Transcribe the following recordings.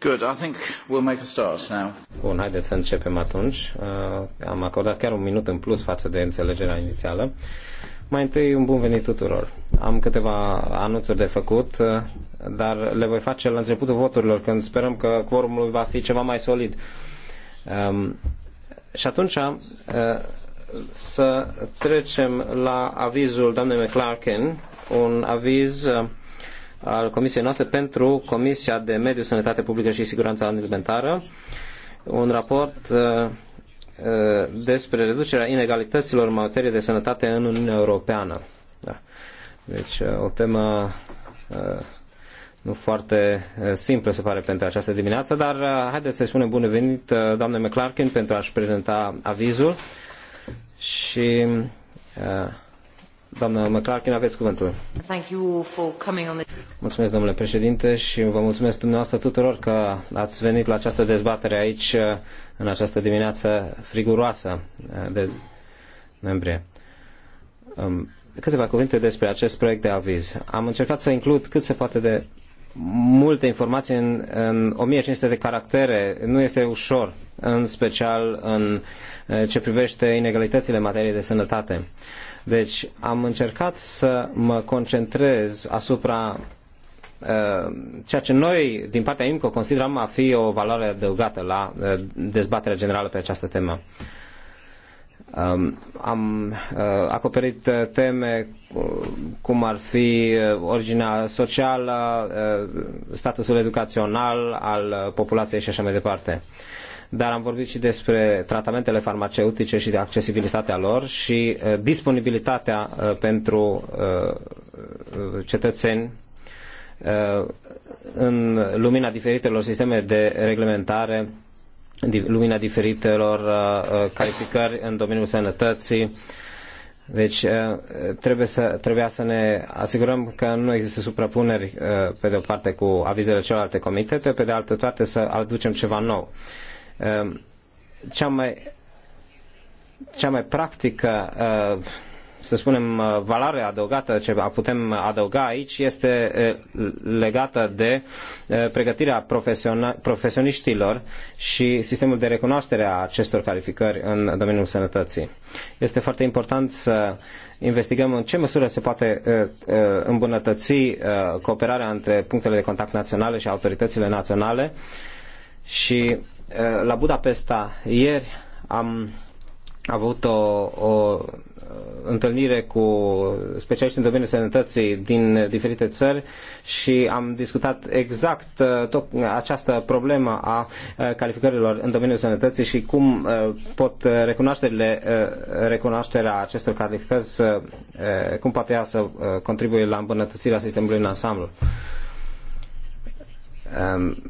Good, I think we'll make a start now. Bun, haideți să începem atunci. Uh, am acordat chiar un minut în plus față de înțelegerea inițială. Mai întâi, un bun venit tuturor. Am câteva anunțuri de făcut, uh, dar le voi face la începutul voturilor, când sperăm că quorumul va fi ceva mai solid. Um, și atunci, uh, să trecem la avizul doamnei McClarkin, un aviz al Comisiei noastre pentru Comisia de Mediu, Sănătate Publică și Siguranța Alimentară, un raport uh, uh, despre reducerea inegalităților în materie de sănătate în Uniunea Europeană. Da. Deci uh, o temă nu foarte simplă se pare pentru această dimineață, dar haideți să-i spunem bun venit doamne McClarkin pentru a-și prezenta avizul și uh, Doamna McClarkin, aveți cuvântul. Thank you for coming on the... Mulțumesc, domnule președinte, și vă mulțumesc dumneavoastră tuturor că ați venit la această dezbatere aici în această dimineață friguroasă eh, de noiembrie. Câteva cuvinte despre acest proiect de aviz. Am încercat să includ cât se poate de multe informații în, în 1500 de caractere. Nu este ușor, în special în eh, ce privește inegalitățile în materie de sănătate. Deci am încercat să mă concentrez asupra uh, ceea ce noi, din partea IMCO, considerăm a fi o valoare adăugată la uh, dezbaterea generală pe această temă. Um, am uh, acoperit uh, teme uh, cum ar fi uh, originea socială, statusul educațional al populației și așa mai departe. Uh, dar am vorbit și despre tratamentele farmaceutice și de accesibilitatea lor și uh, disponibilitatea uh, pentru uh, cetățeni în lumina diferitelor sisteme de reglementare, lumina diferitelor calificări în domeniul sănătății, deci trebuie să, trebuia să ne asigurăm că nu există suprapuneri pe de o parte cu avizele celorlalte comitete, pe de altă parte să aducem ceva nou. Ehm, cea mai, cea mai practică ehm, să spunem, valoare adăugată ce putem adăuga aici este legată de pregătirea profesioniștilor și sistemul de recunoaștere a acestor calificări în domeniul sănătății. Este foarte important să investigăm în ce măsură se poate îmbunătăți cooperarea între punctele de contact naționale și autoritățile naționale și Eh, la Budapesta ieri am avut o, o eh, întâlnire cu specialiști în domeniul sănătății din diferite țări și am discutat exact eh, tot această problemă a calificărilor în domeniul sănătății și cum pot recunoașterile, recunoașterea acestor calificări să, cum poate ea să contribuie la îmbunătățirea sistemului în ansamblu ehm,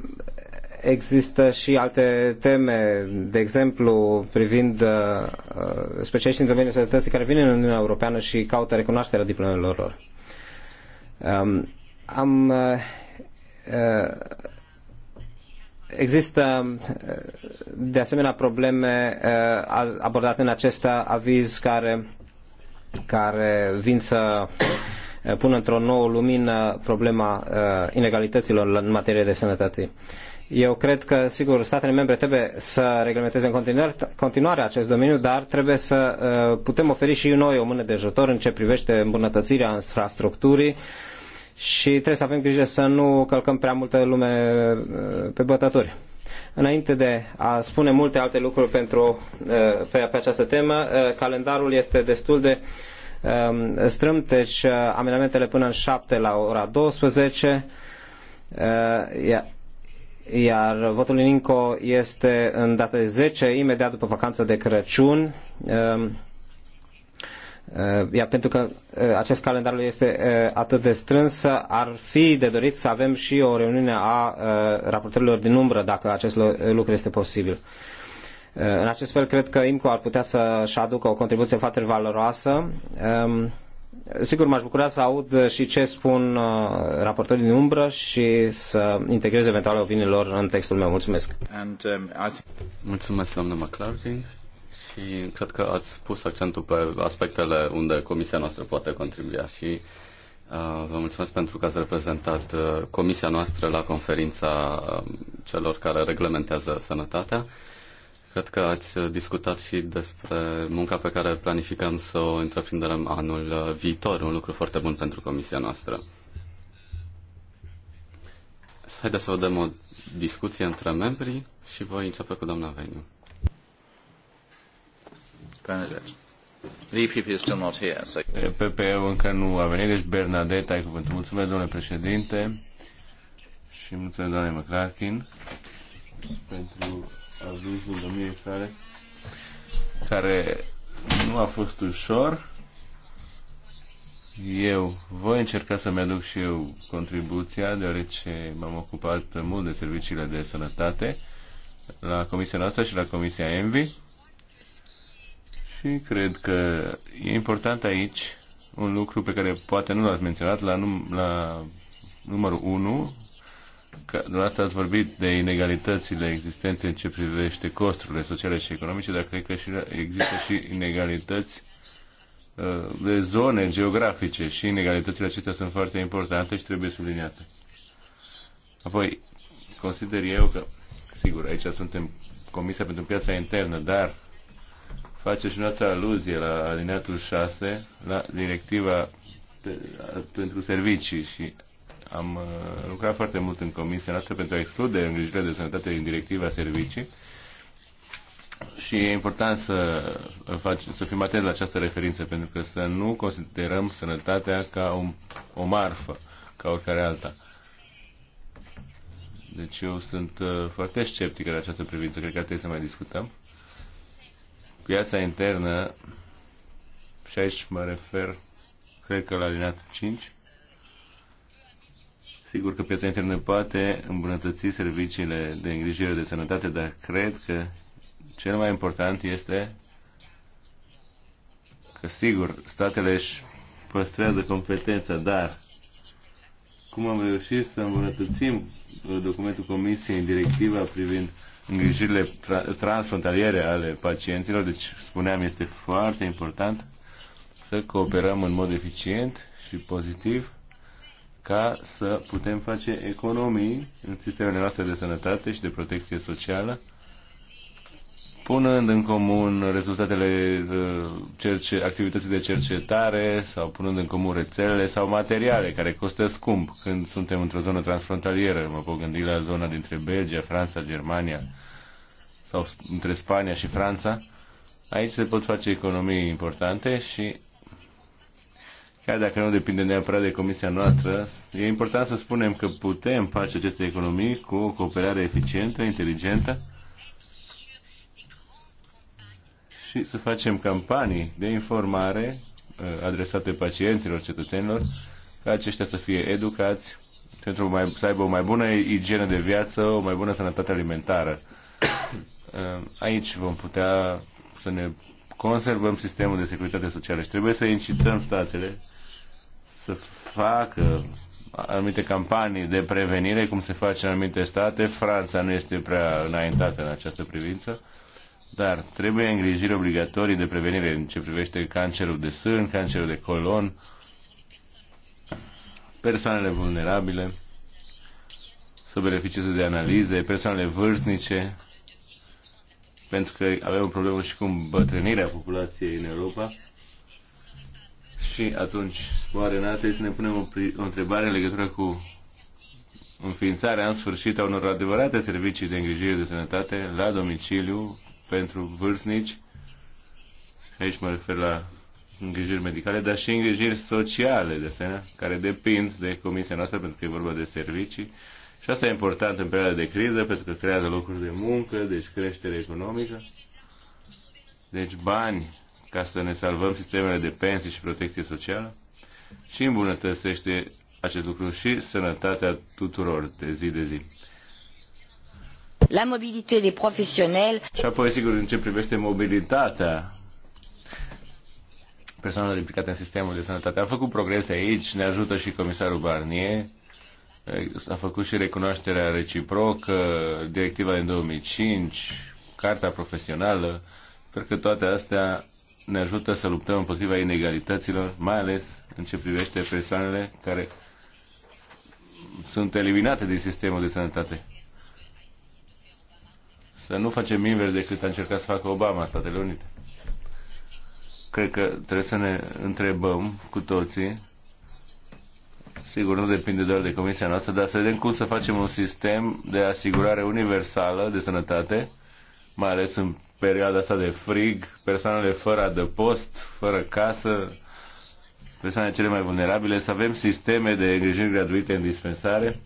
Există și alte teme, de exemplu, privind uh, uh specialiștii în domeniul sănătății care vin în Uniunea Europeană și caută recunoașterea diplomelor lor. Um, am, uh, uh, există uh, de asemenea probleme uh, abordate în acest aviz care, care vin să uh, pună într-o nouă lumină problema uh, inegalităților în materie de sănătate. Uh, eu cred că, sigur, statele membre trebuie să reglementeze în continuare, acest domeniu, dar trebuie să uh, putem oferi și noi o mână de ajutor în ce privește îmbunătățirea infrastructurii și trebuie să avem grijă să nu călcăm prea multă lume uh, pe bătători. Înainte de a spune multe alte lucruri pentru, uh, pe, pe această temă, calendarul este destul de um, strâmt, deci amendamentele până în 7 la ora 12. Uh, yeah iar votul în INCO este în data de 10, imediat după vacanța de Crăciun. Ehm, ehm, iar pentru că ehm, acest calendar este atât de strâns, ar fi de dorit să avem și o reuniune a raportărilor din umbră, dacă acest lucru este posibil. În acest fel, cred că IMCO ar putea să-și aducă o contribuție foarte valoroasă. Sigur, m-aș bucura să aud și ce spun uh, raportorii din umbră și să integrez eventuale opiniile lor în textul meu. Mulțumesc! And, um, Mulțumesc, doamnă McClarkin. Și cred că ați pus accentul pe aspectele unde comisia noastră poate contribui. și uh, vă mulțumesc pentru că ați reprezentat uh, comisia noastră la conferința uh, celor care reglementează sănătatea. Cred că ați discutat și despre munca pe care planificăm să o întreprindem anul viitor, un lucru foarte bun pentru comisia noastră. Haideți să vedem o discuție între membrii și voi începe cu doamna Veniu. Bernadette. The is still not here, PPE-ul încă nu a venit, deci Bernadette, ai cuvântul. Mulțumesc, domnule președinte, și mulțumesc, doamne McClarkin, pentru în domniei sale, care nu a fost ușor. Eu voi încerca să-mi aduc și eu contribuția, deoarece m-am ocupat mult de serviciile de sănătate la comisia noastră și la comisia ENVI. Și cred că e important aici un lucru pe care poate nu l-ați menționat la, num- la numărul 1, că dumneavoastră ați vorbit de inegalitățile existente în ce privește costurile sociale și economice, dar cred că și există și inegalități uh, de zone geografice și inegalitățile acestea sunt foarte importante și trebuie subliniate. Apoi, consider eu că, sigur, aici suntem Comisia pentru Piața Internă, dar face și noastră aluzie la alineatul 6, la directiva pentru servicii și am uh, lucrat foarte mult în comisia noastră pentru a exclude îngrijirea de sănătate din directiva servicii și e important să, faci, să fim atenți la această referință, pentru că să nu considerăm sănătatea ca un, o marfă, ca oricare alta. Deci eu sunt uh, foarte sceptic la această privință, cred că trebuie să mai discutăm. Piața internă, și aici mă refer, cred că la alineatul 5, Sigur că piața internă poate îmbunătăți serviciile de îngrijire de sănătate, dar cred că cel mai important este că, sigur, statele își păstrează competența, dar cum am reușit să îmbunătățim documentul Comisiei în directiva privind îngrijirile tra- transfrontaliere ale pacienților, deci spuneam, este foarte important să cooperăm în mod eficient și pozitiv ca să putem face economii în sistemele noastre de sănătate și de protecție socială, punând în comun rezultatele uh, cerce, activității de cercetare sau punând în comun rețelele sau materiale care costă scump când suntem într-o zonă transfrontalieră. Mă pot gândi la zona dintre Belgia, Franța, Germania sau între Spania și Franța. Aici se pot face economii importante și chiar dacă nu depinde neapărat de comisia noastră, e important să spunem că putem face aceste economii cu o cooperare eficientă, inteligentă și să facem campanii de informare uh, adresate pacienților, cetățenilor, ca aceștia să fie educați pentru mai, să aibă o mai bună igienă de viață, o mai bună sănătate alimentară. Uh, aici vom putea să ne conservăm sistemul de securitate socială și trebuie să incităm statele să facă anumite campanii de prevenire, cum se face în anumite state. Franța nu este prea înaintată în această privință, dar trebuie îngrijiri obligatorii de prevenire în ce privește cancerul de sân, cancerul de colon, persoanele vulnerabile, să beneficieze de analize, persoanele vârstnice, pentru că avem o problemă și cu îmbătrânirea populației în Europa și atunci, oare n să ne punem o, o întrebare în legătură cu înființarea în sfârșit a unor adevărate servicii de îngrijire de sănătate la domiciliu pentru vârstnici, aici mă refer la îngrijiri medicale, dar și îngrijiri sociale, de asemenea, care depind de comisia noastră, pentru că e vorba de servicii. Și asta e important în perioada de criză, pentru că creează locuri de muncă, deci creștere economică. Deci bani ca să ne salvăm sistemele de pensii și protecție socială și îmbunătățește acest lucru și sănătatea tuturor de zi de zi. La mobilitate de professionnels. Și apoi, sigur, în ce privește mobilitatea persoanelor implicate în sistemul de sănătate. Am făcut progrese aici, ne ajută și comisarul Barnier, a făcut și recunoașterea reciprocă, directiva din 2005, carta profesională, cred că toate astea ne ajută să luptăm împotriva inegalităților, mai ales în ce privește persoanele care sunt eliminate din sistemul de sănătate. Să nu facem invers decât a încercat să facă Obama, Statele Unite. Cred că trebuie să ne întrebăm cu toții, sigur nu depinde doar de comisia noastră, dar să vedem cum să facem un sistem de asigurare universală de sănătate, mai ales în perioada asta de frig, persoanele fără adăpost, fără casă, persoanele cele mai vulnerabile, să avem sisteme de îngrijiri graduite în dispensare.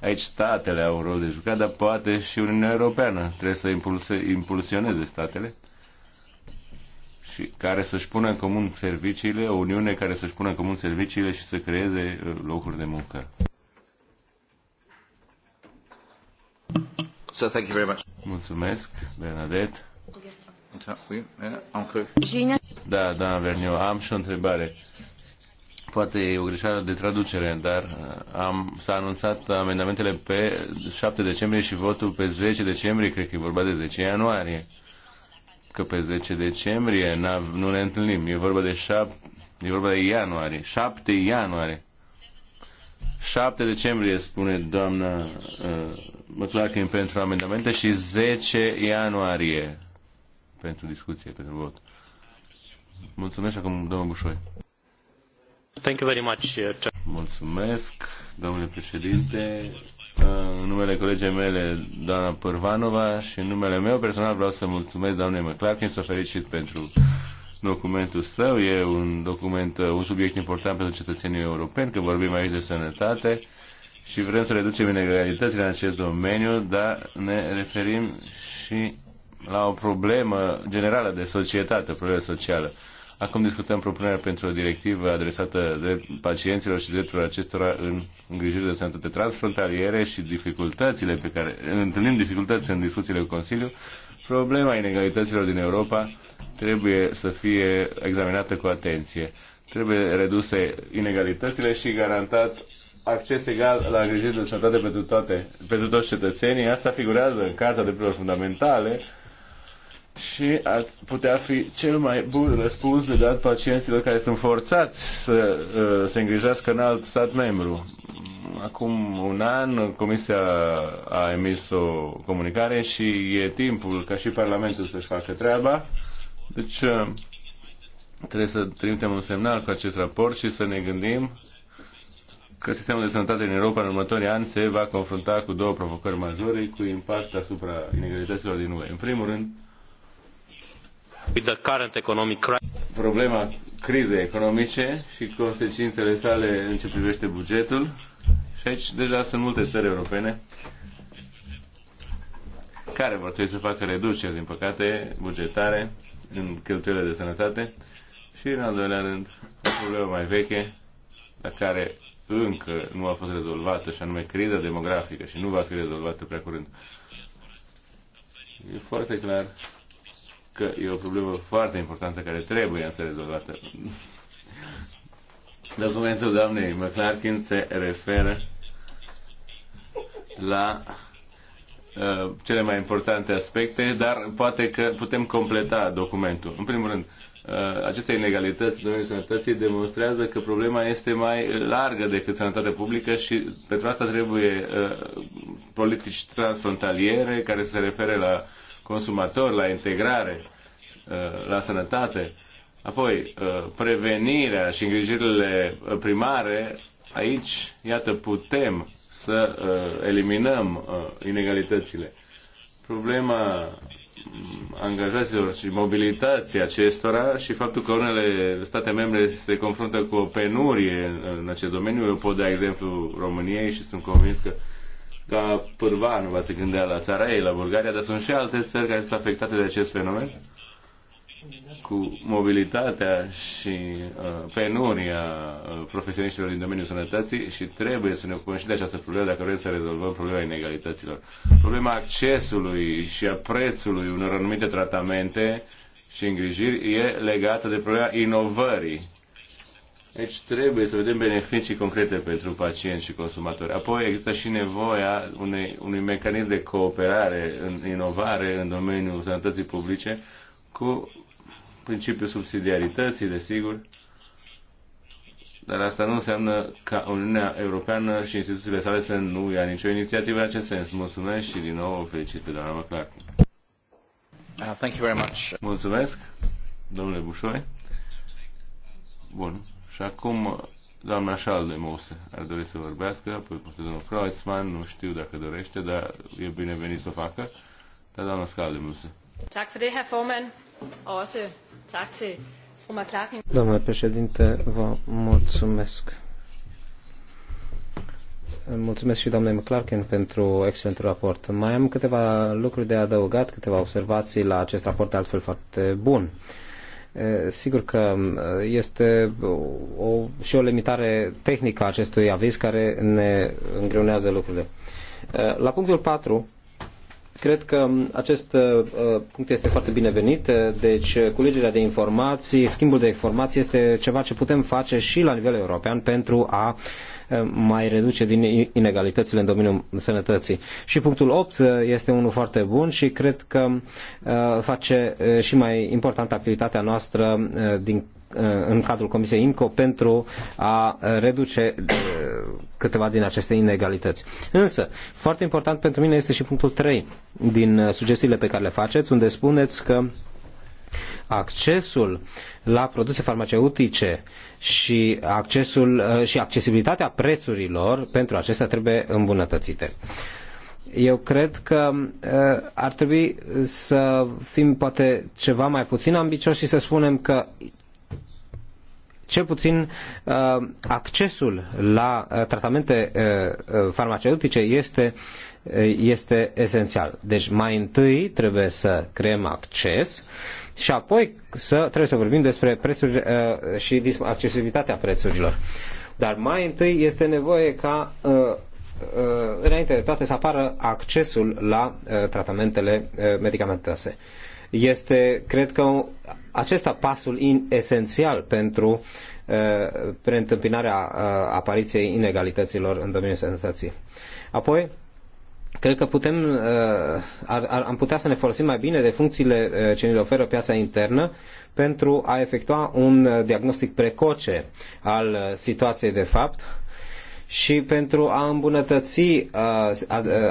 Aici statele au un rol de jucat, dar poate și Uniunea Europeană trebuie să impulse, impulsioneze statele și care să-și pună în comun serviciile, o Uniune care să-și pună în comun serviciile și să creeze uh, locuri de muncă. So thank you very much. Mulțumesc, Bernadette. Da, da, Verniu, am și o întrebare. Poate e o greșeală de traducere, dar uh, am, s-a anunțat amendamentele pe 7 decembrie și votul pe 10 decembrie, cred că e vorba de 10 ianuarie. Că pe 10 decembrie nu ne întâlnim, e vorba de 7, e vorba de ianuarie, 7 ianuarie. 7 decembrie, spune doamna uh, McLaughlin pentru amendamente și 10 ianuarie pentru discuție, pentru vot. Mulțumesc acum, domnul Bușoi. Thank you very much. Uh, mulțumesc, domnule președinte. În numele colegii mele, doamna Părvanova, și în numele meu personal vreau să mulțumesc doamnei McClarkin, să o felicit pentru documentul său. E un document, uh, un subiect important pentru cetățenii europeni, că vorbim aici de sănătate și vrem să reducem inegalitățile în acest domeniu, dar ne referim și la o problemă generală de societate, o problemă socială. Acum discutăm propunerea pentru o directivă adresată de pacienților și drepturile acestora în îngrijire de sănătate transfrontaliere și dificultățile pe care întâlnim dificultăți în discuțiile cu Consiliul. Problema inegalităților din Europa trebuie să fie examinată cu atenție. Trebuie reduse inegalitățile și garantat acces egal la îngrijire de sănătate pentru, toate, pentru toți cetățenii. Asta figurează în Carta de Drepturilor Fundamentale, și ar putea fi cel mai bun răspuns de dat pacienților care sunt forțați să uh, se îngrijească în alt stat membru. Acum un an Comisia a emis o comunicare și e timpul ca și Parlamentul să-și facă treaba. Deci uh, trebuie să trimitem un semnal cu acest raport și să ne gândim că sistemul de sănătate din Europa în următorii ani se va confrunta cu două provocări majore cu impact asupra inegalităților din UE. În primul rând, Problema crizei economice și consecințele sale în ce privește bugetul. Și aici deja sunt multe țări europene care vor trebui să facă reduceri, din păcate, bugetare în cheltuielile de sănătate și, în al doilea rând, o problemă mai veche, la care încă nu a fost rezolvată, și anume criza demografică și nu va fi rezolvată prea curând. E foarte clar că e o problemă foarte importantă care trebuie însă rezolvată. Documentul doamnei McClarkin se referă la uh, cele mai importante aspecte, dar poate că putem completa documentul. În primul rând, uh, aceste inegalități în domeniul sănătății demonstrează că problema este mai largă decât sănătatea publică și pentru asta trebuie uh, politici transfrontaliere care se referă la consumator, la integrare, uh, la sănătate. Apoi, uh, prevenirea și îngrijirile primare, aici, iată, putem să uh, eliminăm inegalitățile. Problema mm, angajaților și mobilitatea acestora și faptul că unele state membre se confruntă cu o penurie în acest domeniu. Eu pot da exemplu României și sunt convins că uh, ca Pârvanova se gândea la țara ei, la Bulgaria, dar sunt și alte țări care sunt afectate de acest fenomen cu mobilitatea și uh, penuria uh, profesioniștilor din domeniul sănătății și trebuie să ne ocupăm și de această problemă dacă vrem să rezolvăm problema inegalităților. Problema accesului și a prețului unor anumite tratamente și îngrijiri e legată de problema inovării deci trebuie să vedem beneficii concrete pentru pacienți și consumatori. Apoi există și nevoia unei, unui mecanism de cooperare, în inovare în domeniul sănătății publice cu principiul subsidiarității, desigur. Dar asta nu înseamnă ca Uniunea Europeană și instituțiile sale să nu ia nicio inițiativă în acest sens. Mulțumesc și din nou felicită doamna McClark. Uh, thank you very much. Mulțumesc, domnule Bușoi. Bun. Și acum doamna Mose ar dori să vorbească, apoi poate domnul Kreuzmann, nu știu dacă dorește, dar e binevenit să o facă. Dar doamna Schaldemose. Tak for det, herr også tak til fru McClarkin. Doamna președinte, vă mulțumesc. Mulțumesc și doamnei McClarkin pentru excelent raport. Mai am câteva lucruri de adăugat, câteva observații la acest raport, altfel foarte bun. Uh, Sigur că este o, și o limitare tehnică a acestui aviz care ne îngreunează lucrurile. La punctul 4, cred că acest punct este foarte binevenit, deci culegerea de informații, schimbul de informații este ceva ce putem face și la nivel european pentru a Eh, mai reduce din inegalitățile în domeniul sănătății. Și punctul 8 eh, este unul foarte bun și cred că eh, face și mai importantă activitatea noastră din în cadrul Comisiei IMCO pentru a reduce câteva din aceste inegalități. Însă, foarte important pentru mine este și punctul 3 din sugestiile pe care le faceți, unde spuneți că accesul la produse farmaceutice și, accesul, uh, și accesibilitatea prețurilor pentru acestea trebuie îmbunătățite. Eu cred că uh, ar trebui să fim poate ceva mai puțin ambicioși și să spunem că cel puțin uh, accesul la tratamente farmaceutice este, este esențial. Deci mai întâi trebuie să creăm acces uh, și apoi să, trebuie să vorbim despre prețuri uh, și accesibilitatea prețurilor. Dar mai întâi este nevoie ca uh, uh, înainte de toate să apară accesul la uh, tratamentele uh, medicamentoase. Este, cred că, acesta pasul in, esențial pentru uh, preîntâmpinarea uh, apariției inegalităților în domeniul sănătății. Apoi, Cred că putem, uh, ar, ar, am putea să ne folosim mai bine de funcțiile uh, ce ne oferă piața internă pentru a efectua un uh, diagnostic precoce al situației de fapt și pentru a îmbunătăți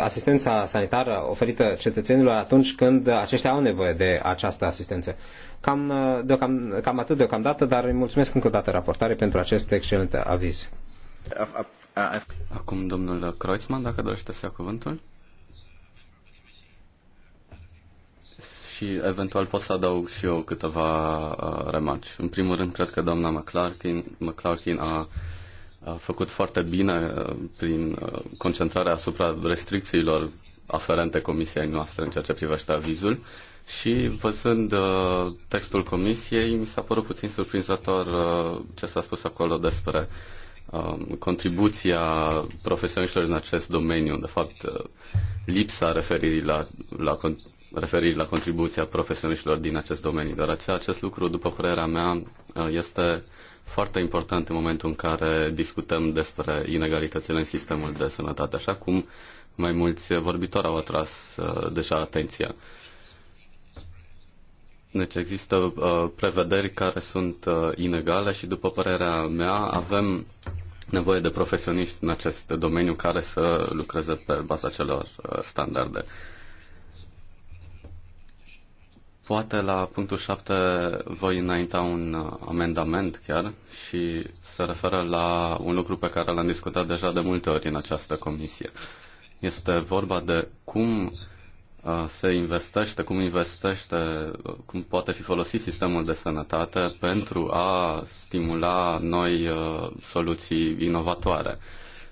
asistența sanitară oferită cetățenilor atunci când aceștia au nevoie de această asistență. Cam, deocam, cam atât deocamdată, dar îi mulțumesc încă o dată raportare pentru acest excelent aviz. Acum domnul Kreuzmann, dacă dorește să ia cuvântul. și eventual pot să adaug și eu câteva uh, remarci. În primul rând, cred că doamna McClarkin, McClarkin a, a făcut foarte bine uh, prin uh, concentrarea asupra restricțiilor aferente comisiei noastre în ceea ce privește avizul și văzând uh, textul comisiei, mi s-a părut puțin surprinzător uh, ce s-a spus acolo despre uh, contribuția profesioniștilor în acest domeniu, de fapt uh, lipsa referirii la, la referiri la contribuția profesioniștilor din acest domeniu, dar acest lucru, după părerea mea, este foarte important în momentul în care discutăm despre inegalitățile în sistemul de sănătate, așa cum mai mulți vorbitori au atras uh, deja atenția. Deci există uh, prevederi care sunt uh, inegale și, după părerea mea, avem nevoie de profesioniști în acest domeniu care să lucreze pe baza celor uh, standarde. Uh, Poate la punctul 7 voi înainta un uh, amendament chiar și se referă la un lucru pe care l-am discutat deja de multe ori în această comisie. Este vorba de cum uh, se investește, cum investește, uh, cum poate fi folosit sistemul de sănătate pentru a stimula noi soluții inovatoare.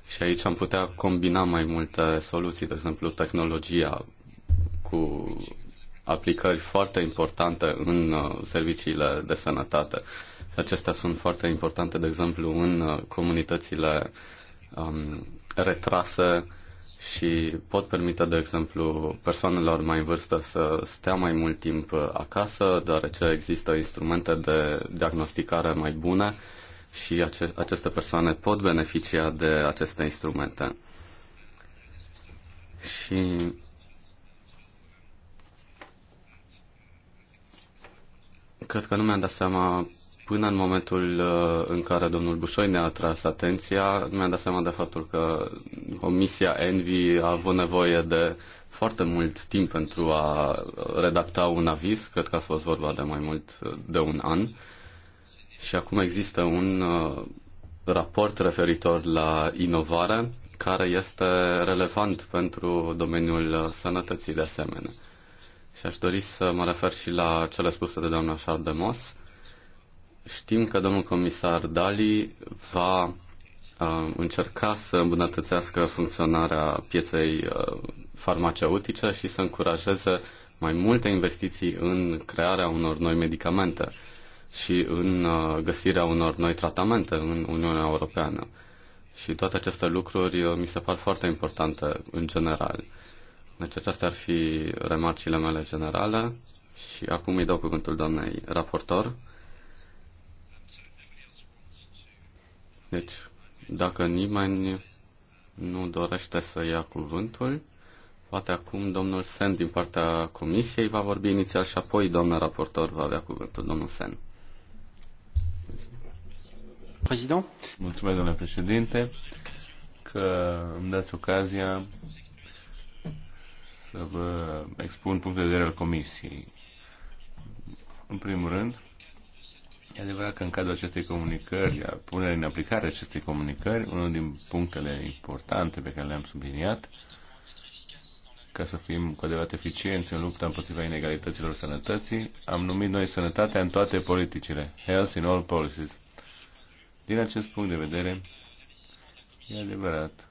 Și aici am putea combina mai multe soluții, de exemplu tehnologia cu aplicări foarte importante în uh, serviciile de sănătate. Acestea sunt foarte importante, de exemplu, în uh, comunitățile um, retrase și pot permite, de exemplu, persoanelor mai în vârstă să stea mai mult timp uh, acasă, deoarece există instrumente de diagnosticare mai bune și ace- aceste persoane pot beneficia de aceste instrumente. Și Cred că nu mi-am dat seama până în momentul uh, în care domnul Bușoi ne-a atras atenția, nu mi-am dat seama de faptul că Comisia Envi a avut nevoie de foarte mult timp pentru a redacta un aviz, cred că a fost vorba de mai mult de un an, și acum există un uh, raport referitor la inovare care este relevant pentru domeniul sănătății de asemenea. Și aș dori să mă refer și la cele spuse de doamna Chardemos. Știm că domnul comisar Dali va uh, încerca să îmbunătățească funcționarea pieței uh, farmaceutice și să încurajeze mai multe investiții în crearea unor noi medicamente și în uh, găsirea unor noi tratamente în Uniunea Europeană. Și toate aceste lucruri uh, mi se par foarte importante în general. Uh, deci acestea ar fi remarcile mele generale și acum îi dau cuvântul doamnei raportor. Deci, dacă nimeni nu dorește să ia cuvântul, poate acum domnul Sen din partea comisiei va vorbi inițial și apoi doamna raportor va avea cuvântul, domnul Sen. Mulțumesc, domnule președinte, că îmi dați ocazia să vă expun punctul de vedere al Comisiei. În primul rând, e adevărat că în cadrul acestei comunicări, a punerii în aplicare acestei comunicări, unul din punctele importante pe care le-am subliniat, ca să fim cu adevărat eficienți în lupta împotriva inegalităților sănătății, am numit noi sănătatea în toate politicile, health in all policies. Din acest punct de vedere, e adevărat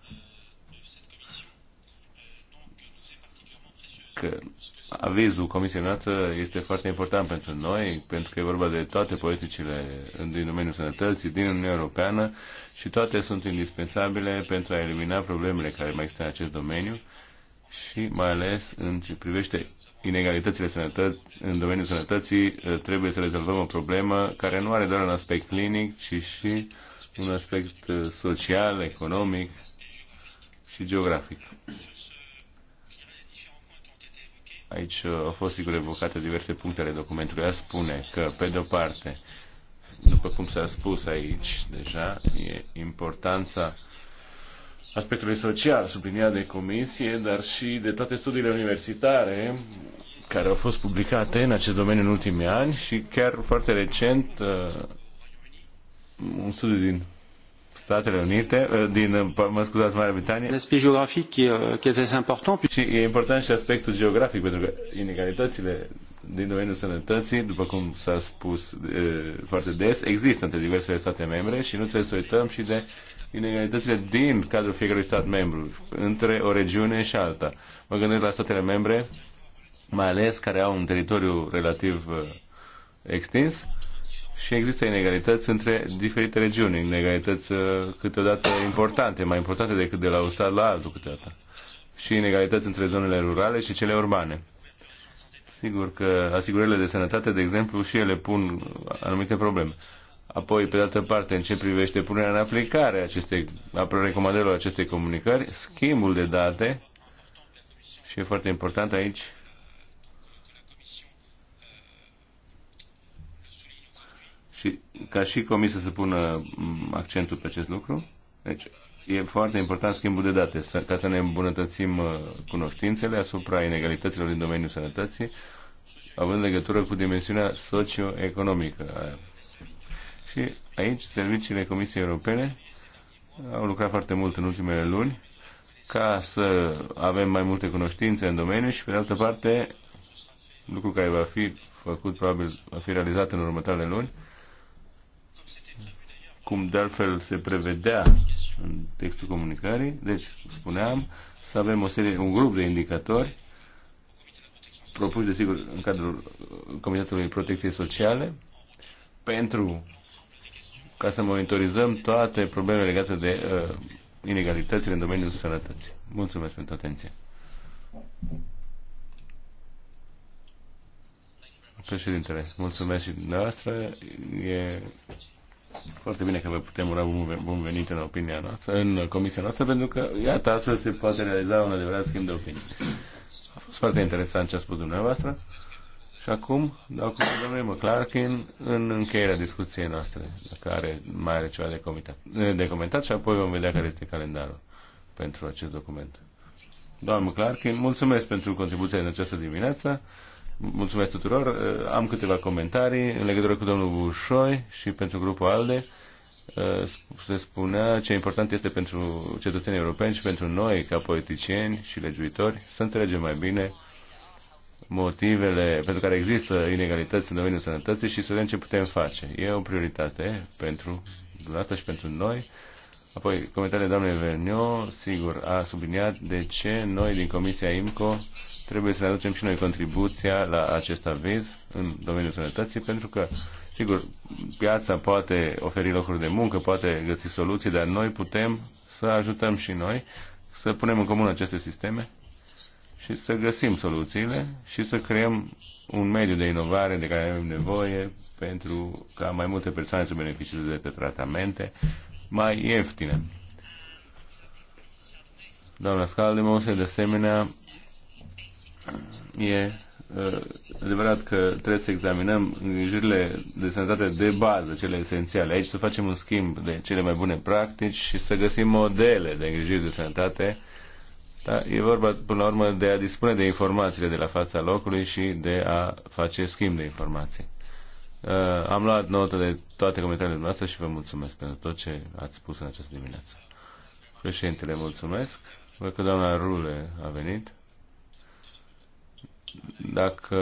avizul comisiei noastre este foarte important pentru noi, pentru că e vorba de toate politicile din domeniul sănătății, din Uniunea Europeană și toate sunt indispensabile pentru a elimina problemele care mai există în acest domeniu și mai ales în ce privește inegalitățile sănătății, în domeniul sănătății eh, trebuie să rezolvăm o problemă care nu are doar un aspect clinic, ci și un aspect eh, social, economic și geografic. Aici uh, au fost sigur evocate diverse puncte ale documentului. Ea spune că, pe de-o parte, după cum s-a spus aici deja, e importanța aspectului social subliniat de comisie, dar și de toate studiile universitare care au fost publicate în acest domeniu în ultimii ani și chiar foarte recent uh, un studiu din Statele Unite, uh, din, uh, mă scuzați, Marea Britanie. geografic qui est euh, important. Și e important și aspectul geografic, pentru că inegalitățile din domeniul sănătății, după cum s-a spus e, uh, foarte des, există între diversele state membre și nu trebuie să uităm și de inegalitățile din cadrul fiecărui stat membru, între o regiune și alta. Mă gândesc la statele membre, mai ales care au un teritoriu relativ extins, și există inegalități între diferite regiuni, inegalități uh, câteodată importante, mai importante decât de la un stat la altul câteodată, și inegalități între zonele rurale și cele urbane. Sigur că asigurările de sănătate, de exemplu, și ele pun anumite probleme. Apoi, pe de altă parte, în ce privește punerea în aplicare acestei, a recomandărilor acestei comunicări, schimbul de date, și e foarte important aici, ca și comisia să pună accentul pe acest lucru. Deci e foarte important schimbul de date ca să ne îmbunătățim uh, cunoștințele asupra inegalităților din domeniul sănătății, având legătură cu dimensiunea socioeconomică. Și aici serviciile Comisiei Europene au lucrat foarte mult în ultimele luni ca să avem mai multe cunoștințe în domeniu și, pe de altă parte, lucru care va fi făcut, probabil, va fi realizat în următoarele luni, cum de altfel se prevedea în textul comunicării, deci spuneam să avem o serie, un grup de indicatori propuși, desigur, în cadrul Comitetului Protecției Sociale pentru ca să monitorizăm toate problemele legate de uh, inegalitățile în domeniul sănătății. Mulțumesc pentru atenție. Președintele, mulțumesc și dumneavoastră. E foarte bine că vă putem ura bun venit în opinia noastră, în comisia noastră, pentru că, iată, astfel se poate realiza un adevărat schimb de opinii. A fost foarte interesant ce a spus dumneavoastră. Și acum, dau cu domnului McClarkin în încheierea discuției noastre, dacă are, mai are ceva de comentat, de comentat și apoi vom vedea care este calendarul pentru acest document. Doamne McClarkin, mulțumesc pentru contribuția în această dimineață. Mulțumesc tuturor. Eh, am câteva comentarii în legătură cu domnul Bușoi și pentru grupul ALDE. Eh, se spunea ce important este pentru cetățenii europeni și pentru noi, ca politicieni și legiuitori, să înțelegem mai bine motivele pentru care există inegalități în domeniul sănătății și să vedem ce putem face. E o prioritate pentru dumneavoastră și pentru noi Apoi, comentariul doamnei Vernio, sigur, a subliniat de ce noi din Comisia IMCO trebuie să ne aducem și noi contribuția la acest aviz în domeniul sănătății, pentru că, sigur, piața poate oferi locuri de muncă, poate găsi soluții, dar noi putem să ajutăm și noi să punem în comun aceste sisteme și să găsim soluțiile și să creăm un mediu de inovare de care avem nevoie pentru ca mai multe persoane să beneficieze de pe tratamente mai ieftine. Doamna Scaldemos, de asemenea, e uh, adevărat că trebuie să examinăm îngrijirile de sănătate de bază, cele esențiale. Aici să facem un schimb de cele mai bune practici și să găsim modele de îngrijiri de sănătate. Da, e vorba, până la urmă, de a dispune de informațiile de la fața locului și de a face schimb de informații. Uh, am luat notă de toate comentariile noastre și vă mulțumesc pentru tot ce ați spus în această dimineață. Președintele, mulțumesc. Văd că doamna Rule a venit. Dacă,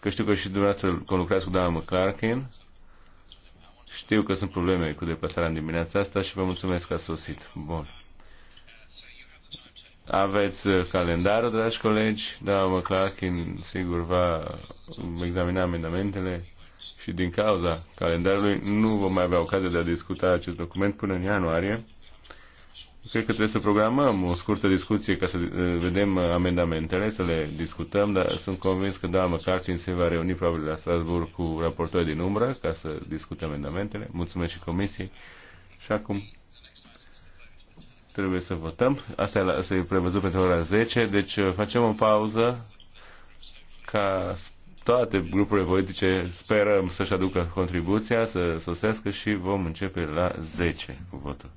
că știu că și dumneavoastră conlucrați cu doamna McClarkin. Știu că sunt probleme cu deplasarea în dimineața asta și vă mulțumesc că ați sosit. Bun. Aveți uh, calendarul, dragi colegi. Doamna McClarkin sigur va examina amendamentele și din cauza calendarului nu vom mai avea ocazia de a discuta acest document până în ianuarie. Cred că trebuie să programăm o scurtă discuție ca să uh, vedem uh, amendamentele, să le discutăm, dar sunt convins că doamna Cartin se va reuni probabil la Strasburg cu raportorii din umbră ca să discute amendamentele. Mulțumesc și comisiei. Și acum trebuie să votăm. Asta e, prevăzut pentru ora 10, deci uh, facem o pauză ca toate grupurile politice sperăm să-și aducă contribuția, să sosească și vom începe la 10 cu votul.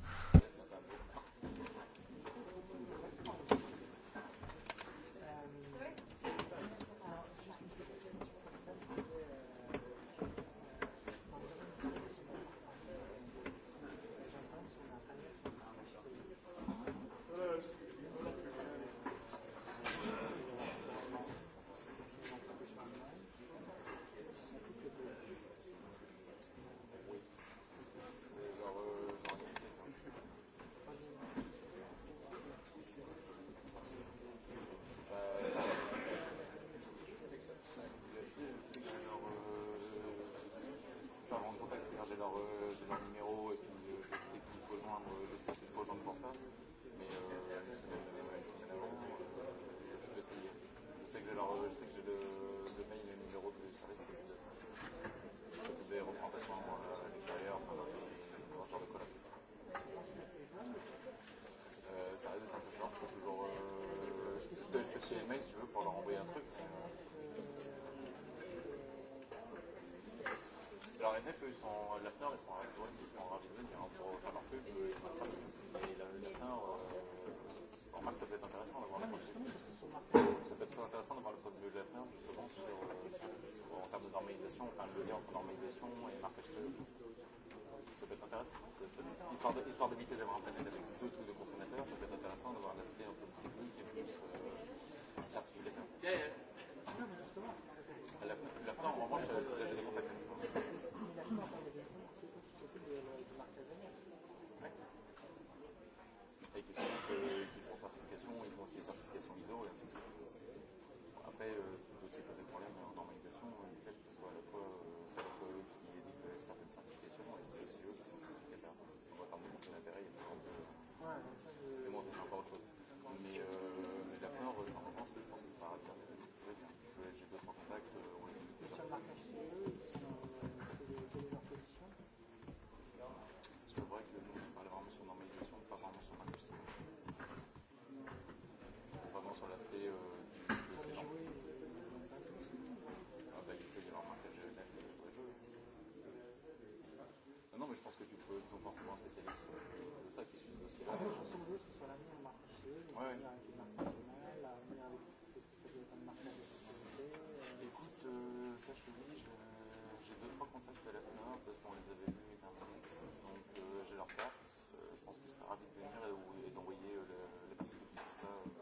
ça qui suit le dossier. Ah, oui, grosso modo, ce soit l'avenir au marché, ouais. l'avenir avec de sécurité. Euh... Écoute, euh, ça je te dis, j'ai deux trois contacts à la FNA parce qu'on les avait vus internet, donc euh, j'ai leur carte. Euh, je pense qu'ils seraient ravis de venir et, et d'envoyer euh, les personnes qui font ça. Euh,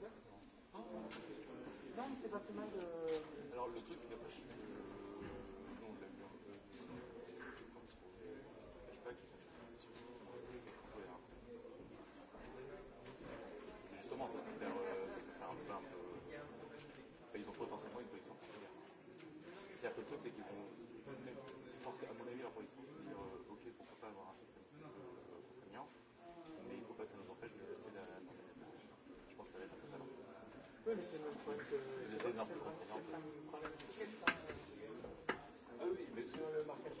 bien. Hein non, mais c'est pas plus mal de... Alors le truc, c'est qu'après, je suis... Nous, on l'a vu un peu. Je pense qu'on... Je cache pas qu'il y a une position incroyable. Justement, ça peut faire, euh, ça peut faire un peu... Un peu... Enfin, ils ont potentiellement une position particulière. C'est-à-dire que le truc, c'est qu'ils vont... Je pense qu'à mon avis, leur position, c'est de dire, euh, ok, pourquoi pas avoir un système contraignant, euh, mais il ne faut pas que ça nous empêche de laisser la... la transférer. Donc nous allons. Oui, mais c'est le problème que. Ils essaient de l'impliquer. C'est le Ah oui, mais sur le marquage.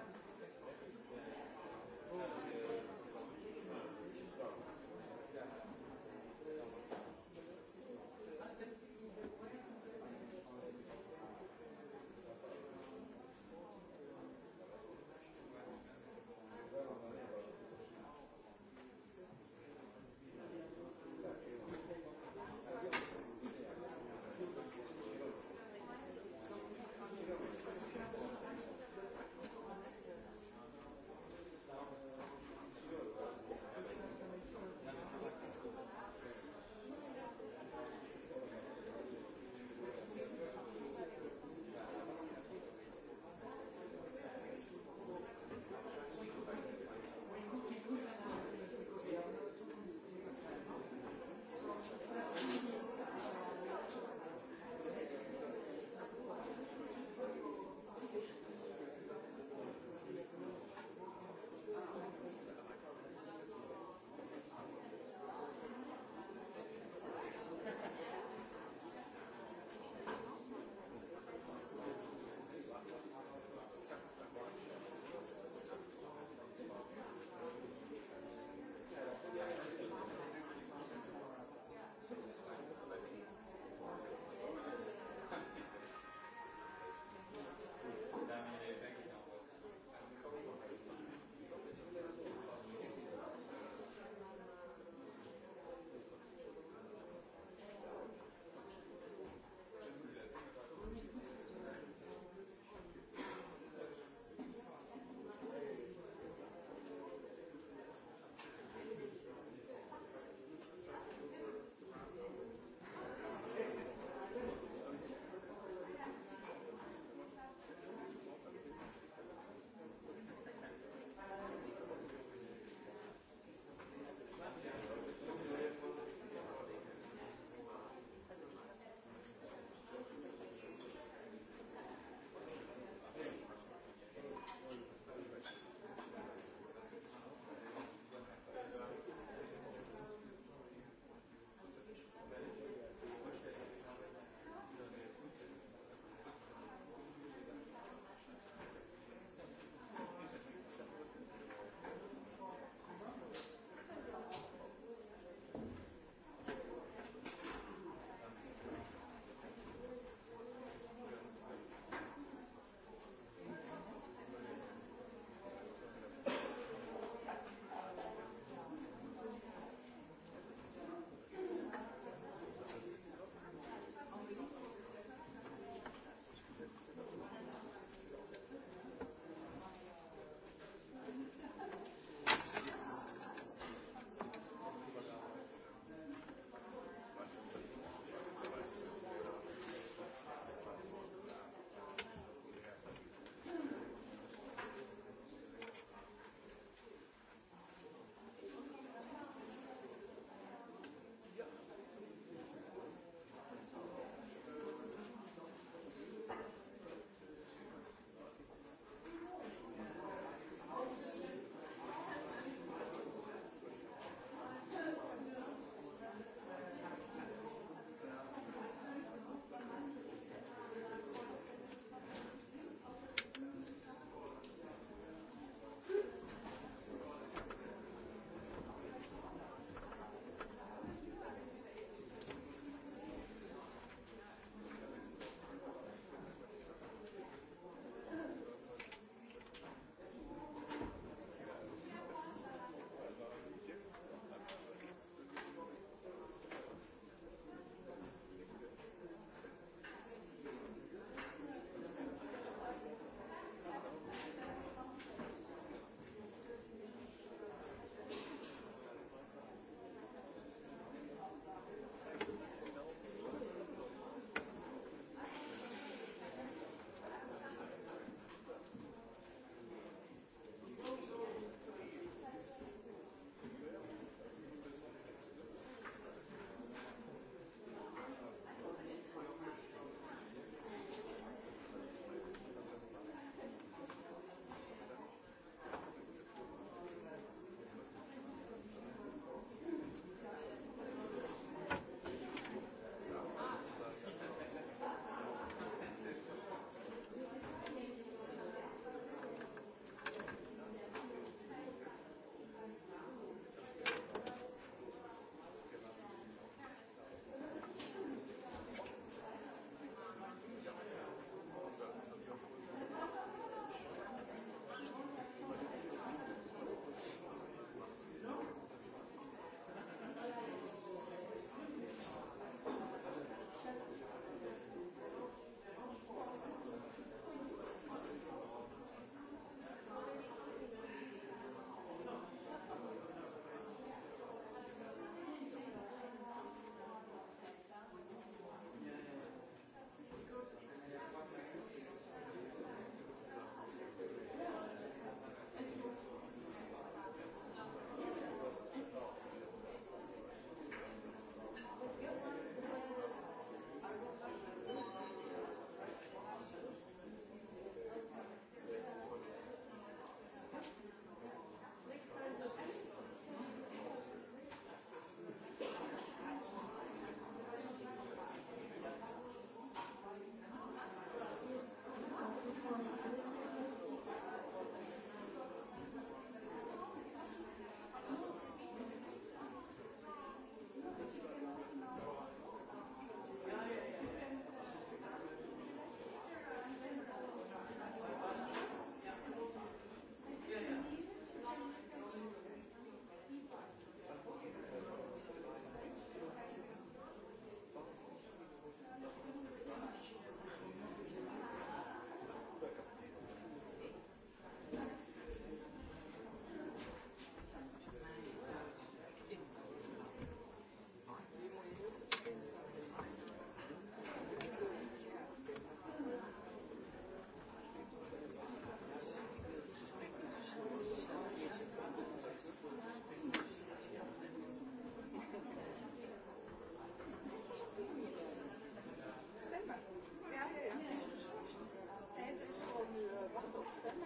Ja,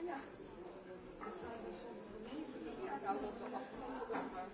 dat is toch afgelopen.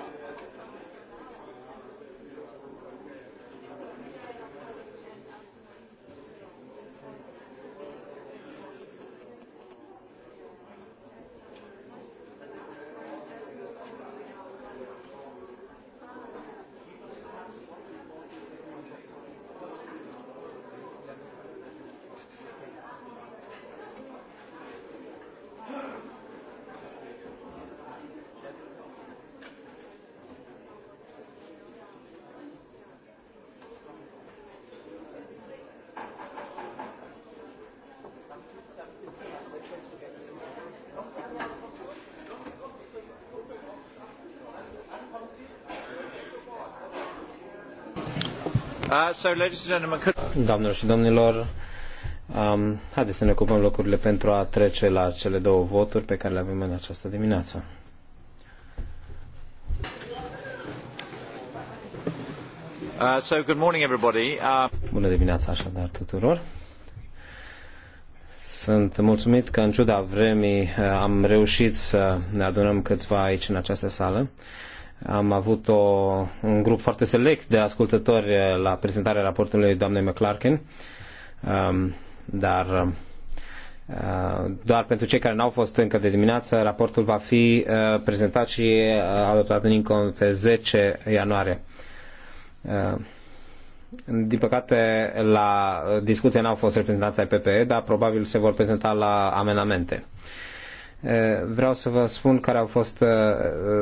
Uh, Doamnelor și domnilor, um, haideți să ne ocupăm locurile pentru a trece la cele două voturi pe care le avem în această dimineață. Uh, so good morning everybody. Uh... Bună dimineața așadar tuturor. Sunt mulțumit că în ciuda vremii am reușit să ne adunăm câțiva aici în această sală. Am avut o, un grup foarte select de ascultători la prezentarea raportului doamnei McClarkin, um, dar uh, doar pentru cei care n-au fost încă de dimineață, raportul va fi uh, prezentat și uh, adoptat în INCOM pe 10 ianuarie. Din păcate, la discuție n-au fost reprezentanți ai PPE, dar probabil se vor prezenta la amenamente. Vreau să vă spun care au fost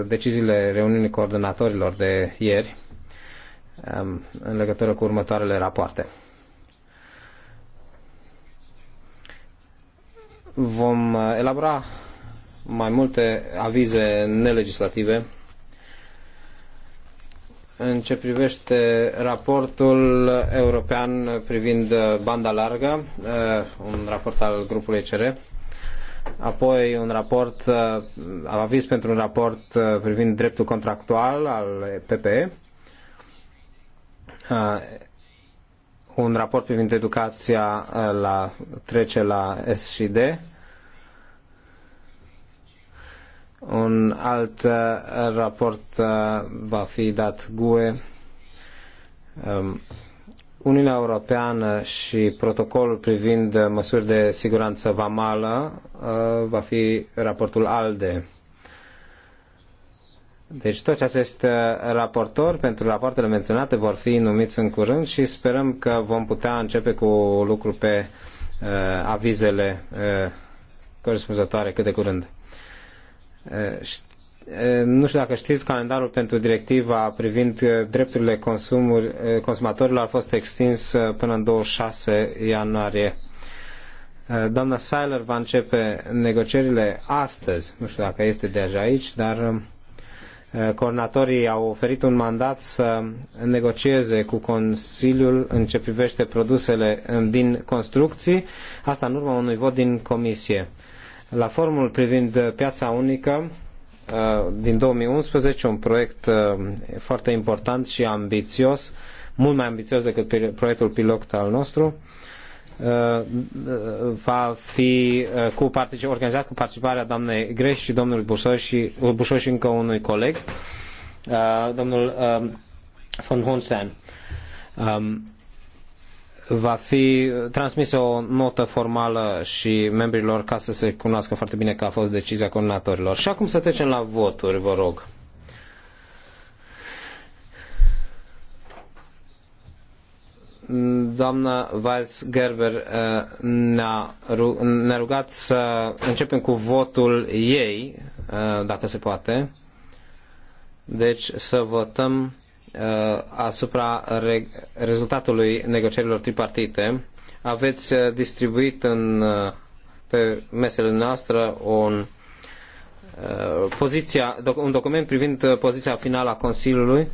deciziile reuniunii coordonatorilor de ieri în legătură cu următoarele rapoarte. Vom elabora mai multe avize nelegislative în ce privește raportul european privind banda largă, uh, un raport al grupului CR, apoi un raport, uh, aviz pentru un raport uh, privind dreptul contractual al PPE, un raport privind educația la trece la S și D, un alt uh, raport uh, va fi dat GUE. Um, Uniunea Europeană și protocolul privind măsuri de siguranță vamală uh, va fi raportul ALDE. Deci toți acești raportori pentru rapoartele menționate vor fi numiți în curând și sperăm că vom putea începe cu lucru pe uh, avizele uh, corespunzătoare cât de curând. Nu știu dacă știți, calendarul pentru directiva privind uh, drepturile uh, consumatorilor a fost extins uh, până în 26 ianuarie. Doamna Seiler va începe negocierile astăzi. Nu știu dacă este deja aici, dar um, coordonatorii au oferit un mandat să negocieze cu Consiliul în ce privește produsele din construcții, asta în urma unui vot din comisie la forumul privind uh, piața unică uh, din 2011, un proiect uh, foarte important și ambițios, mult mai ambițios decât proiectul pilot al nostru, va fi cu organizat cu participarea doamnei Greș și domnului Bușoi și, Bușoi și încă unui coleg, domnul von Hunstein. Um, va fi transmisă o notă formală și membrilor ca să se cunoască foarte bine că a fost decizia coordonatorilor. Și acum să trecem la voturi, vă rog. Doamna Weiss Gerber eh, ne-a, ne rugat să începem cu votul ei, eh, dacă se poate. Deci să votăm Uh, asupra rezultatului negocierilor tripartite. Aveți uh, distribuit în, uh, pe mesele noastre un, poziția, un document privind poziția finală a Consiliului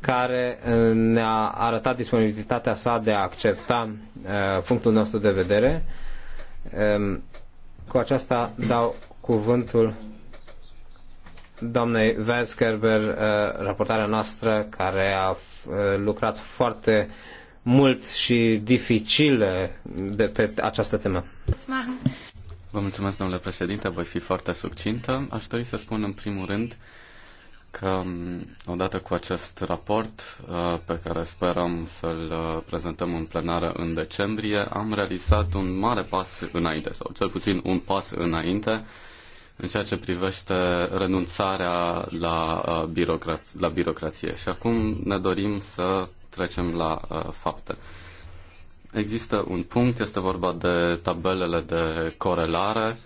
care ne-a arătat disponibilitatea sa de a accepta punctul nostru de vedere. Um, cu aceasta dau cuvântul doamnei Vanskerber, uh, raportarea noastră, care a uh, lucrat foarte mult și dificil uh, de pe această temă. Vă mulțumesc, domnule președinte, voi fi foarte succintă. Aș dori să spun în primul rând că um, odată cu acest raport pe care sperăm să-l prezentăm în plenară în decembrie, am realizat un mare pas înainte, sau cel puțin un pas înainte, în ceea ce privește renunțarea la, uh, la birocrație. Și acum ne dorim să trecem la uh, fapte. Există un punct, este vorba de tabelele de corelare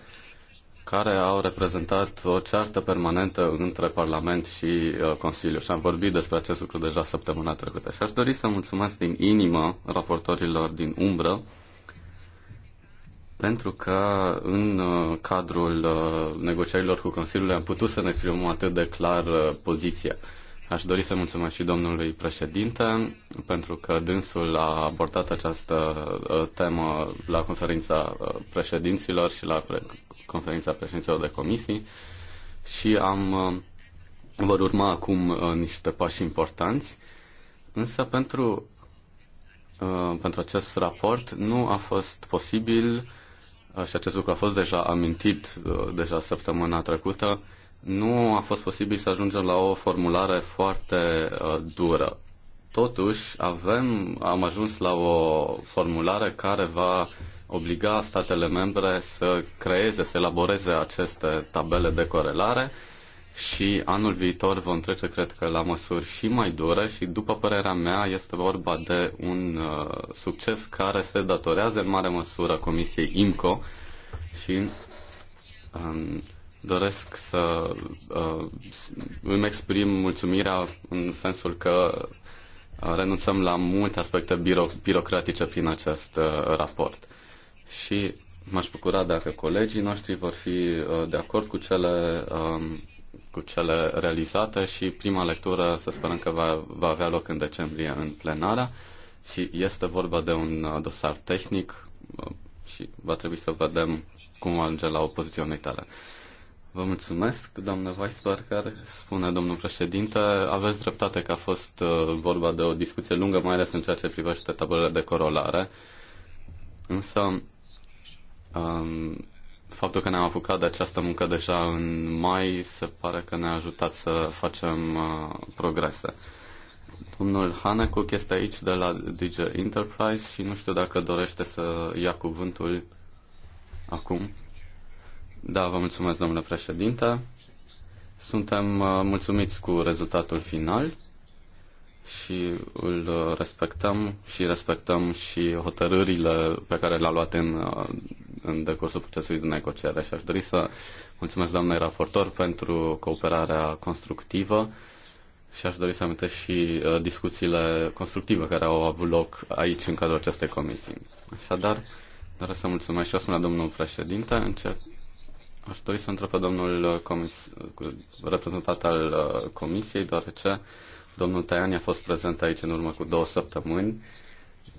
care au reprezentat o ceartă permanentă între Parlament și uh, Consiliu. Și am vorbit despre acest lucru deja săptămâna trecută. Și aș dori să mulțumesc din inimă raportorilor din umbră pentru că în uh, cadrul uh, negocierilor cu Consiliul am putut să ne exprimăm atât de clar uh, poziția. Aș dori să mulțumesc și domnului președinte pentru că dânsul a abordat această temă la conferința președinților și la conferința președinților de comisii și am vor urma acum niște pași importanți, însă pentru pentru acest raport nu a fost posibil și acest lucru a fost deja amintit uh, deja săptămâna trecută, nu a fost posibil să ajungem la o formulare foarte uh, dură. Totuși, avem, am ajuns la o formulare care va obliga statele membre să creeze, să elaboreze aceste tabele de corelare și anul viitor vom trece, cred că, la măsuri și mai dure și, după părerea mea, este vorba de un uh, succes care se datorează în mare măsură Comisiei IMCO și um, doresc să uh, îmi exprim mulțumirea în sensul că uh, renunțăm la multe aspecte biro- birocratice prin acest uh, raport. Și m-aș bucura dacă colegii noștri vor fi uh, de acord cu cele Uh, cu cele realizate și prima lectură să sperăm că va, va avea loc în decembrie în plenară și este vorba de un uh, dosar tehnic uh, și va trebui să vedem cum ajunge la opoziția poziție Vă mulțumesc, doamnă Weisberger, spune domnul președinte. Aveți dreptate că a fost uh, vorba de o discuție lungă, mai ales în ceea ce privește tabelele de corolare. Însă, um, faptul că ne-am apucat de această muncă deja în mai se pare că ne-a ajutat să facem uh, progrese. Domnul Hanecuc este aici de la DJ Enterprise și nu știu dacă dorește să ia cuvântul acum. Da, vă mulțumesc, domnule președinte. Suntem uh, mulțumiți cu rezultatul final și îl respectăm și respectăm și hotărârile pe care le-a luat în uh, în decursul procesului de negociere și aș dori să mulțumesc doamnei raportor pentru cooperarea constructivă și aș dori să amintesc și uh, discuțiile constructive care au avut loc aici în cadrul acestei comisii. Așadar, doresc să mulțumesc și eu spun la domnul președinte. Încerc Aș dori să întreb pe domnul uh, comis, uh, reprezentant al comisiei, deoarece domnul Taiani a fost prezent aici în urmă cu două săptămâni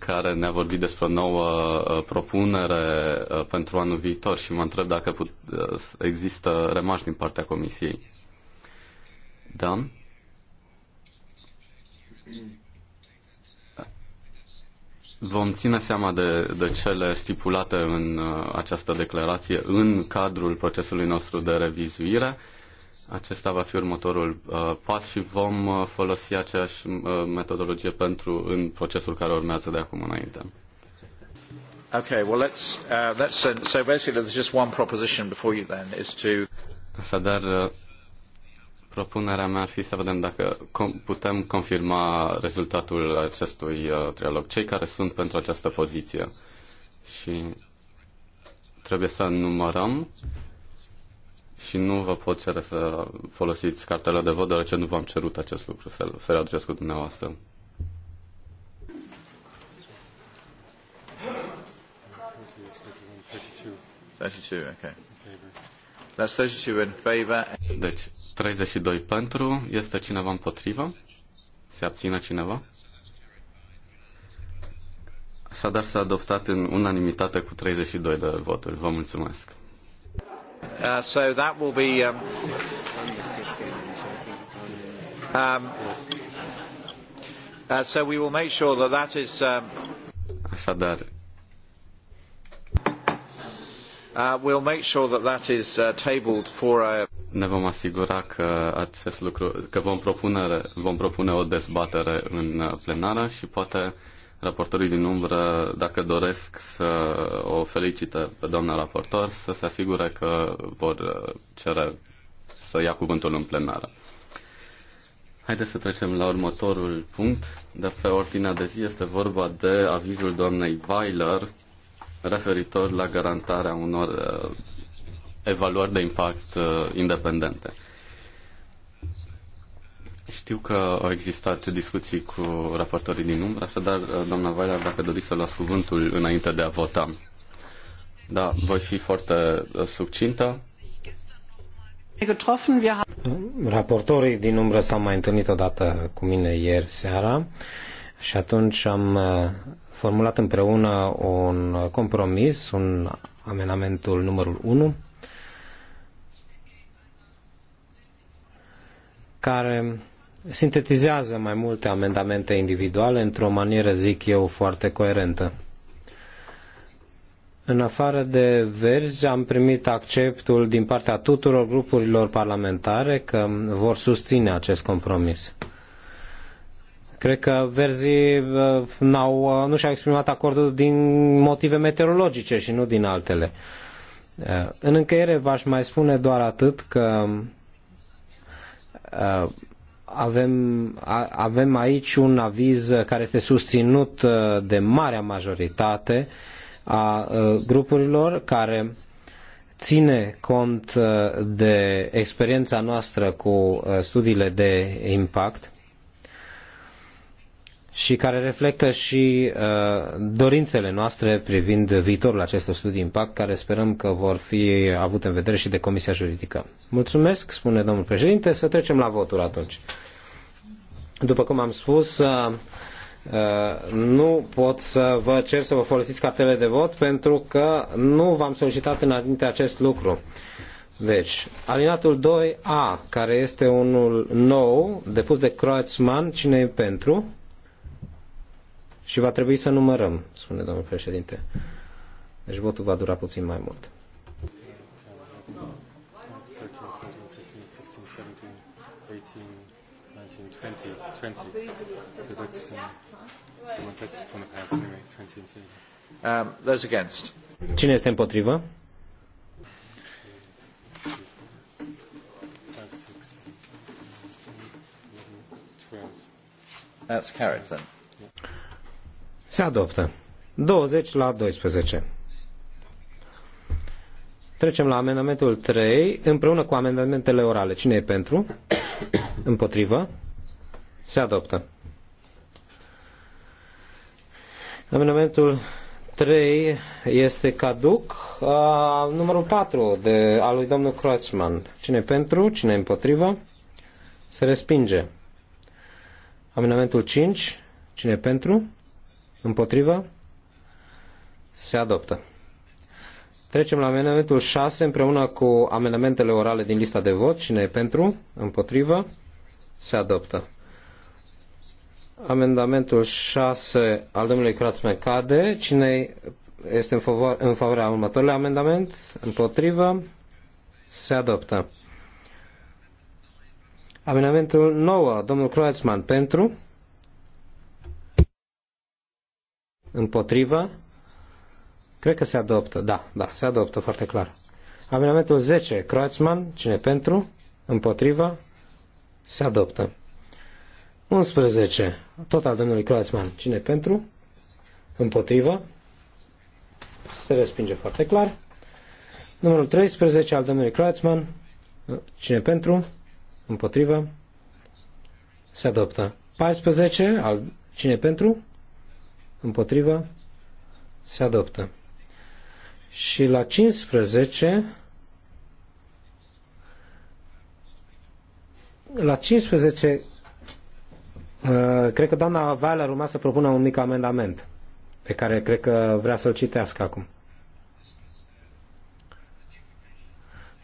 care ne-a vorbit despre o nouă uh, propunere uh, pentru anul viitor și mă întreb dacă put, uh, există remarci din partea Comisiei. Da? Vom ține seama de, de cele stipulate în această declarație în cadrul procesului nostru de revizuire acesta va fi următorul uh, pas și vom uh, folosi aceeași uh, metodologie pentru în procesul care urmează de acum înainte. Okay, well let's uh, let's uh, so basically there's just one proposition before you then is to Așadar uh, propunerea mea ar fi să vedem dacă com- putem confirma rezultatul acestui uh, trialog. Cei care sunt pentru această poziție și trebuie să numărăm și nu vă pot cere să folosiți cartela de vot, deoarece nu v-am cerut acest lucru, să, să aduceți cu dumneavoastră. Okay. That's in Deci, 32 pentru, este cineva împotrivă? Se abține cineva? Așadar s-a adoptat în unanimitate cu 32 de voturi. Vă mulțumesc. Uh, so that will be. Um, um, uh, so we will make sure that that is. Um, Așadar. Uh, we'll make sure that that is uh, tabled for a. Uh, ne vom asigura că acest lucru, că vom propune, vom propune o dezbatere în uh, plenară și poate raportorii din umbră, dacă doresc să o felicită pe doamna raportor, să se asigure că vor uh, cere să ia cuvântul în plenară. Haideți să trecem la următorul punct. De pe ordinea de zi este vorba de avizul doamnei Weiler referitor la garantarea unor uh, evaluări de impact uh, independente. Știu că au existat discuții cu raportorii din umbră, așadar, doamna Valea, dacă doriți să luați cuvântul înainte de a vota. Da, voi fi foarte uh, succintă. Raportorii din umbră s-au mai întâlnit odată cu mine ieri seara și atunci am uh, formulat împreună un compromis, un amenamentul numărul 1, care sintetizează mai multe amendamente individuale într-o manieră, zic eu, foarte coerentă. În afară de verzi, am primit acceptul din partea tuturor grupurilor parlamentare că vor susține acest compromis. Cred că verzii uh, n-au, uh, nu și-au exprimat acordul din motive meteorologice și nu din altele. Uh, în încheiere v-aș mai spune doar atât că avem, a, avem aici un aviz care este susținut uh, de marea majoritate a uh, grupurilor care ține cont uh, de experiența noastră cu studiile de impact și care reflectă și uh, dorințele noastre privind viitorul acestor studii impact, care sperăm că vor fi avute în vedere și de Comisia Juridică. Mulțumesc, spune domnul președinte, să trecem la votul atunci. După cum am spus, uh, uh, nu pot să vă cer să vă folosiți cartele de vot pentru că nu v-am solicitat înainte acest lucru. Deci, alinatul 2A, care este unul nou, depus de Croațman, cine e pentru? Și va trebui să numărăm, spune domnul președinte. Deci votul va dura puțin mai mult. Um, those against. Cine este împotrivă? That's carried then. Se adoptă. 20 la 12. Trecem la amendamentul 3, împreună cu amendamentele orale. Cine e pentru? Împotrivă? Se adoptă. Amendamentul 3 este caduc. A, numărul 4 de, al lui domnul Kreutzmann. Cine e pentru, cine împotrivă? Se respinge. Amendamentul 5. Cine e pentru? Împotrivă? Se adoptă. Trecem la amendamentul 6 împreună cu amendamentele orale din lista de vot. Cine e pentru? Împotrivă? Se adoptă. Amendamentul 6 al domnului Crațme cade. Cine este în, favo în favoarea următorului amendament? Împotrivă? Se adoptă. Amendamentul 9, domnul Kreutzmann, pentru? Împotrivă? Cred că se adoptă. Da, da, se adoptă foarte clar. Amendamentul 10. Kreutzmann. Cine pentru? Împotrivă? Se adoptă. 11. Tot al domnului Kreutzmann. Cine pentru? Împotrivă? Se respinge foarte clar. Numărul 13 al domnului Kreutzmann. Cine pentru? Împotrivă? Se adoptă. 14. Al... Cine pentru? împotrivă, se adoptă. Și la 15, la 15, uh, cred că doamna Weiler urma să propună un mic amendament, pe care cred că vrea să-l citească acum.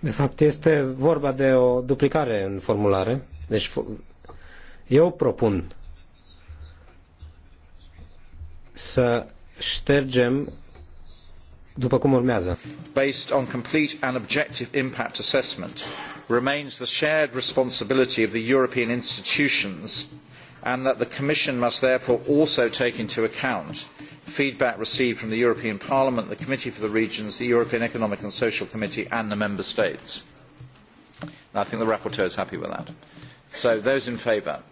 De fapt, este vorba de o duplicare în formulare. Deci, eu propun să ștergem după cum urmează. Based on complete and objective impact assessment remains the shared responsibility of the European institutions and that the Commission must therefore also take into account feedback received from the European Parliament, the Committee for the Regions, the European Economic and Social Committee and the Member States. And I think the Rapporteur is happy with that. So those in favour?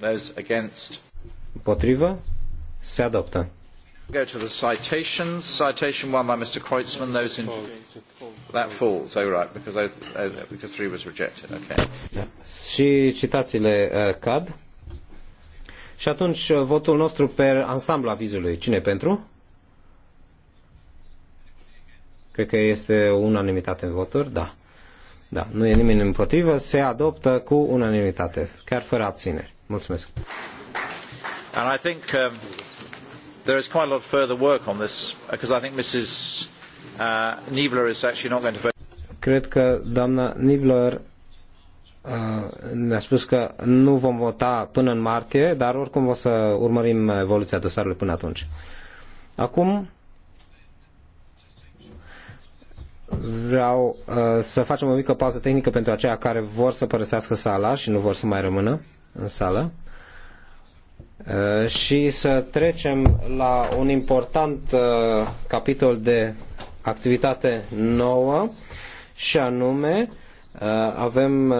Those against? Împotrivă? Se adoptă. Go to the citations. Citation one by Mr. Kreutzmann. Those in that falls. Oh right, because I, oh, because three was rejected. Okay. Și citațiile uh, cad. Și atunci uh, votul nostru pe ansamblu avizului. Cine pentru? Cred că este unanimitate în voturi, da. Da, nu e nimeni împotrivă, se adoptă cu unanimitate, chiar fără abțineri. Mulțumesc. And I think, um there is quite a lot of further work on this because uh, I think Mrs. Uh, Niebler is actually not going to vote. Cred că doamna Niebler uh, ne-a spus că nu vom vota până în martie, dar oricum o să urmărim evoluția dosarului până atunci. Acum vreau uh, să facem o mică pauză tehnică pentru aceia care vor să părăsească sala și nu vor să mai rămână în sală. Uh, și să trecem la un important uh, capitol de activitate nouă și anume uh, avem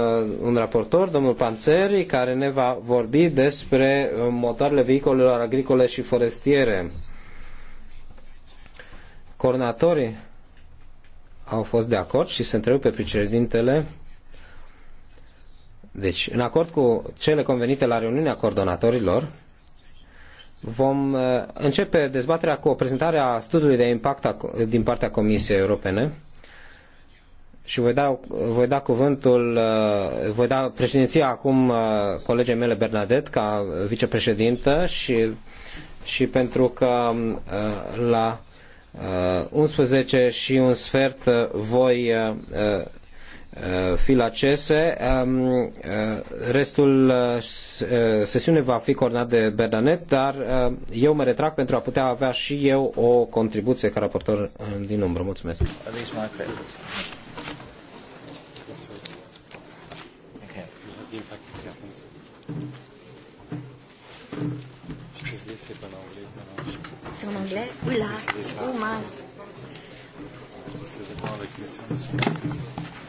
un raportor, domnul Panțeri, care ne va vorbi despre motoarele vehiculelor agricole și forestiere. Coordonatorii au fost de acord și se întreb pe președintele deci, în acord cu cele convenite la reuniunea coordonatorilor, Vom uh, începe dezbaterea cu o prezentare a studiului de impact din partea Comisiei Europene și voi da, voi da cuvântul, uh, voi da președinția acum uh, colegei mele Bernadette ca vicepreședintă și, și pentru că um, la 11 și un sfert voi Uh, filacese. Um, uh, restul uh, sesiunii va fi coordonat de Berdanet, dar eu mă retrag pentru a putea avea și eu o contribuție ca raportor din umbră. Mulțumesc. Să en anglais Oula Oh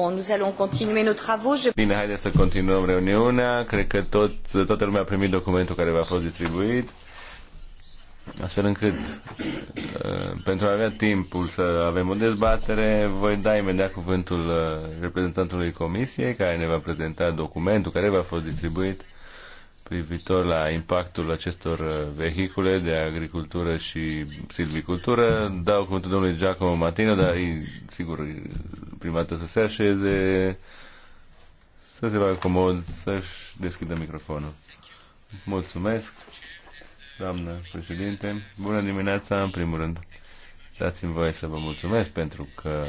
bon, nous allons continuer nos travaux. Je... Bine, haideți să continuăm reuniunea. Cred că tot, toată lumea a primit documentul care v-a fost distribuit. Astfel încât, uh, pentru a avea timpul să avem o dezbatere, voi da imediat cuvântul uh, reprezentantului Comisiei, care ne va prezenta documentul care v-a fost distribuit privitor la impactul acestor uh, vehicule de agricultură și silvicultură. Dau cuvântul domnului Giacomo Matino, dar e, sigur, prima dată să se așeze, să se facă comod, să-și deschidă microfonul. Mulțumesc, doamnă președinte. Bună dimineața, în primul rând. Dați-mi voie să vă mulțumesc pentru că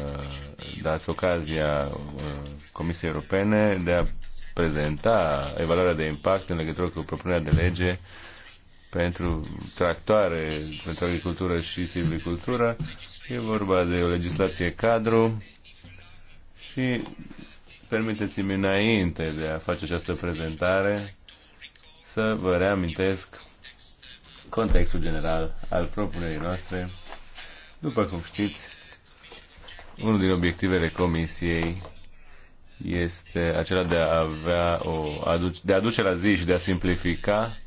dați ocazia uh, Comisiei Europene de a prezenta evaluarea de impact în legătură cu propunerea de lege pentru tractoare, pentru agricultură și silvicultură. E vorba de o legislație cadru și permiteți-mi înainte de a face această prezentare să vă reamintesc contextul general al propunerii noastre. După cum știți, unul din obiectivele Comisiei este acela de a avea o, de a aduce la zi și de a simplifica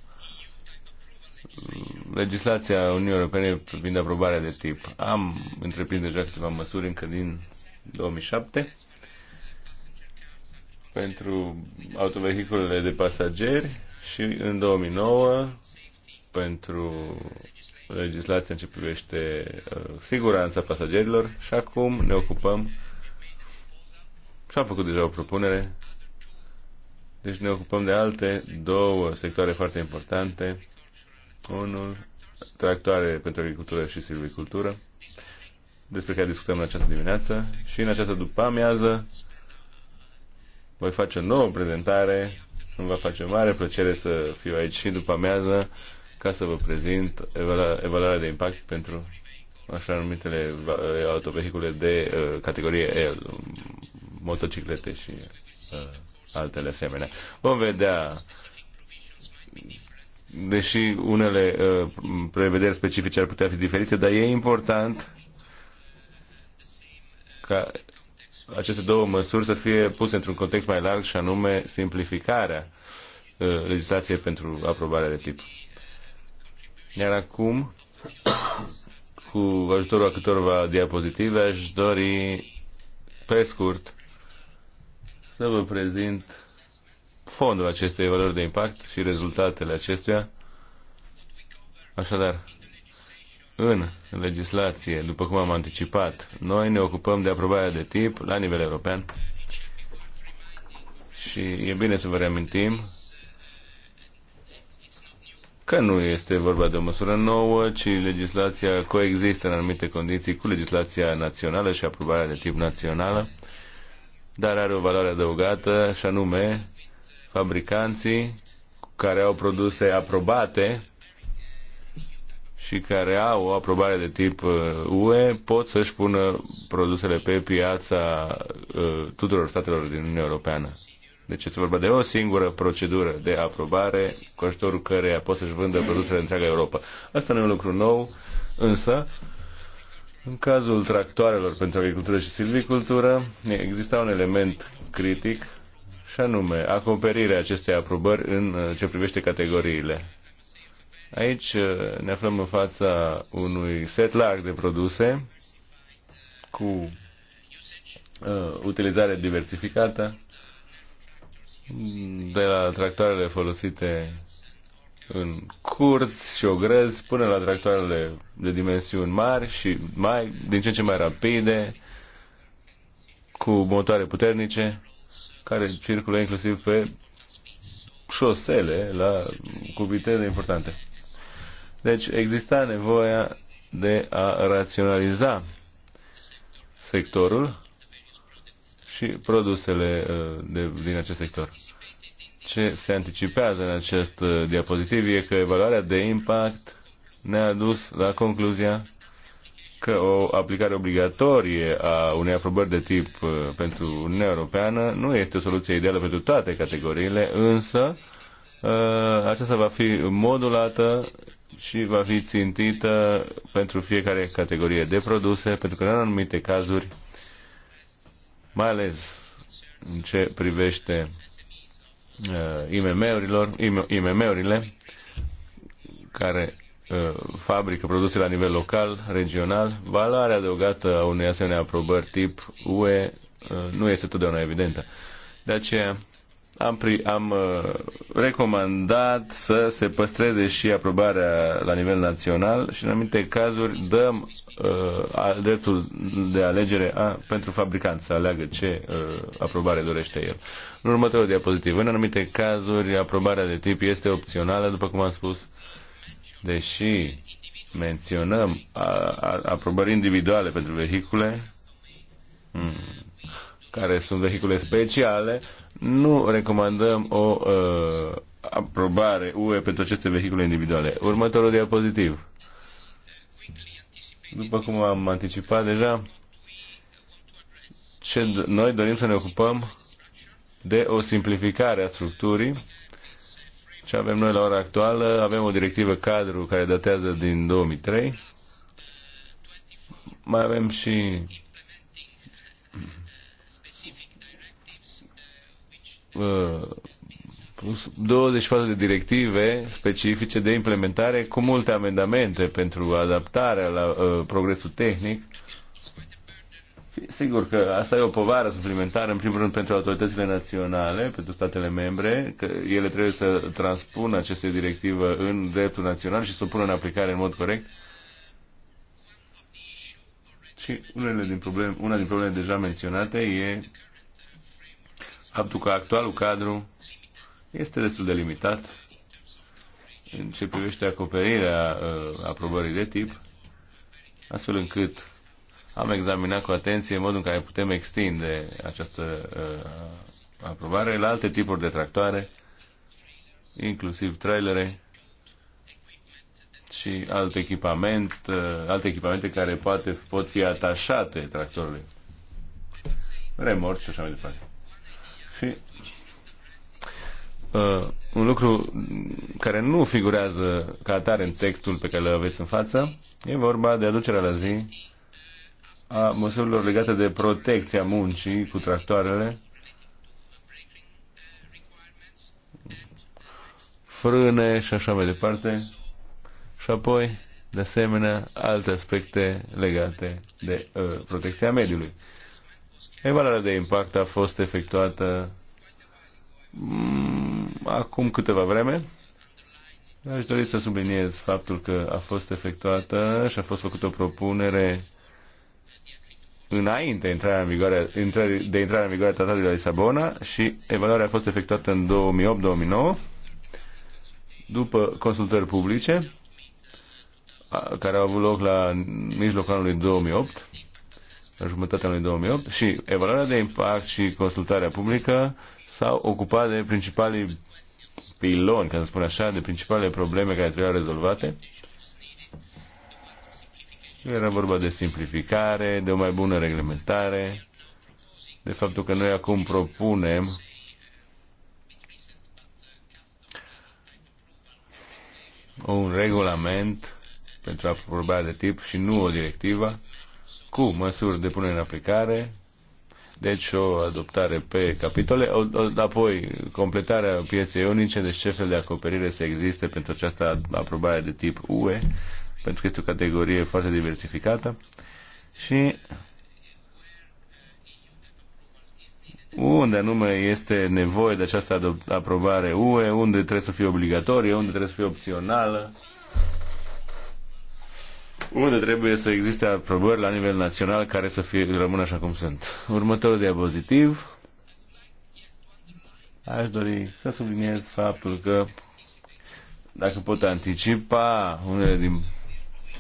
legislația Uniunii Europene privind aprobarea de tip. Am întreprins deja câteva măsuri încă din 2007 pentru autovehiculele de pasageri și în 2009 pentru legislația în ce privește uh, siguranța pasagerilor și acum ne ocupăm și a făcut deja o propunere. Deci ne ocupăm de alte două sectoare foarte importante. Unul, tractoare pentru agricultură și silvicultură, despre care discutăm în această dimineață. Și în această după-amiază voi face o nouă prezentare. Îmi va face mare plăcere să fiu aici și după-amiază ca să vă prezint evaluarea de impact pentru așa numitele autovehicule de uh, categorie L, motociclete și uh, altele asemenea. Vom vedea deși unele uh, prevederi specifice ar putea fi diferite, dar e important ca aceste două măsuri să fie puse într-un context mai larg și anume simplificarea uh, legislației pentru aprobarea de tip. Iar acum, cu ajutorul a câtorva diapozitive, aș dori pe scurt să vă prezint fondul acestei valori de impact și rezultatele acestuia. Așadar, în legislație, după cum am anticipat, noi ne ocupăm de aprobarea de tip la nivel european și e bine să vă reamintim că nu este vorba de o măsură nouă, ci legislația coexistă în anumite condiții cu legislația națională și aprobarea de tip națională dar are o valoare adăugată, și anume fabricanții care au produse aprobate și care au o aprobare de tip uh, UE pot să-și pună produsele pe piața uh, tuturor statelor din Uniunea Europeană. Deci este vorba de o singură procedură de aprobare cu ajutorul căreia pot să-și vândă produsele întreaga Europa. Asta nu e un lucru nou, însă în cazul tractoarelor pentru agricultură și silvicultură, exista un element critic și anume acoperirea acestei aprobări în uh, ce privește categoriile. Aici uh, ne aflăm în fața unui set larg de produse cu uh, utilizare diversificată, de la tractoarele folosite în curți și ogrăzi până la tractoarele de dimensiuni mari și mai, din ce în ce mai rapide, cu motoare puternice, care circulă inclusiv pe șosele la, cu viteze importante. Deci exista nevoia de a raționaliza sectorul și produsele uh, de, din acest sector ce se anticipează în acest uh, diapozitiv e că evaluarea de impact ne-a dus la concluzia că o aplicare obligatorie a unei aprobări de tip uh, pentru Uniunea Europeană nu este o soluție ideală pentru toate categoriile, însă uh, aceasta va fi modulată și va fi țintită pentru fiecare categorie de produse, pentru că în anumite cazuri, mai ales în ce privește Uh, IMM-urilor, IMM-urile care uh, fabrică produse la nivel local, regional, valoarea adăugată a unei asemenea aprobări tip UE uh, nu este totdeauna evidentă. De aceea, am, pri, am uh, recomandat să se păstreze și aprobarea la nivel național și în anumite cazuri dăm uh, dreptul de alegere a, pentru fabricant să aleagă ce uh, aprobare dorește el. În următorul diapozitiv, în anumite cazuri aprobarea de tip este opțională, după cum am spus, deși menționăm a, a, aprobări individuale pentru vehicule, hmm care sunt vehicule speciale, nu recomandăm o uh, aprobare UE pentru aceste vehicule individuale. Următorul diapozitiv. După cum am anticipat deja, ce noi dorim să ne ocupăm de o simplificare a structurii. Ce avem noi la ora actuală? Avem o directivă cadru care datează din 2003. Mai avem și 24 uh, de directive specifice de implementare cu multe amendamente pentru adaptarea la uh, progresul tehnic. Sigur că asta e o povară suplimentară, în primul rând, pentru autoritățile naționale, pentru statele membre, că ele trebuie să transpună aceste directive în dreptul național și să o pună în aplicare în mod corect. Și unele din probleme, una din problemele deja menționate e faptul că actualul cadru este destul de limitat în ce privește acoperirea uh, aprobării de tip, astfel încât am examinat cu atenție modul în care putem extinde această uh, aprobare la alte tipuri de tractoare, inclusiv trailere și alt echipament, uh, alte echipamente care poate, pot fi atașate tractorului, remorci și așa mai departe. Și uh, un lucru care nu figurează ca atare în textul pe care îl aveți în față, e vorba de aducerea la zi a măsurilor legate de protecția muncii cu tractoarele, frâne și așa mai departe, și apoi, de asemenea, alte aspecte legate de uh, protecția mediului. Uh, Evaluarea de impact a fost efectuată mm, acum câteva vreme. Aș dori să subliniez faptul că a fost efectuată și a fost făcută o propunere înainte intrarea în vigoare, de intrarea în vigoare a Tratatului de la Lisabona și evaluarea a fost efectuată în 2008-2009 după consultări publice care au avut loc la mijlocul anului 2008 jumătatea lui 2008 și evaluarea de impact și consultarea publică s-au ocupat de principalii piloni, ca să spun așa, de principalele probleme care trebuiau rezolvate. Era vorba de simplificare, de o mai bună reglementare, de faptul că noi acum propunem un regulament pentru aprobarea de tip și nu o directivă cu măsuri de punere în aplicare, deci o adoptare pe capitole, o, o, apoi completarea pieței unice, deci ce fel de acoperire să existe pentru această aprobare de tip UE, pentru că este o categorie foarte diversificată și unde anume este nevoie de această aprobare UE, unde trebuie să fie obligatorie, unde trebuie să fie opțională unde trebuie să existe aprobări la nivel național care să fie, rămână așa cum sunt. Următorul diapozitiv. Aș dori să subliniez faptul că dacă pot anticipa unele din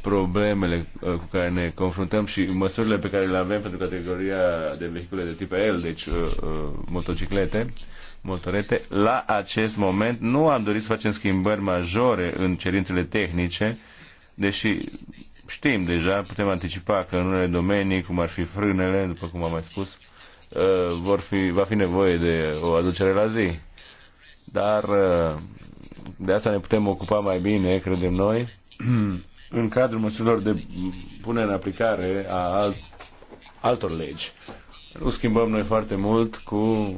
problemele uh, cu care ne confruntăm și măsurile pe care le avem pentru categoria de vehicule de tip L, deci uh, uh, motociclete, motorete, la acest moment nu am dorit să facem schimbări majore în cerințele tehnice, deși știm deja, putem anticipa că în unele domenii, cum ar fi frânele, după cum am mai spus, uh, vor fi, va fi nevoie de o aducere la zi. Dar uh, de asta ne putem ocupa mai bine, credem noi, în cadrul măsurilor de punere în aplicare a alt, altor legi. Nu schimbăm noi foarte mult cu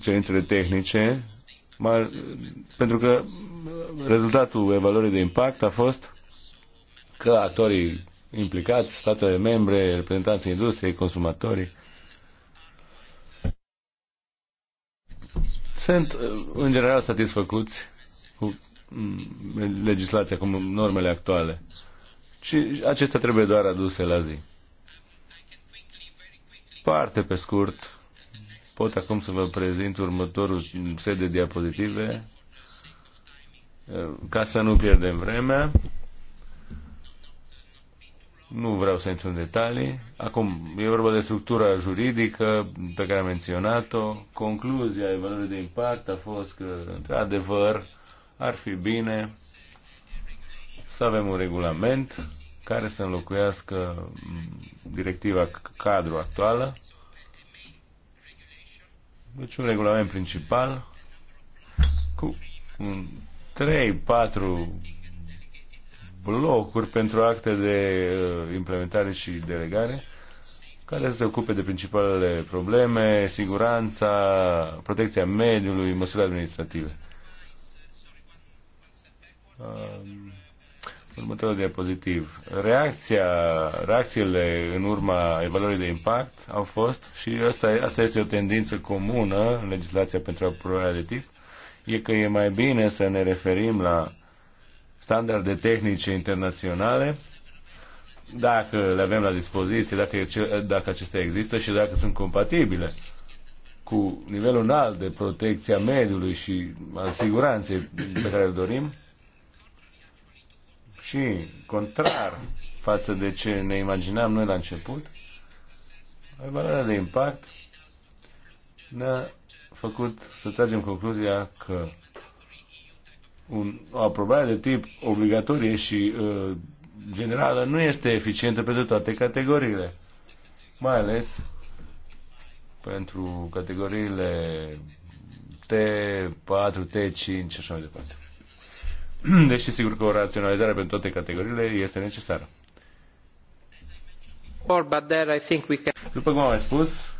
cerințele tehnice pentru că rezultatul evaluării de impact a fost că actorii implicați, statele membre, reprezentanții industriei, consumatorii, sunt în general satisfăcuți cu mm, legislația, cu normele actuale. Și acestea trebuie doar aduse la zi. Parte pe scurt Pot acum să vă prezint următorul set de diapozitive ca să nu pierdem vremea. Nu vreau să intru în detalii. Acum, e vorba de structura juridică pe care am menționat-o. Concluzia evaluării de impact a fost că, într-adevăr, ar fi bine să avem un regulament care să înlocuiască directiva cadru actuală deci un regulament principal cu 3-4 blocuri pentru acte de uh, implementare și delegare care se ocupe de principalele probleme, siguranța, protecția mediului, măsuri administrative. Um, Următorul diapozitiv. Reacția, reacțiile în urma evaluării de impact au fost, și asta, asta este o tendință comună în legislația pentru aprobarea de tip, e că e mai bine să ne referim la standarde tehnice internaționale dacă le avem la dispoziție, dacă, dacă acestea există și dacă sunt compatibile cu nivelul înalt de protecția mediului și al siguranței pe care îl dorim, și contrar față de ce ne imaginam noi la început, evaluarea de impact ne-a făcut să tragem concluzia că un, o aprobare de tip obligatorie și uh, generală nu este eficientă pentru toate categoriile, mai ales pentru categoriile T4, T5 și așa mai departe. deși sigur că o raționalizare pentru toate categoriile este necesară. După cum am mai spus,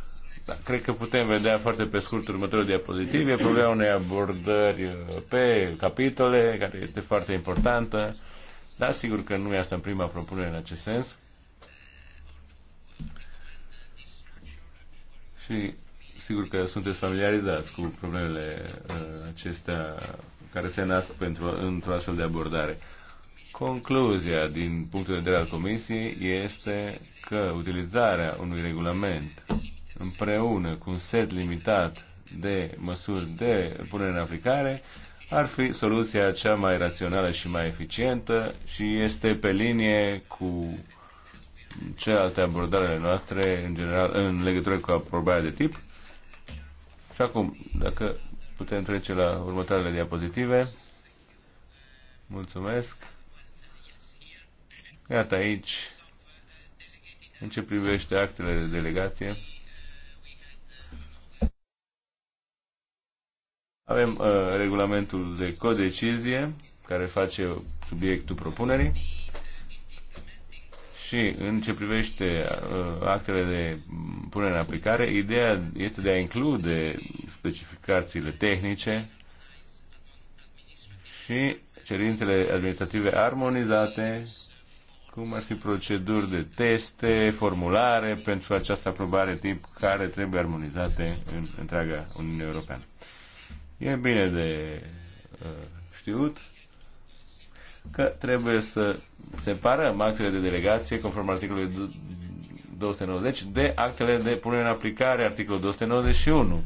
da, cred că putem vedea foarte pe scurt următorul diapozitiv. E problema unei abordări uh, pe capitole, care este foarte importantă. Da, sigur că nu e asta în prima propunere în acest sens. Și sigur că sunteți familiarizați cu problemele uh, acestea care se nasc pentru, într-o astfel de abordare. Concluzia din punctul de vedere al Comisiei este că utilizarea unui regulament împreună cu un set limitat de măsuri de punere în aplicare ar fi soluția cea mai rațională și mai eficientă și este pe linie cu celelalte abordare noastre în, general, în legătură cu aprobarea de tip. Și acum, dacă Putem trece la următoarele diapozitive. Mulțumesc. Iată aici, în ce privește actele de delegație, avem uh, regulamentul de codecizie, care face subiectul propunerii. Și în ce privește uh, actele de punere în aplicare, ideea este de a include specificațiile tehnice și cerințele administrative armonizate, cum ar fi proceduri de teste, formulare pentru această aprobare tip care trebuie armonizate în întreaga Uniune Europeană. E bine de uh, știut că trebuie să separăm actele de delegație conform articolului 290 de actele de punere în aplicare, articolul 291.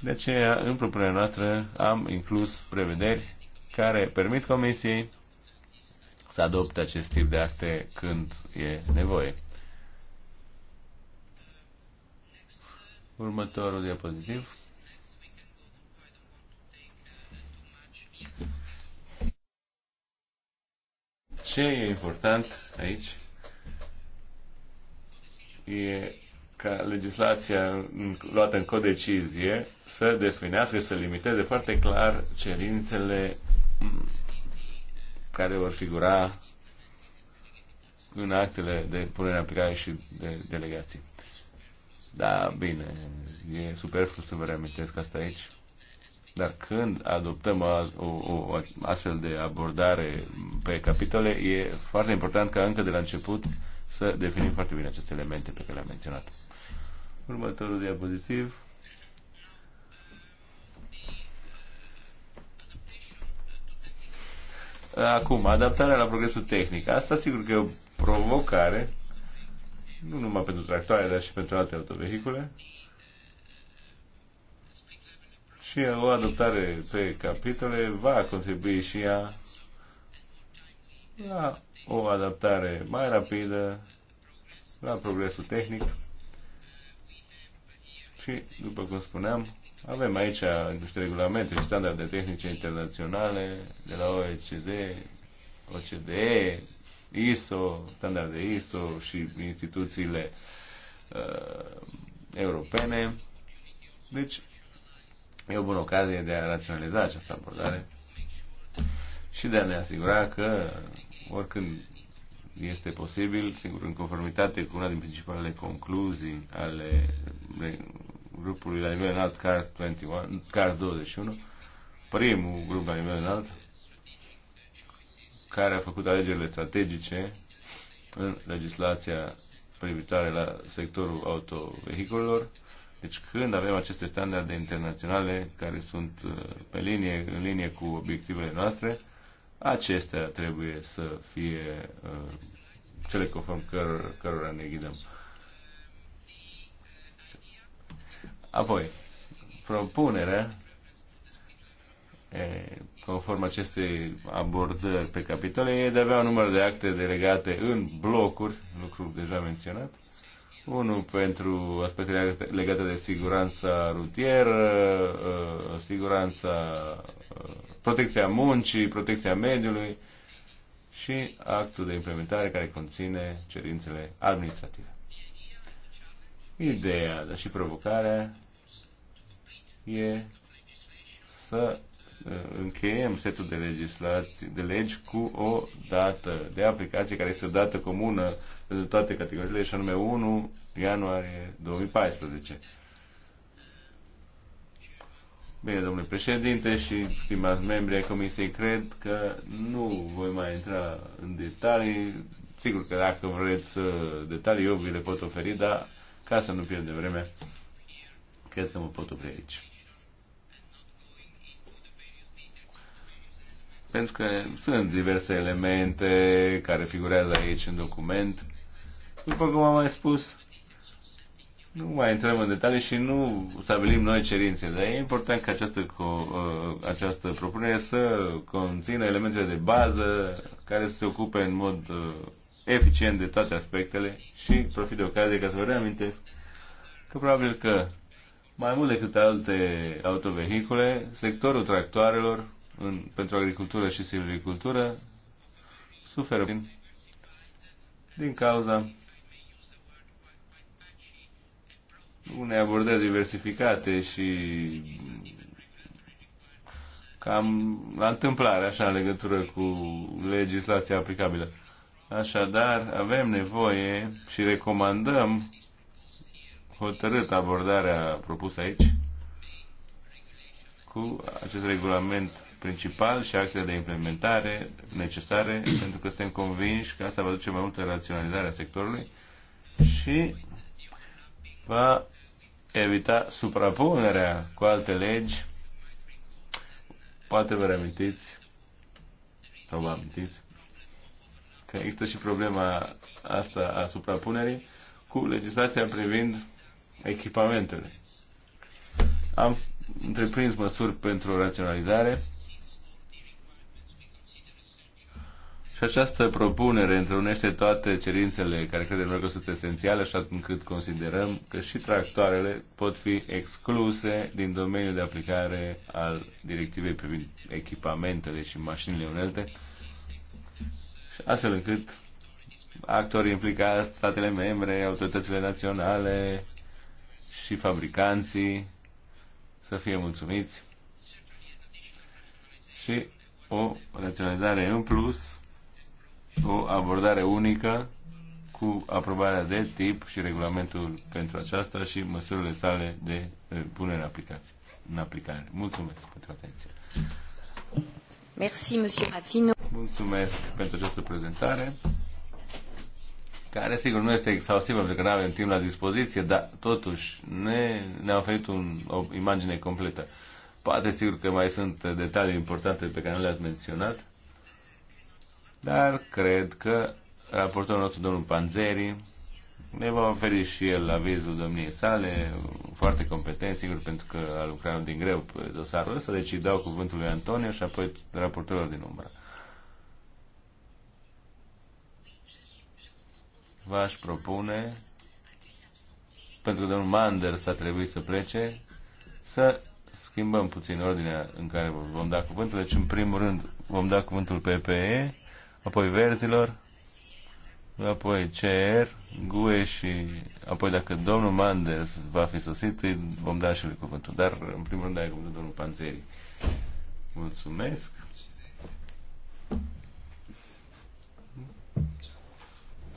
De aceea, în propunerea noastră, am inclus prevederi care permit Comisiei să adopte acest tip de acte când e nevoie. Următorul diapozitiv. Ce e important aici e ca legislația luată în codecizie să definească, să limiteze foarte clar cerințele care vor figura în actele de punere în aplicare și de delegații. Da, bine, e superflu să vă reamintesc asta aici. Dar când adoptăm o, o, o astfel de abordare pe capitole, e foarte important ca încă de la început să definim foarte bine aceste elemente pe care le-am menționat. Următorul diapozitiv. Acum, adaptarea la progresul tehnic. Asta sigur că e o provocare, nu numai pentru tractoare, dar și pentru alte autovehicule. Și o adoptare pe capitole va contribui și ea la o adaptare mai rapidă la progresul tehnic. Și, după cum spuneam, avem aici niște regulamente și standarde tehnice internaționale de la OECD, OCDE, ISO, standarde ISO și instituțiile uh, europene. Deci E o bună ocazie de a raționaliza această abordare și de a ne asigura că oricând este posibil, sigur, în conformitate cu una din principalele concluzii ale grupului la nivel înalt, CAR, 21, CAR 21, primul grup la nivel înalt, care a făcut alegerile strategice în legislația privitoare la sectorul autovehiculelor deci când avem aceste standarde internaționale care sunt uh, pe linie, în linie cu obiectivele noastre, acestea trebuie să fie uh, cele conform căr- cărora ne ghidăm. Apoi, propunerea conform acestei abordări pe capitole, e de avea un număr de acte delegate în blocuri, lucru deja menționat, unul pentru aspectele legate de siguranța rutieră, uh, siguranța, uh, protecția muncii, protecția mediului și actul de implementare care conține cerințele administrative. Ideea, dar și provocarea e să uh, încheiem setul de legislații, de legi cu o dată de aplicație care este o dată comună pentru toate categoriile și anume 1 ianuarie 2014. Bine, domnule președinte și stimați membri ai Comisiei, cred că nu voi mai intra în detalii. Sigur că dacă vreți uh, detalii, eu vi le pot oferi, dar ca să nu pierdem vreme, cred că mă pot opri aici. Pentru că sunt diverse elemente care figurează aici în document după cum am mai spus, nu mai intrăm în detalii și nu stabilim noi cerințe, dar e important ca această, uh, această propunere să conțină elementele de bază care să se ocupe în mod uh, eficient de toate aspectele și profit de ocazie ca să vă reamintesc că probabil că mai mult decât alte autovehicule, sectorul tractoarelor în, pentru agricultură și silvicultură suferă din cauza unei abordări diversificate și cam la întâmplare, așa, în legătură cu legislația aplicabilă. Așadar, avem nevoie și recomandăm hotărât abordarea propusă aici cu acest regulament principal și actele de implementare necesare, pentru că suntem convinși că asta va duce mai multă raționalizare a sectorului și va evita suprapunerea cu alte legi. Poate vă reamintiți, sau vă amintiți, că există și problema asta a suprapunerii cu legislația privind echipamentele. Am întreprins măsuri pentru raționalizare Și această propunere întrunește toate cerințele care credem noi că sunt esențiale, așa încât considerăm că și tractoarele pot fi excluse din domeniul de aplicare al directivei privind echipamentele și mașinile unelte, astfel încât actorii implicați, statele membre, autoritățile naționale și fabricanții să fie mulțumiți și o raționalizare în plus o abordare unică cu aprobarea de tip și regulamentul pentru aceasta și măsurile sale de eh, punere în aplicare. În aplicare. Mulțumesc pentru atenție. Merci, Monsieur Patino. Mulțumesc pentru această prezentare care sigur nu este exhaustivă pentru că nu avem timp la dispoziție, dar totuși ne, ne-a oferit un, o imagine completă. Poate sigur că mai sunt detalii importante pe care nu le-ați menționat dar cred că raportorul nostru, domnul Panzeri, ne va oferi și el avizul domniei sale, foarte competent, sigur, pentru că a lucrat din greu pe dosarul ăsta, deci îi dau cuvântul lui Antonio și apoi raportorul din umbră. V-aș propune, pentru că domnul Manders a trebuit să plece, să schimbăm puțin ordinea în care vom da cuvântul. Deci, în primul rând, vom da cuvântul PPE, apoi verzilor, apoi CR, GUE și apoi dacă domnul Manders va fi sosit, îi vom da și lui cuvântul. Dar în primul rând ai cuvântul domnul Panzeri. Mulțumesc.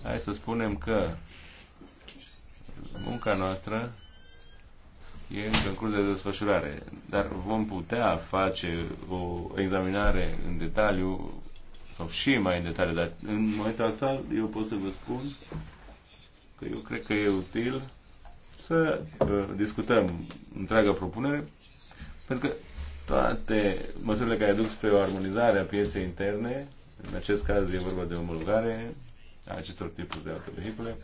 Hai să spunem că munca noastră e încă în curs de desfășurare, dar vom putea face o examinare în detaliu sau și mai în detaliu, dar în momentul ăsta eu pot să vă spun că eu cred că e util să uh, discutăm întreaga propunere, pentru că toate măsurile care duc spre o armonizare a pieței interne, în acest caz e vorba de omologare a acestor tipuri de autovehicule,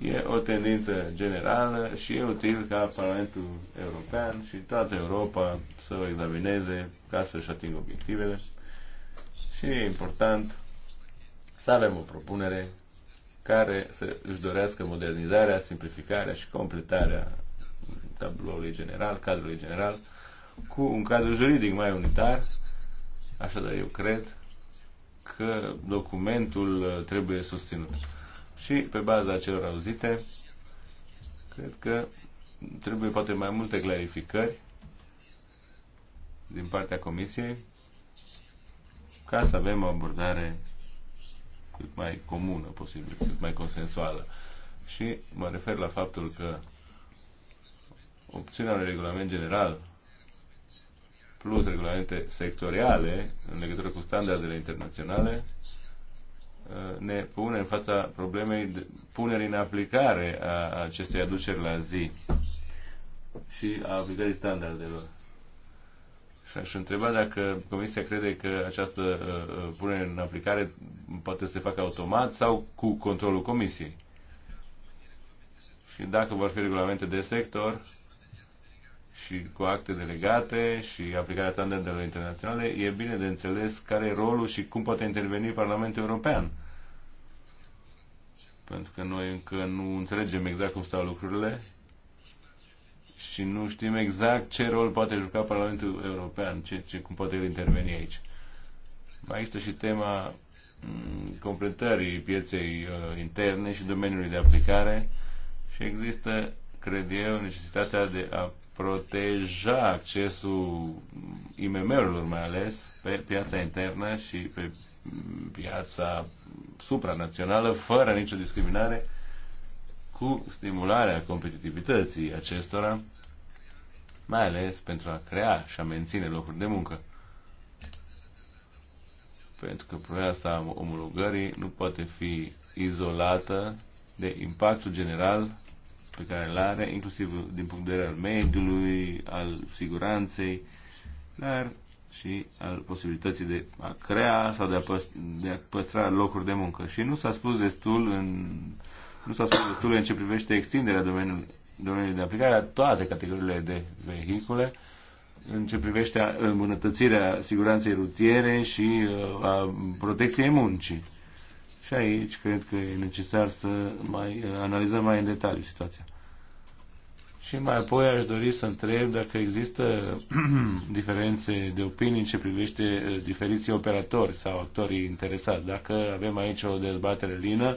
e o tendință generală și e util ca Parlamentul European și toată Europa să o examineze ca să-și atingă obiectivele și e important să avem o propunere care să își dorească modernizarea, simplificarea și completarea tabloului general, cadrului general, cu un cadru juridic mai unitar. Așadar, eu cred că documentul trebuie susținut. Și pe baza celor auzite, cred că trebuie poate mai multe clarificări din partea Comisiei ca să avem o abordare cât mai comună posibil, cât mai consensuală. Și mă refer la faptul că opțiunea unui regulament general plus regulamente sectoriale în legătură cu standardele internaționale uh, ne pune în fața problemei de punerii în aplicare a acestei aduceri la zi și a aplicării standardelor. Și aș întreba dacă Comisia crede că această uh, uh, punere în aplicare poate să se facă automat sau cu controlul Comisiei. Și dacă vor fi regulamente de sector și cu acte delegate și aplicarea standardelor internaționale, e bine de înțeles care e rolul și cum poate interveni Parlamentul European. Pentru că noi încă nu înțelegem exact cum stau lucrurile și nu știm exact ce rol poate juca Parlamentul European, ce, ce, cum poate el interveni aici. Mai există și tema mm, completării pieței uh, interne și domeniului de aplicare și există, cred eu, necesitatea de a proteja accesul IMM-urilor mai ales pe piața internă și pe mm, piața supranațională fără nicio discriminare cu stimularea competitivității acestora mai ales pentru a crea și a menține locuri de muncă. Pentru că problema asta a omologării nu poate fi izolată de impactul general pe care îl are, inclusiv din punct de vedere al mediului, al siguranței, dar și al posibilității de a crea sau de a, păstra, de a păstra locuri de muncă. Și nu s-a spus destul în nu s-a spus destul în ce privește extinderea domeniului domeniul de aplicare a toate categoriile de vehicule în ce privește îmbunătățirea siguranței rutiere și uh, a protecției muncii. Și aici cred că e necesar să mai uh, analizăm mai în detaliu situația. Și mai apoi aș dori să întreb dacă există diferențe de opinii în ce privește uh, diferiții operatori sau actorii interesați. Dacă avem aici o dezbatere lină,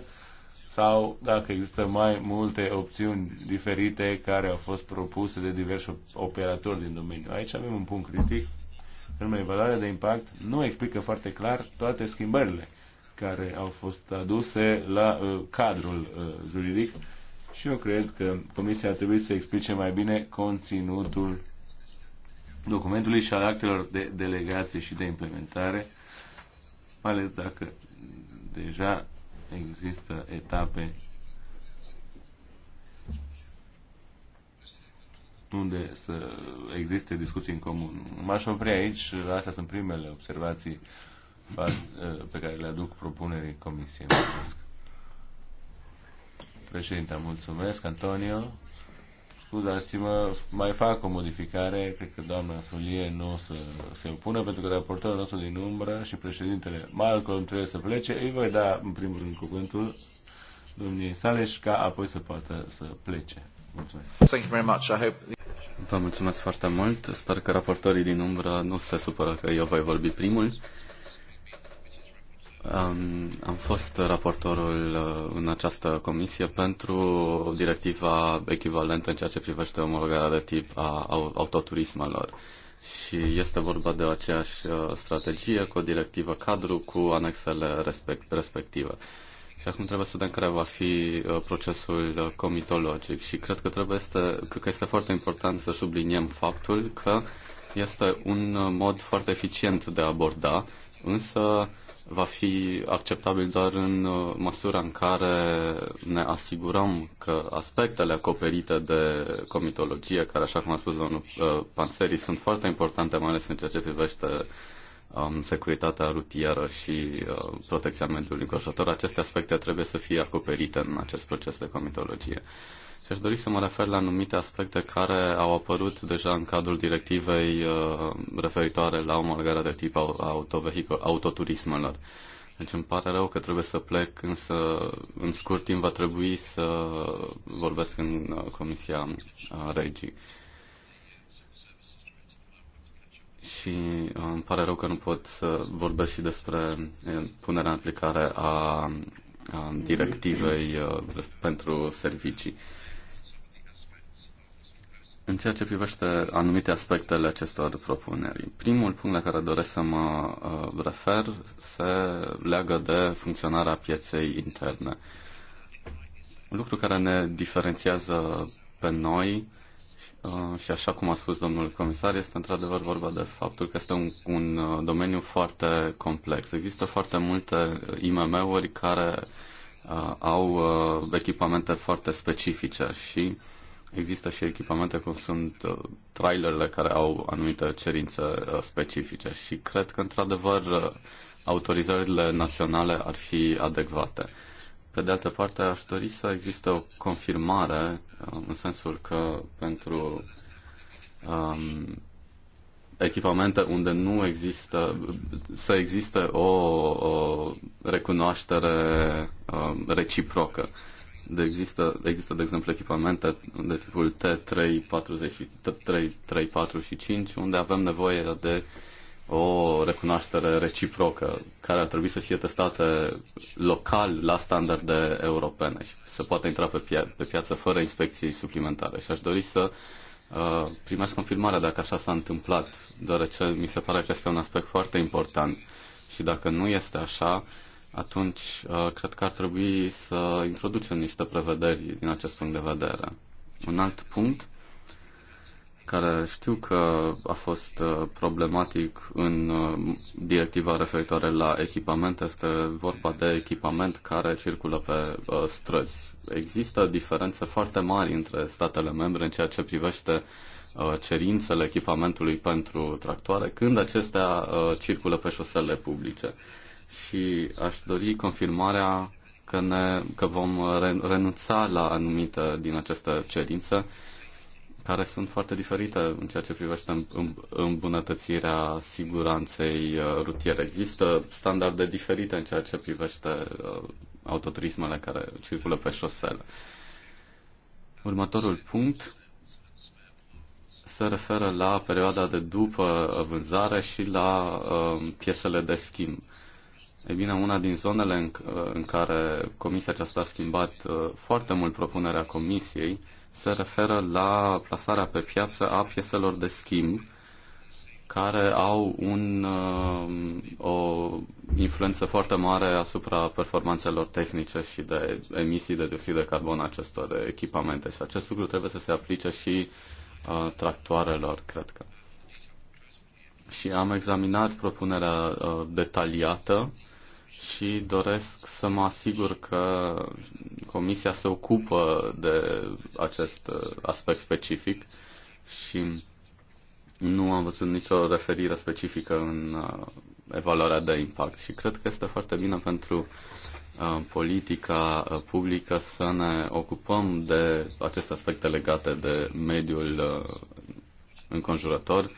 sau dacă există mai multe opțiuni diferite care au fost propuse de diversi operatori din domeniu. Aici avem un punct critic, în evaluarea de impact nu explică foarte clar toate schimbările care au fost aduse la uh, cadrul uh, juridic și eu cred că Comisia ar trebui să explice mai bine conținutul documentului și al actelor de delegație și de implementare, mai ales dacă deja există etape unde să existe discuții în comun. M-aș opri aici, astea sunt primele observații eh, pe care le aduc propunerii Comisiei. Președinte, mulțumesc, Antonio scuzați-mă, mai fac o modificare, cred că doamna Solie nu o să se opună, pentru că raportorul nostru din umbră și președintele Malcolm trebuie să plece. Îi voi da, în primul rând, cuvântul domniei Saleș, ca apoi să poată să plece. Mulțumesc. Thank you very much. I hope... Vă mulțumesc foarte mult. Sper că raportorii din umbră nu se supără că eu voi vorbi primul am fost raportorul uh, în această comisie pentru directiva echivalentă în ceea ce privește omologarea de tip a autoturismelor. Și este vorba de aceeași uh, strategie cu o directivă cadru cu anexele respect, respective. Și acum trebuie să vedem care va fi uh, procesul comitologic. Și cred că, trebuie este, cred că este foarte important să subliniem faptul că este un mod foarte eficient de a aborda, însă va fi acceptabil doar în uh, măsura în care ne asigurăm că aspectele acoperite de comitologie, care, așa cum a spus domnul uh, Panseri, sunt foarte importante, mai ales în ceea ce privește um, securitatea rutieră și uh, protecția mediului înconjurător, aceste aspecte trebuie să fie acoperite în acest proces de comitologie. Uh, și aș dori să mă refer la anumite aspecte care au apărut deja în cadrul directivei uh, referitoare la omologarea de tip autoturismelor. Deci îmi pare rău că trebuie să plec, însă în scurt timp va trebui să vorbesc în uh, Comisia uh, Regii. Și îmi pare rău că nu pot să vorbesc și despre punerea în aplicare a directivei pentru servicii. În ceea ce privește anumite aspectele acestor propuneri, primul punct la care doresc să mă uh, refer se leagă de funcționarea pieței interne. Lucru care ne diferențiază pe noi uh, și așa cum a spus domnul comisar, este într-adevăr vorba de faptul că este un, un uh, domeniu foarte complex. Există foarte multe IMM-uri care uh, au uh, echipamente foarte specifice și uh, există și echipamente cum sunt uh, trailerele care au anumite cerințe uh, specifice și cred că, într-adevăr, uh, autorizările naționale ar fi adecvate. Pe de altă parte, aș dori să existe o confirmare în sensul că pentru um, echipamente unde nu există, să existe o, o recunoaștere um, reciprocă. Uh, de există, există, de exemplu, echipamente de tipul T3, 40, T3, 3, 4 și 5, unde avem nevoie de o recunoaștere reciprocă, care ar trebui să fie testată local la standarde europene și să poată intra pe, pia- pe piață fără inspecții suplimentare. Și aș dori să uh, primesc confirmarea dacă așa s-a întâmplat, deoarece mi se pare că este un aspect foarte important. Și dacă nu este așa, uh, atunci uh, cred că ar trebui să introducem niște prevederi din acest punct de vedere. Un alt punct care știu că a fost uh, problematic în uh, directiva referitoare la echipament este vorba de echipament care circulă pe străzi. Există diferențe foarte mari între statele membre în ceea ce privește cerințele echipamentului pentru tractoare când acestea circulă pe șosele publice și aș dori confirmarea că, ne, că vom renunța la anumite din aceste cerințe care sunt foarte diferite în ceea ce privește îmbunătățirea siguranței uh, rutiere. Există standarde diferite în ceea ce privește uh, autoturismele care circulă pe șosele. Următorul punct se referă la perioada de după vânzare și la uh, piesele de schimb. E bine, una din zonele în, în care Comisia aceasta a schimbat uh, foarte mult propunerea Comisiei se referă la plasarea pe piață a pieselor de schimb care au un, uh, o influență foarte mare asupra performanțelor tehnice și de emisii de dioxid de carbon acestor echipamente. Și acest lucru trebuie să se aplice și uh, tractoarelor, cred că. Și am examinat propunerea uh, detaliată și doresc să mă asigur că Comisia se ocupă de acest uh, aspect specific și nu am văzut nicio referire specifică în uh, evaluarea de impact și cred că este foarte bine pentru uh, politica publică să ne ocupăm de aceste aspecte legate de mediul înconjurător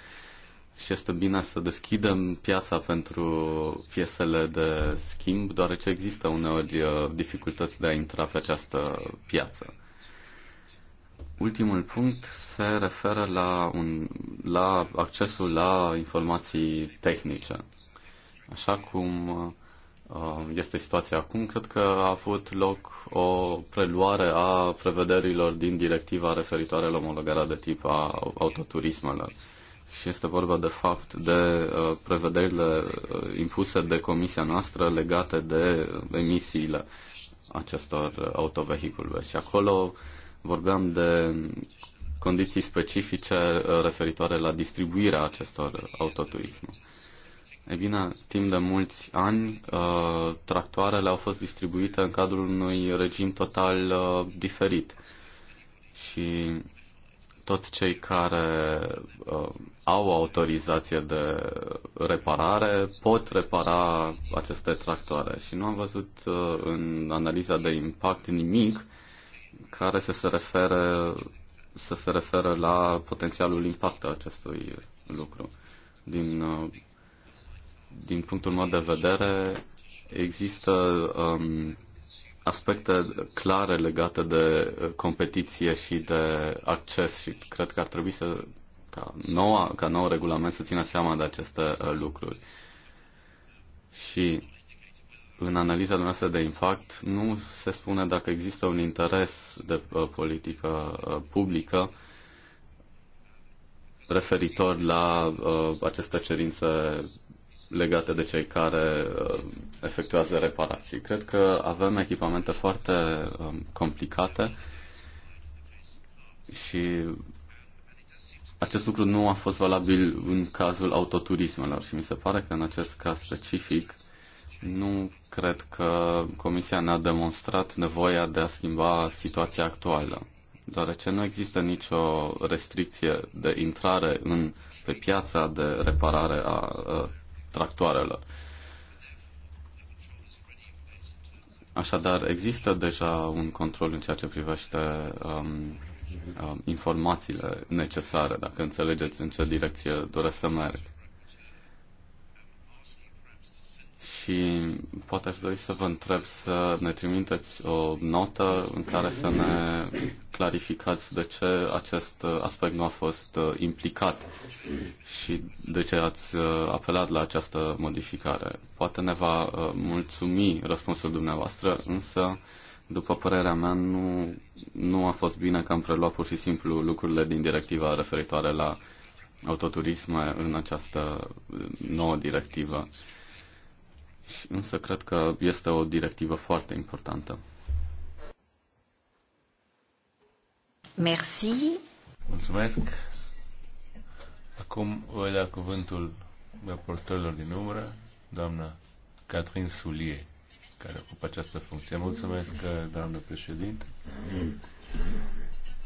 și este bine să deschidem piața pentru piesele de schimb, deoarece există uneori uh, dificultăți de a intra pe această piață. Ultimul punct se referă la, un, la accesul la informații tehnice. Așa cum uh, este situația acum, cred că a avut loc o preluare a prevederilor din directiva referitoare la omologarea de tip a autoturismelor și este vorba de fapt de uh, prevederile uh, impuse de comisia noastră legate de emisiile acestor uh, autovehicule. Și acolo vorbeam de condiții specifice referitoare la distribuirea acestor autoturisme. E bine, timp de mulți ani, tractoarele au fost distribuite în cadrul unui regim total diferit. Și toți cei care uh, au autorizație de reparare pot repara aceste tractoare și nu am văzut uh, în analiza de impact nimic care să se refere să se referă la potențialul impact al acestui lucru. Din, uh, din punctul meu de vedere, există um, aspecte clare legate de uh, competiție și de acces și cred că ar trebui să ca, noua, ca nou regulament să țină seama de aceste uh, lucruri. Și în analiza noastră de impact nu se spune dacă există un interes de uh, politică publică referitor la uh, aceste cerințe legate de cei care uh, efectuează reparații. Cred că avem echipamente foarte um, complicate și acest lucru nu a fost valabil în cazul autoturismelor și mi se pare că în acest caz specific nu cred că Comisia ne-a demonstrat nevoia de a schimba situația actuală, deoarece nu există nicio restricție de intrare în, pe piața de reparare a uh, tractoarelor. Așadar, există deja un control în ceea ce privește um, um, informațiile necesare, dacă înțelegeți în ce direcție doresc să merg. și poate aș dori să vă întreb să ne trimiteți o notă în care să ne clarificați de ce acest aspect nu a fost uh, implicat și de ce ați uh, apelat la această modificare. Poate ne va uh, mulțumi răspunsul dumneavoastră, însă, după părerea mea, nu, nu a fost bine că am preluat pur și simplu lucrurile din directiva referitoare la autoturisme în această nouă directivă însă cred că este o directivă foarte importantă. Merci. Mulțumesc. Acum voi da cuvântul raportorilor din umbră, doamna Catherine Soulier, care ocupă această funcție. Mulțumesc, doamna președinte.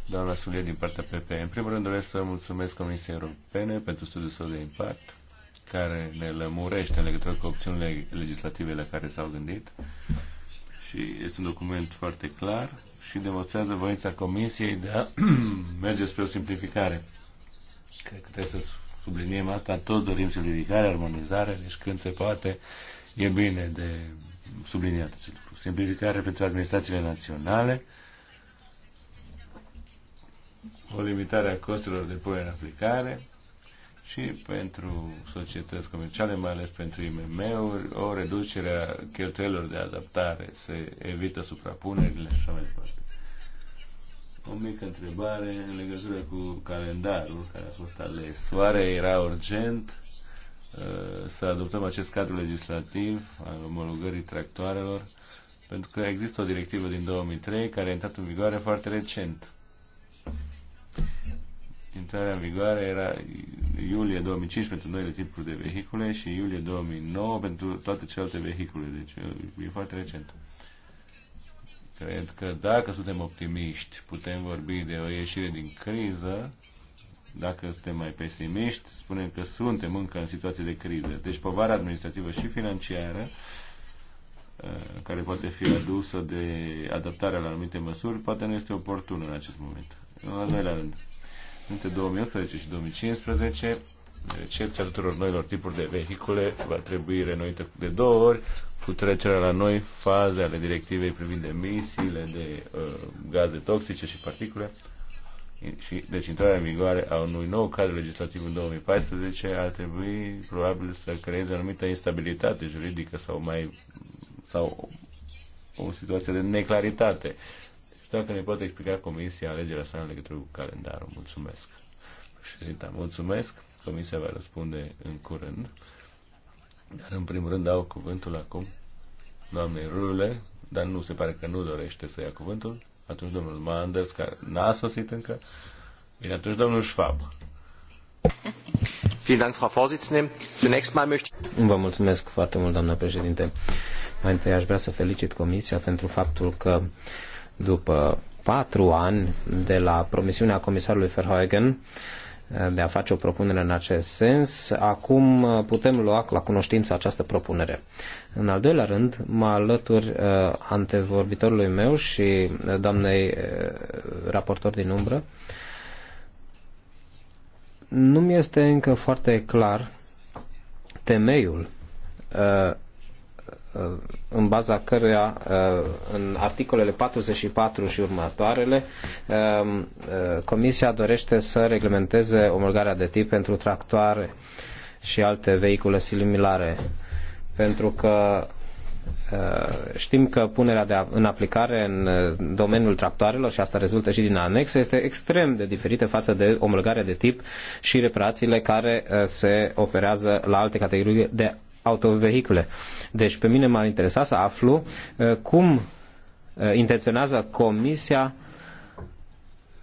Doamna Sulie, din partea PP. În primul rând doresc să mulțumesc Comisiei Europene pentru studiul său de impact care ne lămurește în legătură cu opțiunile legislative la care s-au gândit și este un document foarte clar și demonstrează voința Comisiei de a merge spre o simplificare. Cred că trebuie să subliniem asta, toți dorim simplificare, armonizare, deci când se poate, e bine de subliniat acest lucru. Simplificare pentru administrațiile naționale, o limitare a costurilor de punere în aplicare, și pentru societăți comerciale, mai ales pentru IMM-uri, o reducere a cheltuielor de adaptare, se evită suprapunerile și așa mai departe. O mică întrebare în legătură cu calendarul care a fost ales. Oare era urgent uh, să adoptăm acest cadru legislativ al omologării tractoarelor? Pentru că există o directivă din 2003 care a intrat în vigoare foarte recent Intrarea în vigoare era iulie 2015 pentru noile tipuri de vehicule și iulie 2009 pentru toate celelalte vehicule. Deci e foarte recent. Cred că dacă suntem optimiști, putem vorbi de o ieșire din criză. Dacă suntem mai pesimiști, spunem că suntem încă în situație de criză. Deci povara administrativă și financiară ă, care poate fi adusă de adaptarea la anumite măsuri, poate nu este oportună în acest moment. În al doilea rând, între 2011 și 2015 recepția tuturor noilor tipuri de vehicule va trebui renoită de două ori cu trecerea la noi faze ale directivei privind emisiile de uh, gaze toxice și particule și deci intrarea în vigoare a unui nou cadru legislativ în 2014 ar trebui probabil să creeze anumită instabilitate juridică sau mai sau o situație de neclaritate. Uh, dacă ne poate explica Comisia alegerea sa în legătură cu calendarul. Mulțumesc. Președinta, mulțumesc. Comisia va răspunde în curând. Dar în primul rând dau cuvântul acum doamnei Rule, dar nu se pare că nu dorește să ia cuvântul. Atunci domnul Manders, care n-a sosit încă. Bine, atunci domnul Schwab. Vă mulțumesc foarte mult, doamna președinte. Mai întâi aș vrea să felicit Comisia pentru faptul că după patru ani de la promisiunea comisarului Verheugen eh, de a face o propunere în acest sens, acum eh, putem lua la cunoștință această propunere. În al doilea rând, mă alătur eh, antevorbitorului meu și doamnei raportor din umbră. Nu mi este încă foarte clar temeiul Uh, în baza căreia uh, în articolele 44 și următoarele um, uh, Comisia dorește să reglementeze omologarea de tip pentru tractoare și alte vehicule similare pentru că știm că punerea de în aplicare în domeniul tractoarelor, și asta rezultă și din anexă, este extrem de diferită față de omologarea de tip și reparațiile care se operează la alte categorii de autovehicule. Deci pe mine m-ar interesa să aflu uh, cum uh, intenționează Comisia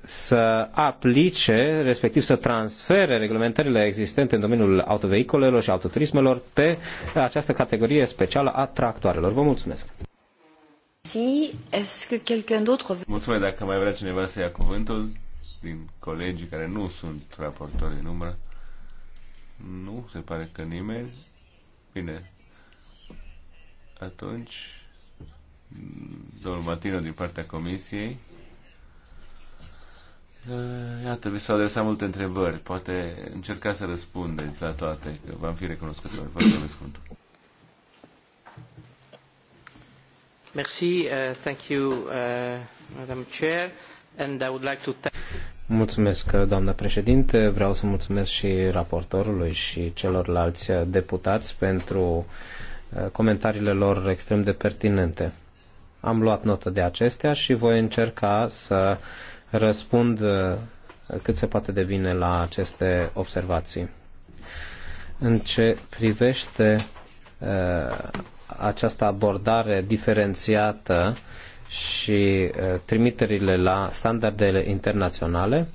să aplice, respectiv să transfere reglementările existente în domeniul autovehiculelor și autoturismelor pe această categorie specială a tractoarelor. Vă mulțumesc! Mulțumesc dacă mai vrea cineva să ia cuvântul din colegii care nu sunt raportori de număr. Nu, se pare că nimeni. Bine. Atunci, domnul Matino din partea Comisiei. Iată, vi s-au adresat multe întrebări. Poate încerca să răspundeți la toate, că v-am fi recunoscut. Vă mulțumesc mult. Merci, uh, thank you, uh, Madam Chair. Mulțumesc, doamnă președinte. Vreau să mulțumesc și raportorului și celorlalți deputați pentru uh, comentariile lor extrem de pertinente. Am luat notă de acestea și voi încerca să răspund uh, cât se poate de bine la aceste observații. În ce privește uh, această abordare diferențiată și uh, trimiterile la standardele internaționale,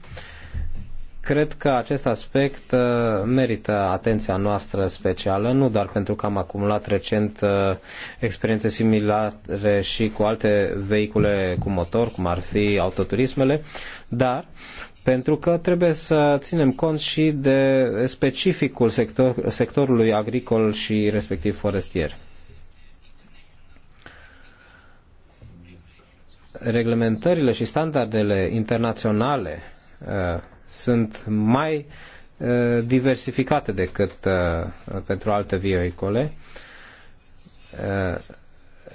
cred că acest aspect uh, merită atenția noastră specială, nu doar pentru că am acumulat recent uh, experiențe similare și cu alte vehicule cu motor, cum ar fi autoturismele, dar pentru că trebuie să ținem cont și de specificul sector, sectorului agricol și respectiv forestier. reglementările și standardele internaționale uh, sunt mai uh, diversificate decât uh, pentru alte vehicule.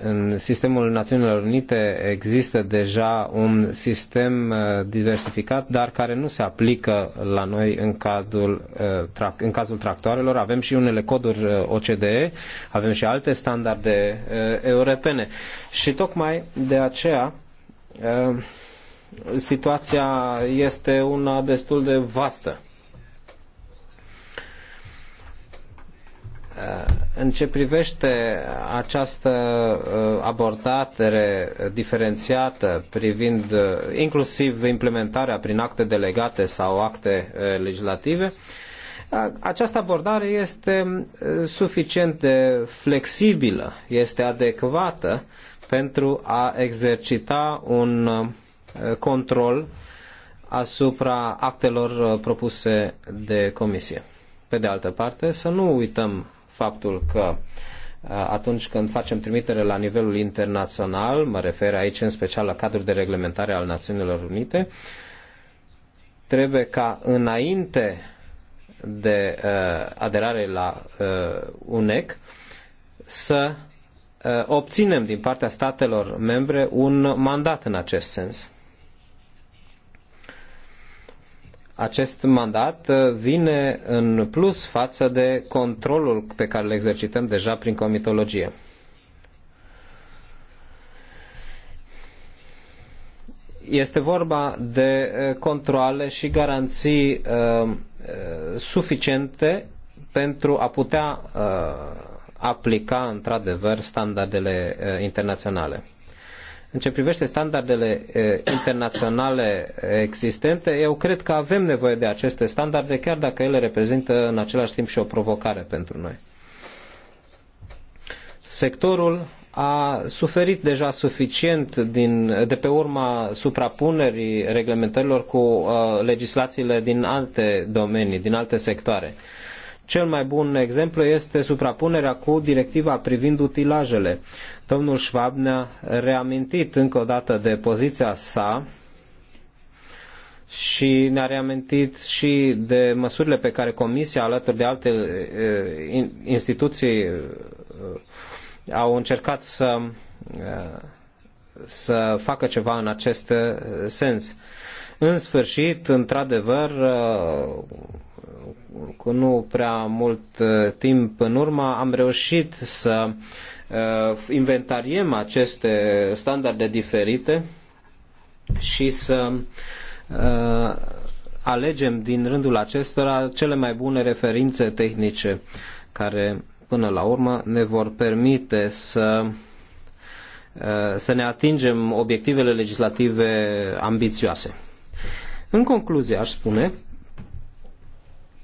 În sistemul Națiunilor Unite există deja un sistem diversificat, dar care nu se aplică la noi în, în cazul tractoarelor. Avem și unele coduri OCDE, avem și alte standarde europene. Și tocmai de aceea Ehm, situația este una destul de vastă. Ehm, în ce privește această ehm, abordare diferențiată privind inclusiv implementarea prin acte delegate sau acte legislative, această abordare este suficient de flexibilă, este adecvată pentru a exercita un uh, control asupra actelor uh, propuse de comisie. Pe de altă parte, să nu uităm faptul că uh, atunci când facem trimitere la nivelul internațional, mă refer aici în special la cadrul de reglementare al Națiunilor Unite, trebuie ca înainte de uh, aderare la uh, UNEC să Uh, obținem din partea statelor membre un mandat în acest sens. Acest mandat uh, vine în plus față de controlul pe care îl exercităm deja prin comitologie. Este vorba de uh, controle și garanții uh, suficiente pentru a putea uh, aplica într-adevăr standardele eh, internaționale. În ce privește standardele eh, internaționale eh, existente, eu cred că avem nevoie de aceste standarde, chiar dacă ele reprezintă în același timp și o provocare pentru noi. Sectorul a suferit deja suficient din, de pe urma suprapunerii reglementărilor cu uh, legislațiile din alte domenii, din alte sectoare. Uh, cel mai bun exemplu este suprapunerea cu directiva privind utilajele. Domnul Schwab ne-a reamintit încă o dată de poziția sa și ne-a reamintit și de măsurile pe care Comisia, alături de alte eh, instituții, eh, au încercat să, eh, să facă ceva în acest sens. În sfârșit, într-adevăr, cu nu prea mult uh, timp în urmă am reușit să uh, inventariem aceste standarde diferite și să uh, alegem din rândul acestora cele mai bune referințe tehnice care până la urmă ne vor permite să să ne atingem obiectivele legislative ambițioase. În concluzie, aș spune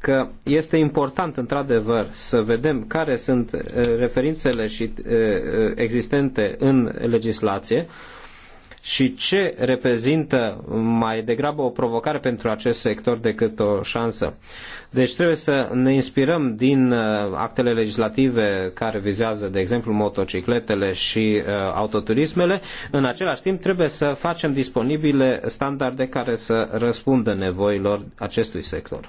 că este important într-adevăr să vedem care sunt uh, referințele și uh, uh, existente în legislație și ce reprezintă mai degrabă o provocare pentru acest sector decât o șansă. Deci trebuie să ne inspirăm din actele legislative care vizează, de exemplu, motocicletele și autoturismele. În același timp trebuie să facem disponibile standarde care să răspundă nevoilor acestui sector.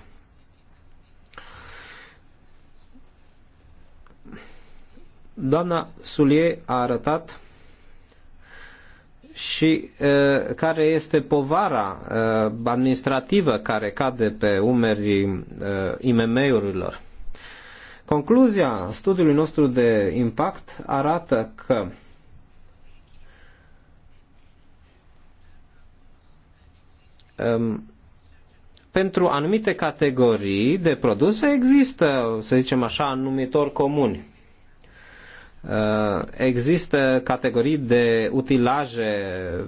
doamna Sulie a arătat și care este povara administrativă care cade pe umerii IMM-urilor. Concluzia studiului nostru de impact arată că pentru anumite categorii de produse există, să zicem așa, numitori comuni Uh, există categorii de utilaje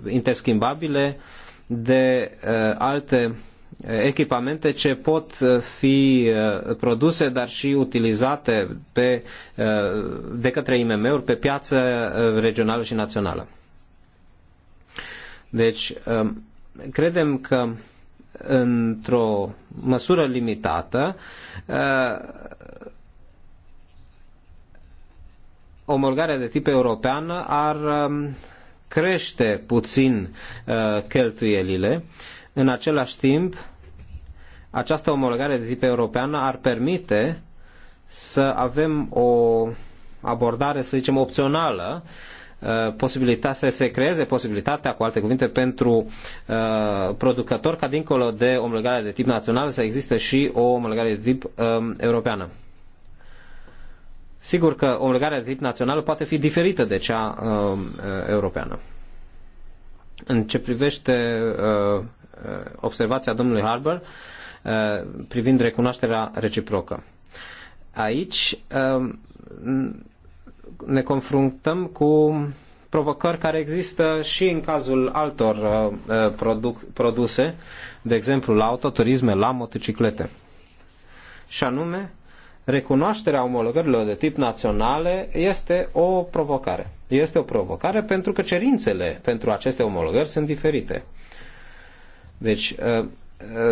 interschimbabile, de uh, alte uh, echipamente ce pot fi produse, dar și utilizate pe, de către IMM-uri pe piață regională și națională. Deci, um, credem că într-o măsură limitată omologarea de tip european ar um, crește puțin uh, cheltuielile. În același timp, această omologare de tip european ar permite să avem o abordare, să zicem, opțională, uh, posibilitatea să se creeze posibilitatea, cu alte cuvinte, pentru uh, producător ca dincolo de omologarea de tip național să existe și o omologare de tip um, europeană. Sigur că omologarea de tip național poate fi diferită de cea um, uh, europeană. În ce privește uh, uh, observația domnului Harbour uh, privind recunoașterea reciprocă. Aici uh, ne confruntăm cu provocări care există și în cazul altor uh, uh produc, produse, de exemplu la autoturisme, la motociclete. Și anume, recunoașterea omologărilor de tip naționale este o provocare. Este o provocare pentru că cerințele pentru aceste omologări sunt diferite. Deci, ă,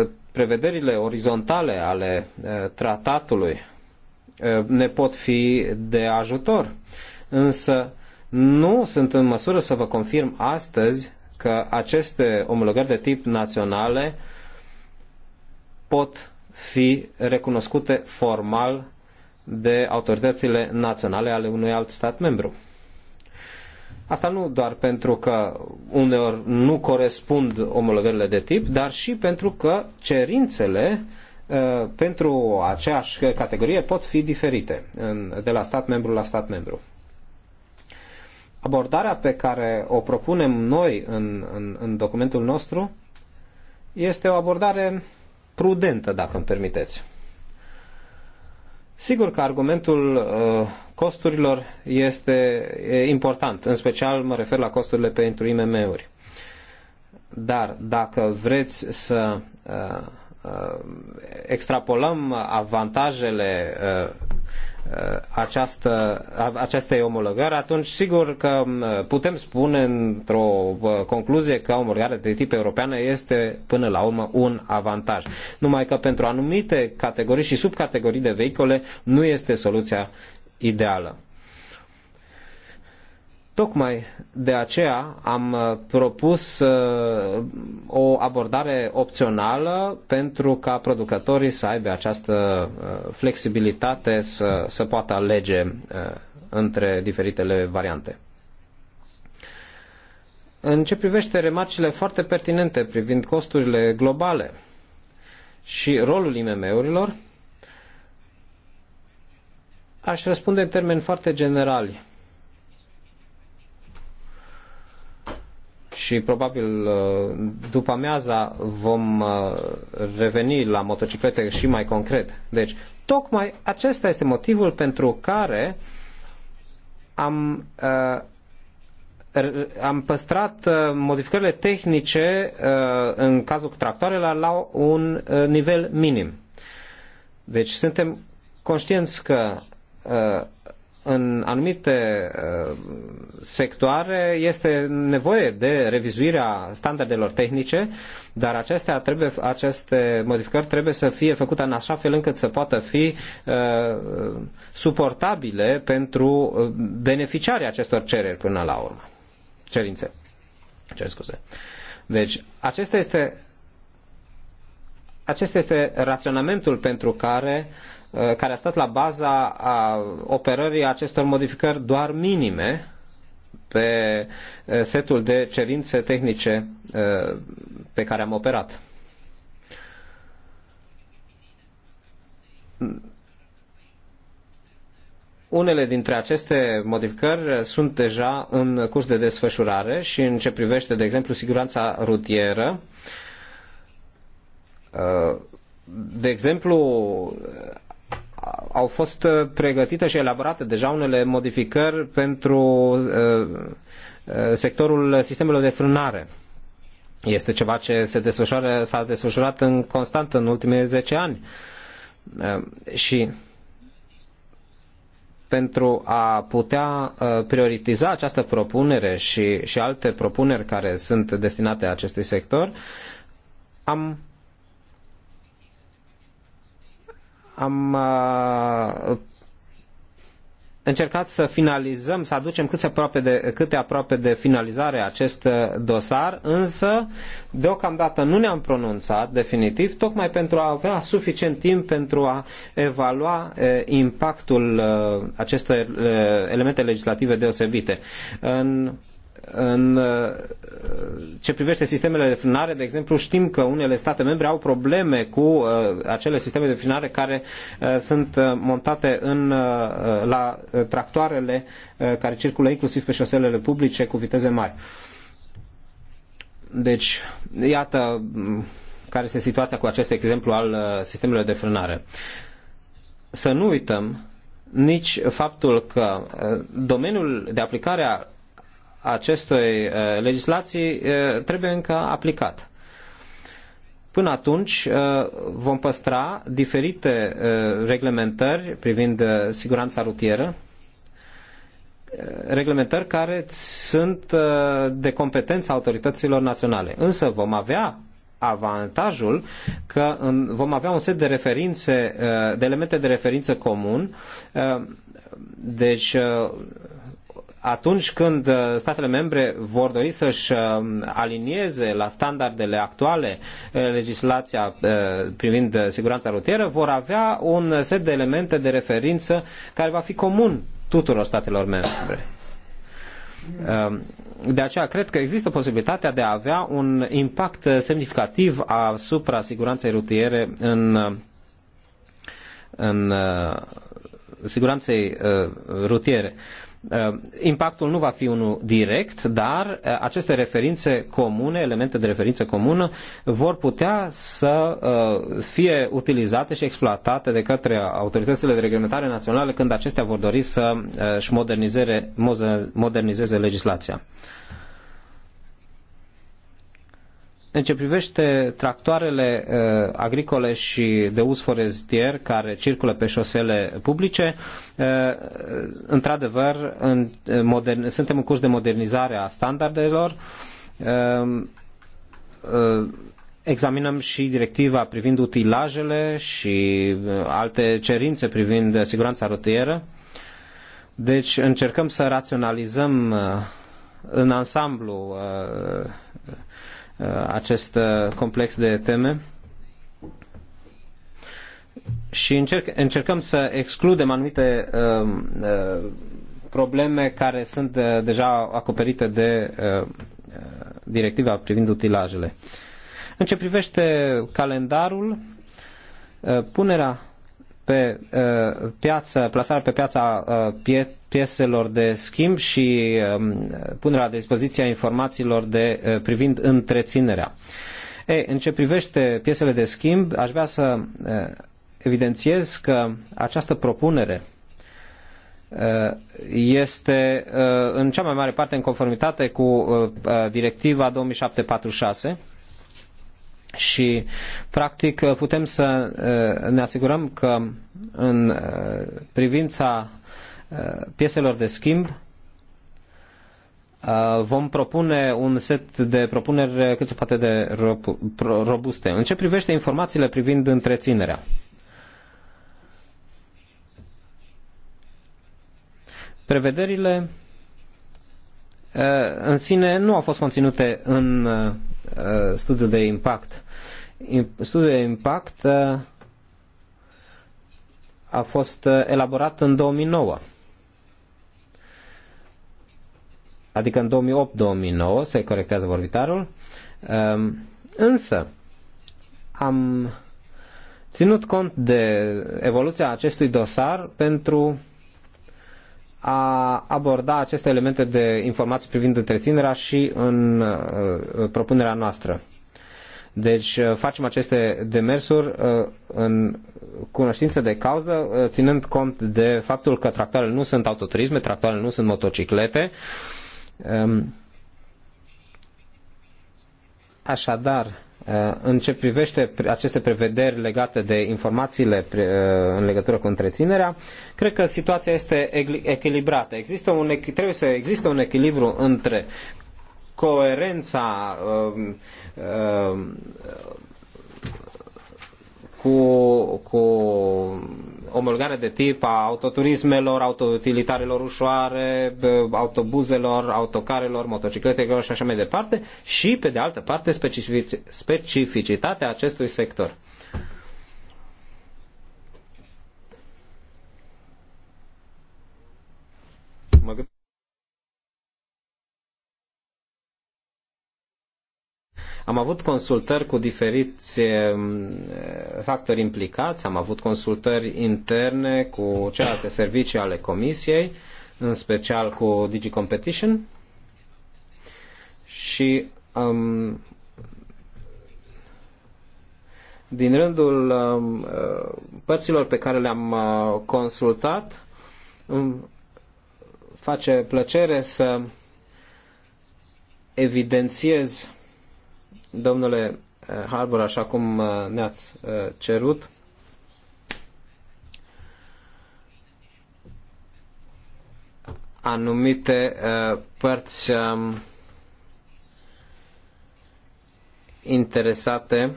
ă, prevederile orizontale ale ă, tratatului ne pot fi de ajutor, însă nu sunt în măsură să vă confirm astăzi că aceste omologări de tip naționale pot fi recunoscute formal de autoritățile naționale ale unui alt stat membru. Asta nu doar pentru că uneori nu corespund omologările de tip, dar și pentru că cerințele uh, pentru aceeași categorie pot fi diferite în, de la stat membru la stat membru. Abordarea pe care o propunem noi în, în, în documentul nostru este o abordare prudentă, dacă îmi permiteți. Sigur că argumentul uh, costurilor este important, în special mă refer la costurile pentru IMM-uri. Dar dacă vreți să uh, uh, extrapolăm avantajele Uh, această, acestei omologări, atunci sigur că um, putem spune într-o uh, concluzie că omologarea de tip european este până la urmă un avantaj. Numai că pentru anumite categorii și subcategorii de vehicule nu este soluția ideală. Tocmai de aceea am uh, propus uh, o abordare opțională pentru ca producătorii să aibă această uh, flexibilitate să, să poată alege între diferitele variante. În ce privește remarcile foarte pertinente privind costurile globale și rolul IMM-urilor, aș răspunde în termeni foarte generali și probabil uh, după amiaza vom uh, reveni la motociclete și mai concret. Deci, tocmai acesta este motivul pentru care am, uh, am păstrat modificările tehnice în cazul tractoarelor la un nivel minim. Deci suntem conștienți că în anumite uh, sectoare este nevoie de revizuirea standardelor tehnice, dar acestea trebuie, aceste modificări trebuie să fie făcute în așa fel încât să poată fi uh, suportabile pentru uh, beneficiarii acestor cereri până la urmă. Cerințe. Cer scuze. Deci, acesta este, acesta este raționamentul pentru care uh, Uh, care a stat la baza a operării acestor modificări doar minime pe uh, setul de cerințe tehnice uh, pe care am operat. Unele dintre aceste modificări sunt deja în curs de desfășurare și în ce privește, de exemplu, siguranța rutieră. De exemplu, au fost uh, pregătite și elaborate deja unele modificări pentru uh, uh, sectorul sistemelor de frânare. Este ceva ce se desfășoară, s-a desfășurat în constant în ultimii 10 ani. Și pentru a putea prioritiza această propunere și, și alte propuneri care sunt destinate acestui sector, am am uh, încercat să finalizăm, să aducem cât se aproape de, câte aproape de finalizare acest uh, dosar, însă deocamdată nu ne-am pronunțat definitiv, tocmai pentru a avea suficient timp pentru a evalua uh, impactul acestor elemente legislative deosebite. În, în ce privește sistemele de frânare, de exemplu, știm că unele state membre au probleme cu uh, acele sisteme de frânare care uh, sunt uh, montate în, uh, uh la uh, tractoarele uh, care circulă inclusiv pe șoselele publice cu viteze mari. Deci, iată mm, care este situația cu acest exemplu al uh, sistemelor de frânare. Să nu uităm nici faptul că domeniul de aplicare a acestei uh, legislații uh, trebuie încă aplicat. Până atunci uh, vom păstra diferite reglementări privind siguranța rutieră, reglementări care sunt de competența autorităților naționale. Însă vom avea avantajul că vom avea un set de referințe, de elemente de referință comun. Deci atunci când uh, statele membre vor dori să-și uh, alinieze la standardele actuale uh, legislația privind siguranța rutieră, vor avea un set de elemente de referință care va fi comun tuturor statelor membre. Um, de aceea cred că există posibilitatea de a avea un impact semnificativ asupra siguranței rutiere în, în siguranței rutiere. Ehm, impactul nu va fi unul direct, dar eh, aceste referințe comune, elemente de referință comună, vor putea să eh, fie utilizate și exploatate de către autoritățile de reglementare naționale când acestea vor dori să eh, își modernizeze legislația. În ce privește tractoarele uh, agricole și de uz forestier care circulă pe șosele publice, uh, într-adevăr, în eh, modern, suntem în curs de modernizare a standardelor. Uh, uh, examinăm și directiva privind utilajele și alte cerințe privind siguranța rutieră. Deci încercăm să raționalizăm în ansamblu Uh, acest uh, complex de teme și încerc, încercăm să excludem anumite um, uh, probleme care sunt deja acoperite de directiva privind utilajele. În ce privește calendarul, punerea pe uh, piață, plasarea pe piața uh, pie, pieselor de schimb și uh, punerea la dispoziție a informațiilor de, uh, privind întreținerea. Ei, în ce privește piesele de schimb, aș vrea să uh, evidențiez că această propunere uh, este uh, în cea mai mare parte în conformitate cu uh, directiva 2746 și, practic, putem să ne asigurăm că în privința pieselor de schimb vom propune un set de propuneri cât se poate de robuste. În ce privește informațiile privind întreținerea? Prevederile în sine nu au fost conținute în Uh, studiul de impact. Studiul de impact uh, a fost uh, elaborat în 2009. Adică în 2008-2009, se corectează vorbitarul. Um, însă, am ținut cont de evoluția acestui dosar pentru a aborda aceste elemente de informații privind întreținerea și în uh, uh, propunerea noastră. Deci uh, facem aceste demersuri în cunoștință de cauză, ținând cont de faptul că tractoarele nu sunt autoturisme, tractoarele nu sunt motociclete. Um, Așadar, Uh, în ce privește aceste prevederi legate de informațiile uh, în legătură cu întreținerea, cred că situația este echilibrată. Există un, trebuie să existe un echilibru între coerența uh, uh, cu, cu omologare de tip a autoturismelor, autoutilitarelor ușoare, autobuzelor, autocarelor, motocicletelor și așa mai departe și, pe de altă parte, specific, specificitatea acestui sector. Mă gândesc Am avut consultări cu diferiți um, factori implicați, am avut consultări interne cu celelalte servicii ale Comisiei, în special cu Digi Competition și um, din rândul um, părților pe care le-am uh, consultat, um, face plăcere să evidențiez Domnule eh, Harbour, așa cum eh, ne-ați eh, cerut, anumite părți ehm, interesate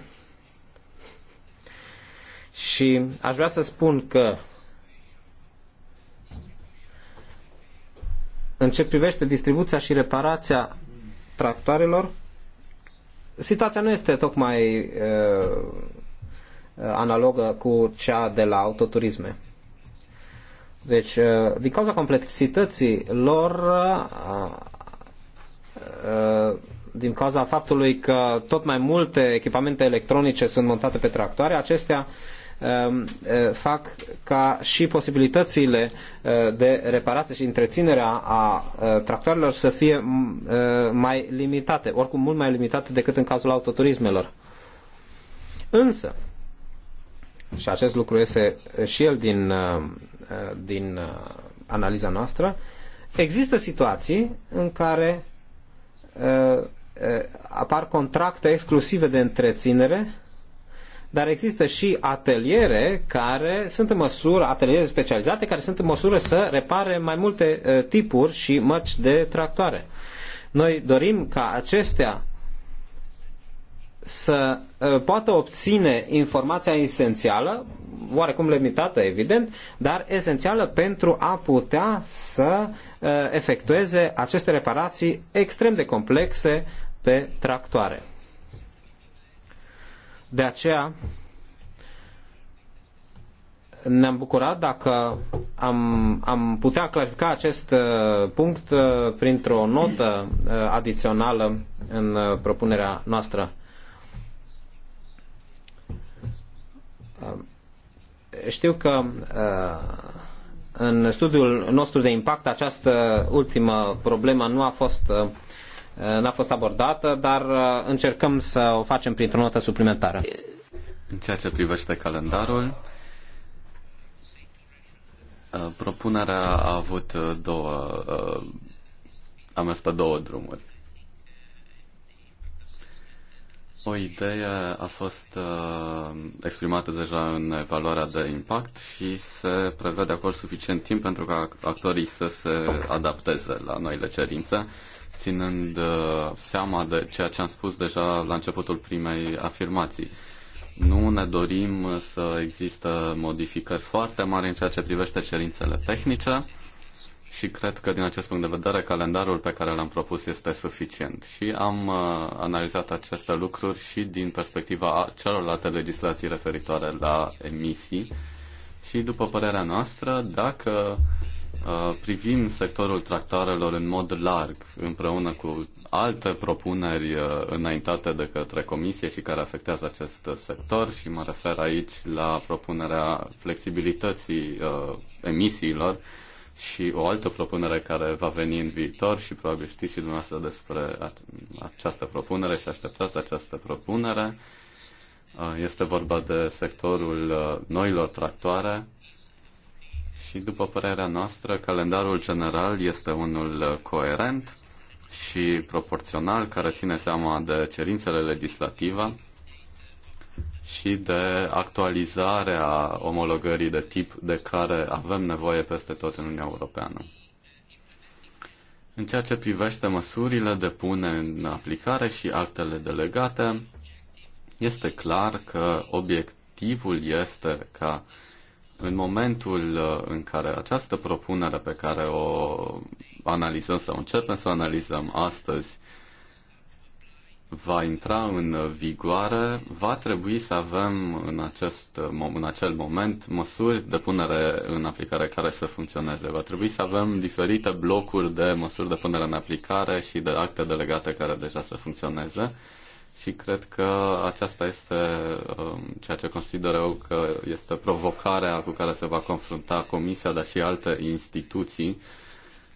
și aș vrea să spun că în ce privește distribuția și reparația tractoarelor, situația nu este tocmai uh, uh, analogă cu cea de la autoturisme. Deci, uh, din cauza complexității lor, uh, uh, din cauza faptului că tot mai multe echipamente electronice sunt montate pe tractoare, acestea Um, uh, fac ca și posibilitățile uh, de reparație și întreținere a uh, tractoarelor să fie mai limitate, oricum mult mai limitate decât în cazul autoturismelor. Însă, și acest lucru este și el din, din analiza noastră, există situații în care apar contracte exclusive de întreținere dar există și ateliere care sunt în măsură, ateliere specializate care sunt în măsură să repare mai multe uh, tipuri și mărci de tractoare. Noi dorim ca acestea să uh, poată obține informația esențială, oarecum limitată, evident, dar esențială pentru a putea să uh, efectueze aceste reparații extrem de complexe pe tractoare. De aceea ne-am bucurat dacă am, am putea clarifica acest uh, punct uh, printr-o notă uh, adițională în propunerea noastră. Știu că în studiul nostru de impact această ultimă problemă nu a fost n-a fost abordată, dar uh, încercăm să o facem printr-o notă suplimentară. În ceea ce privește calendarul, uh, propunerea a avut uh, două, a mers pe două drumuri. O idee a fost uh, exprimată deja în evaluarea de impact și se prevede acolo suficient timp pentru ca actorii să se adapteze la noile cerințe ținând uh, seama de ceea ce am spus deja la începutul primei afirmații. Nu ne dorim să există modificări foarte mari în ceea ce privește cerințele tehnice și cred că din acest punct de vedere calendarul pe care l-am propus este suficient. Și am uh, analizat aceste lucruri și din perspectiva celorlalte legislații referitoare la emisii și după părerea noastră, dacă Uh, privim sectorul tractoarelor în mod larg, împreună cu alte propuneri uh, înaintate de către Comisie și care afectează acest sector și mă refer aici la propunerea flexibilității uh, emisiilor și o altă propunere care va veni în viitor și probabil știți și dumneavoastră despre această propunere și așteptați această propunere. Este vorba de sectorul noilor tractoare și după părerea noastră, calendarul general este unul coerent și proporțional, care ține seama de cerințele legislative și de actualizarea omologării de tip de care avem nevoie peste tot în Uniunea Europeană. În ceea ce privește măsurile de pune în aplicare și actele delegate, este clar că obiectivul este ca în momentul uh, în care această propunere pe care o analizăm sau începem să o analizăm astăzi va intra în vigoare, va trebui să avem în, acest, în acel moment măsuri de punere în aplicare care să funcționeze. Va trebui să avem diferite blocuri de măsuri de punere în aplicare și de acte delegate care deja să funcționeze și cred că aceasta este um, ceea ce consider eu că este provocarea cu care se va confrunta Comisia, dar și alte instituții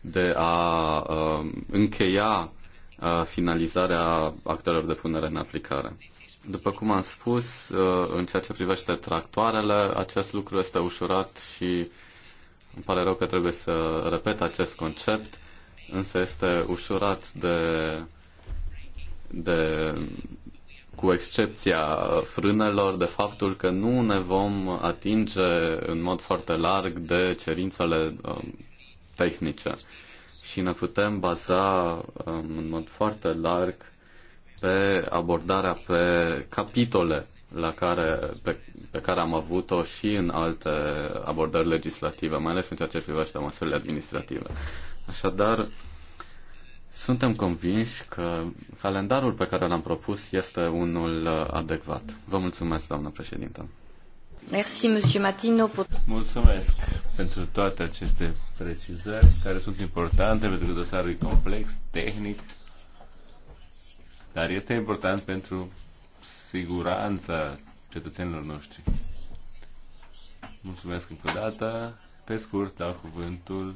de a um, încheia uh, finalizarea actelor de punere în aplicare. După cum am spus, uh, în ceea ce privește tractoarele, acest lucru este ușurat și îmi pare rău că trebuie să repet acest concept, însă este ușurat de de, cu excepția frânelor, de faptul că nu ne vom atinge în mod foarte larg de cerințele um, tehnice și ne putem baza um, în mod foarte larg pe abordarea pe capitole la care, pe, pe care am avut-o și în alte abordări legislative, mai ales în ceea ce privește măsurile administrative. Așadar, suntem convinși că calendarul pe care l-am propus este unul uh, adecvat. Vă mulțumesc, doamnă președintă. Merci, monsieur Matino. Mulțumesc pentru toate aceste precizări care sunt importante pentru că dosarul e complex, tehnic, dar este important pentru siguranța cetățenilor noștri. Mulțumesc încă o dată. Pe scurt, dau cuvântul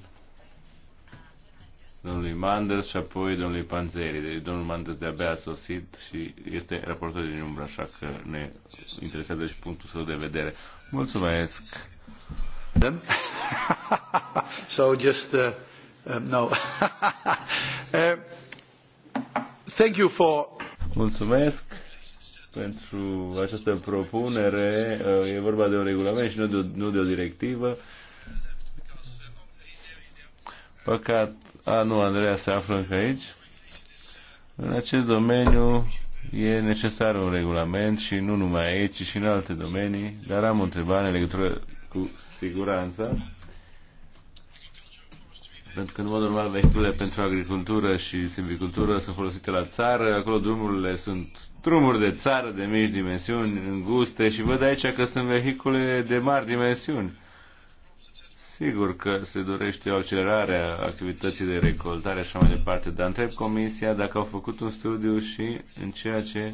domnului Manders și apoi domnului Panzeri. Deci domnul Manders de-abia a sosit și este raportor din umbră, așa că ne interesează și punctul său de vedere. Mulțumesc! so just uh, um, no. uh, thank you for Mulțumesc pentru această propunere. Uh, e vorba de un regulament și nu de o, nu de o directivă. Păcat, a, nu, Andreea se află încă aici. În acest domeniu e necesar un regulament și nu numai aici, ci și în alte domenii, dar am o întrebare în legătură cu siguranța. Pentru că, în mod normal, vehiculele pentru agricultură și silvicultură sunt folosite la țară, acolo drumurile sunt drumuri de țară de mici dimensiuni, înguste și văd aici că sunt vehicule de mari dimensiuni. Sigur că se dorește o accelerare a activității de recoltare și așa mai departe, dar întreb Comisia dacă au făcut un studiu și în ceea ce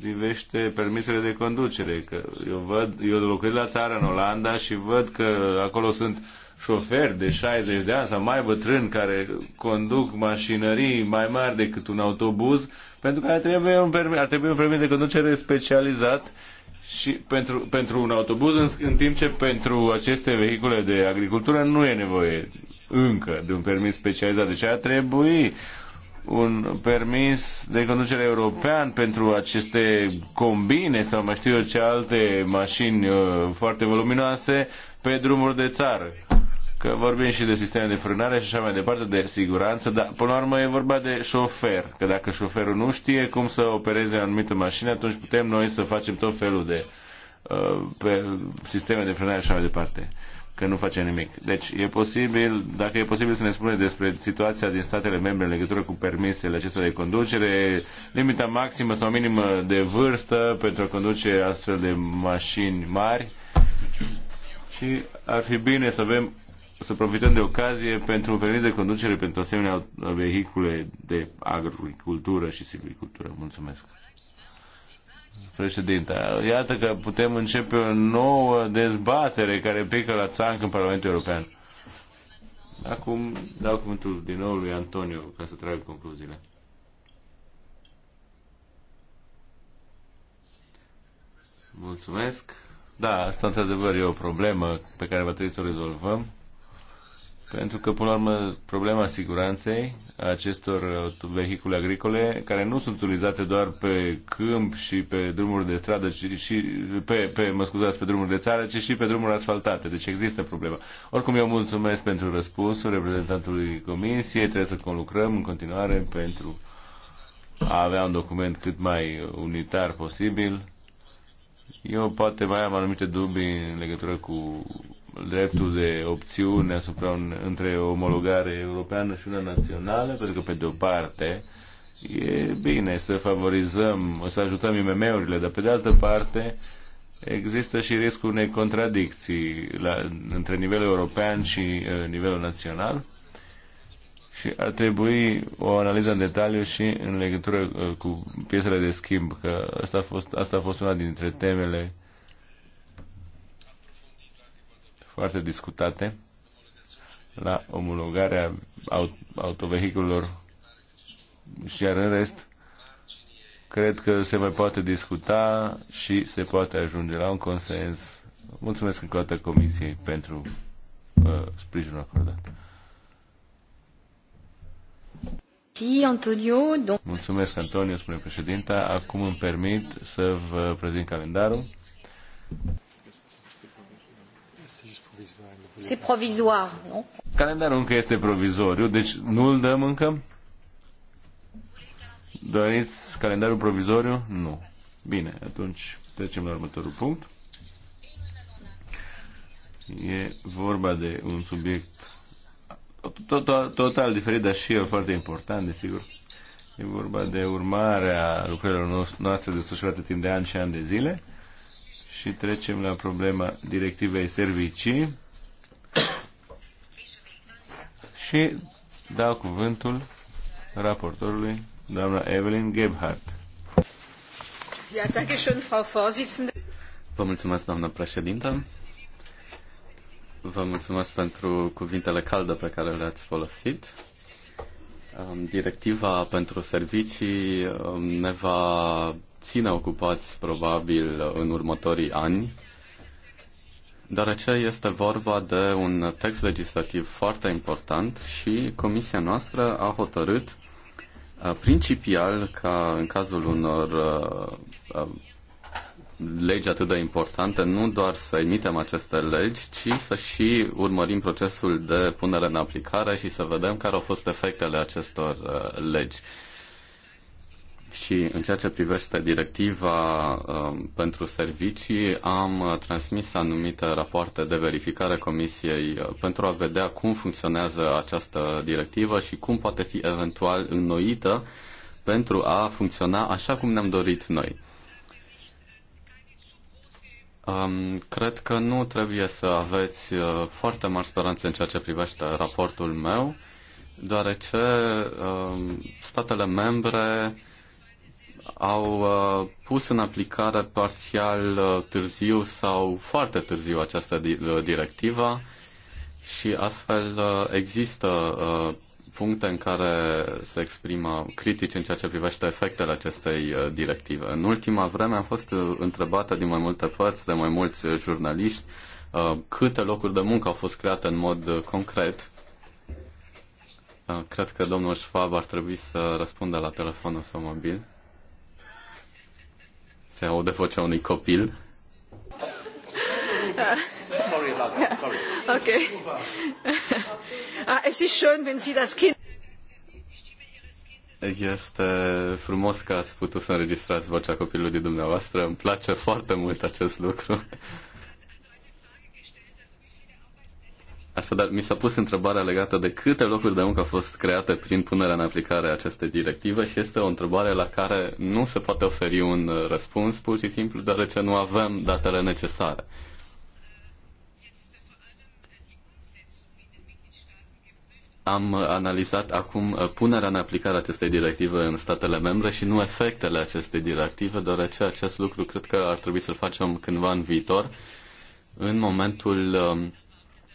privește permisele de conducere. Că eu văd, eu locuiesc la țară în Olanda și văd că acolo sunt șoferi de 60 de ani sau mai bătrâni care conduc mașinării mai mari decât un autobuz, pentru că ar trebui un permis, ar trebui un permis de conducere specializat și pentru, pentru un autobuz, în, în timp ce pentru aceste vehicule de agricultură nu e nevoie încă de un permis specializat. Deci ar trebui un permis de conducere european pentru aceste combine sau mai știu eu ce alte mașini uh, foarte voluminoase pe drumuri de țară că vorbim și de sisteme de frânare și așa mai departe, de siguranță, dar până la urmă e vorba de șofer, că dacă șoferul nu știe cum să opereze o anumită mașină, atunci putem noi să facem tot felul de uh, pe sisteme de frânare și așa mai departe că nu face nimic. Deci e posibil, dacă e posibil să ne spune despre situația din statele membre în legătură cu permisele acestea de conducere, limita maximă sau minimă de vârstă pentru a conduce astfel de mașini mari și ar fi bine să avem să profităm de ocazie pentru un permis de conducere pentru asemenea vehicule de agricultură și silvicultură. Mulțumesc. Președinte, iată că putem începe o nouă dezbatere care pică la țanc în Parlamentul European. Acum dau cuvântul din nou lui Antonio ca să tragă concluziile. Mulțumesc. Da, asta într-adevăr e o problemă pe care va trebui să o rezolvăm. Pentru că, până la urmă, problema siguranței acestor vehicule agricole, care nu sunt utilizate doar pe câmp și pe drumuri de stradă, ci și pe, pe, mă scuzați, pe drumuri de țară, ci și pe drumuri asfaltate. Deci există problema. Oricum, eu mulțumesc pentru răspunsul reprezentantului Comisiei. Trebuie să conlucrăm în continuare pentru a avea un document cât mai unitar posibil. Eu poate mai am anumite dubii în legătură cu dreptul de opțiune asupra un, între o omologare europeană și una națională, pentru că pe de o parte e bine să favorizăm, să ajutăm IMM-urile, dar pe de altă parte există și riscul unei contradicții la, între nivelul european și uh, nivelul național și ar trebui o analiză în detaliu și în legătură uh, cu piesele de schimb, că asta a fost, asta a fost una dintre temele foarte discutate la omologarea autovehiculelor și iar în rest cred că se mai poate discuta și se poate ajunge la un consens. Mulțumesc încă o dată Comisiei pentru uh, sprijinul acordat. Mulțumesc, Antonio, spune președinta. Acum îmi permit să vă prezint calendarul. C'est nu? Calendarul încă este provizoriu, deci nu îl dăm încă? Doriți calendarul provizoriu? Nu. Bine, atunci trecem la următorul punct. E vorba de un subiect total, total diferit, dar și el foarte important, desigur. E vorba de urmarea lucrărilor noastre desfășurate timp de ani și ani de zile și trecem la problema directivei servicii Și dau cuvântul raportorului, doamna Evelyn Gebhardt. Vă mulțumesc, doamnă președintă. Vă mulțumesc pentru cuvintele calde pe care le-ați folosit. Directiva pentru servicii ne va ține ocupați probabil în următorii ani deoarece este vorba de un text legislativ foarte important și Comisia noastră a hotărât uh, principial ca în cazul unor uh, uh, legi atât de importante, nu doar să emitem aceste legi, ci să și urmărim procesul de punere în aplicare și să vedem care au fost efectele acestor legi. Și în ceea ce privește directiva uh, pentru servicii, am transmis anumite rapoarte de verificare Comisiei uh, pentru a vedea cum funcționează această directivă și cum poate fi eventual înnoită pentru a funcționa așa cum ne-am dorit noi. Um, cred că nu trebuie să aveți uh, foarte mari speranțe în ceea ce privește raportul meu, deoarece um, statele membre au uh, pus în aplicare parțial uh, târziu sau foarte târziu această uh, directivă și astfel există puncte în care se exprimă critici în ceea ce privește efectele acestei directive. În ultima vreme am fost întrebată din mai multe părți, de mai mulți jurnaliști, câte locuri de muncă au fost create în mod concret. Cred că domnul Schwab ar trebui să răspundă la telefonul său mobil. Se aude vocea unui copil. Sorry about Sorry. Okay. Ah, es ist schön, wenn Sie das Kind este frumos că ați putut să înregistrați vocea copilului dumneavoastră. Îmi place foarte mult acest lucru. Așadar, mi s-a pus întrebarea legată de câte locuri de muncă au fost create prin punerea în aplicare a acestei directive și este o întrebare la care nu se poate oferi un răspuns pur și simplu deoarece nu avem datele necesare. Am analizat acum punerea în aplicare a acestei directive în statele membre și nu efectele acestei directive, deoarece acest lucru cred că ar trebui să-l facem cândva în viitor, în momentul um,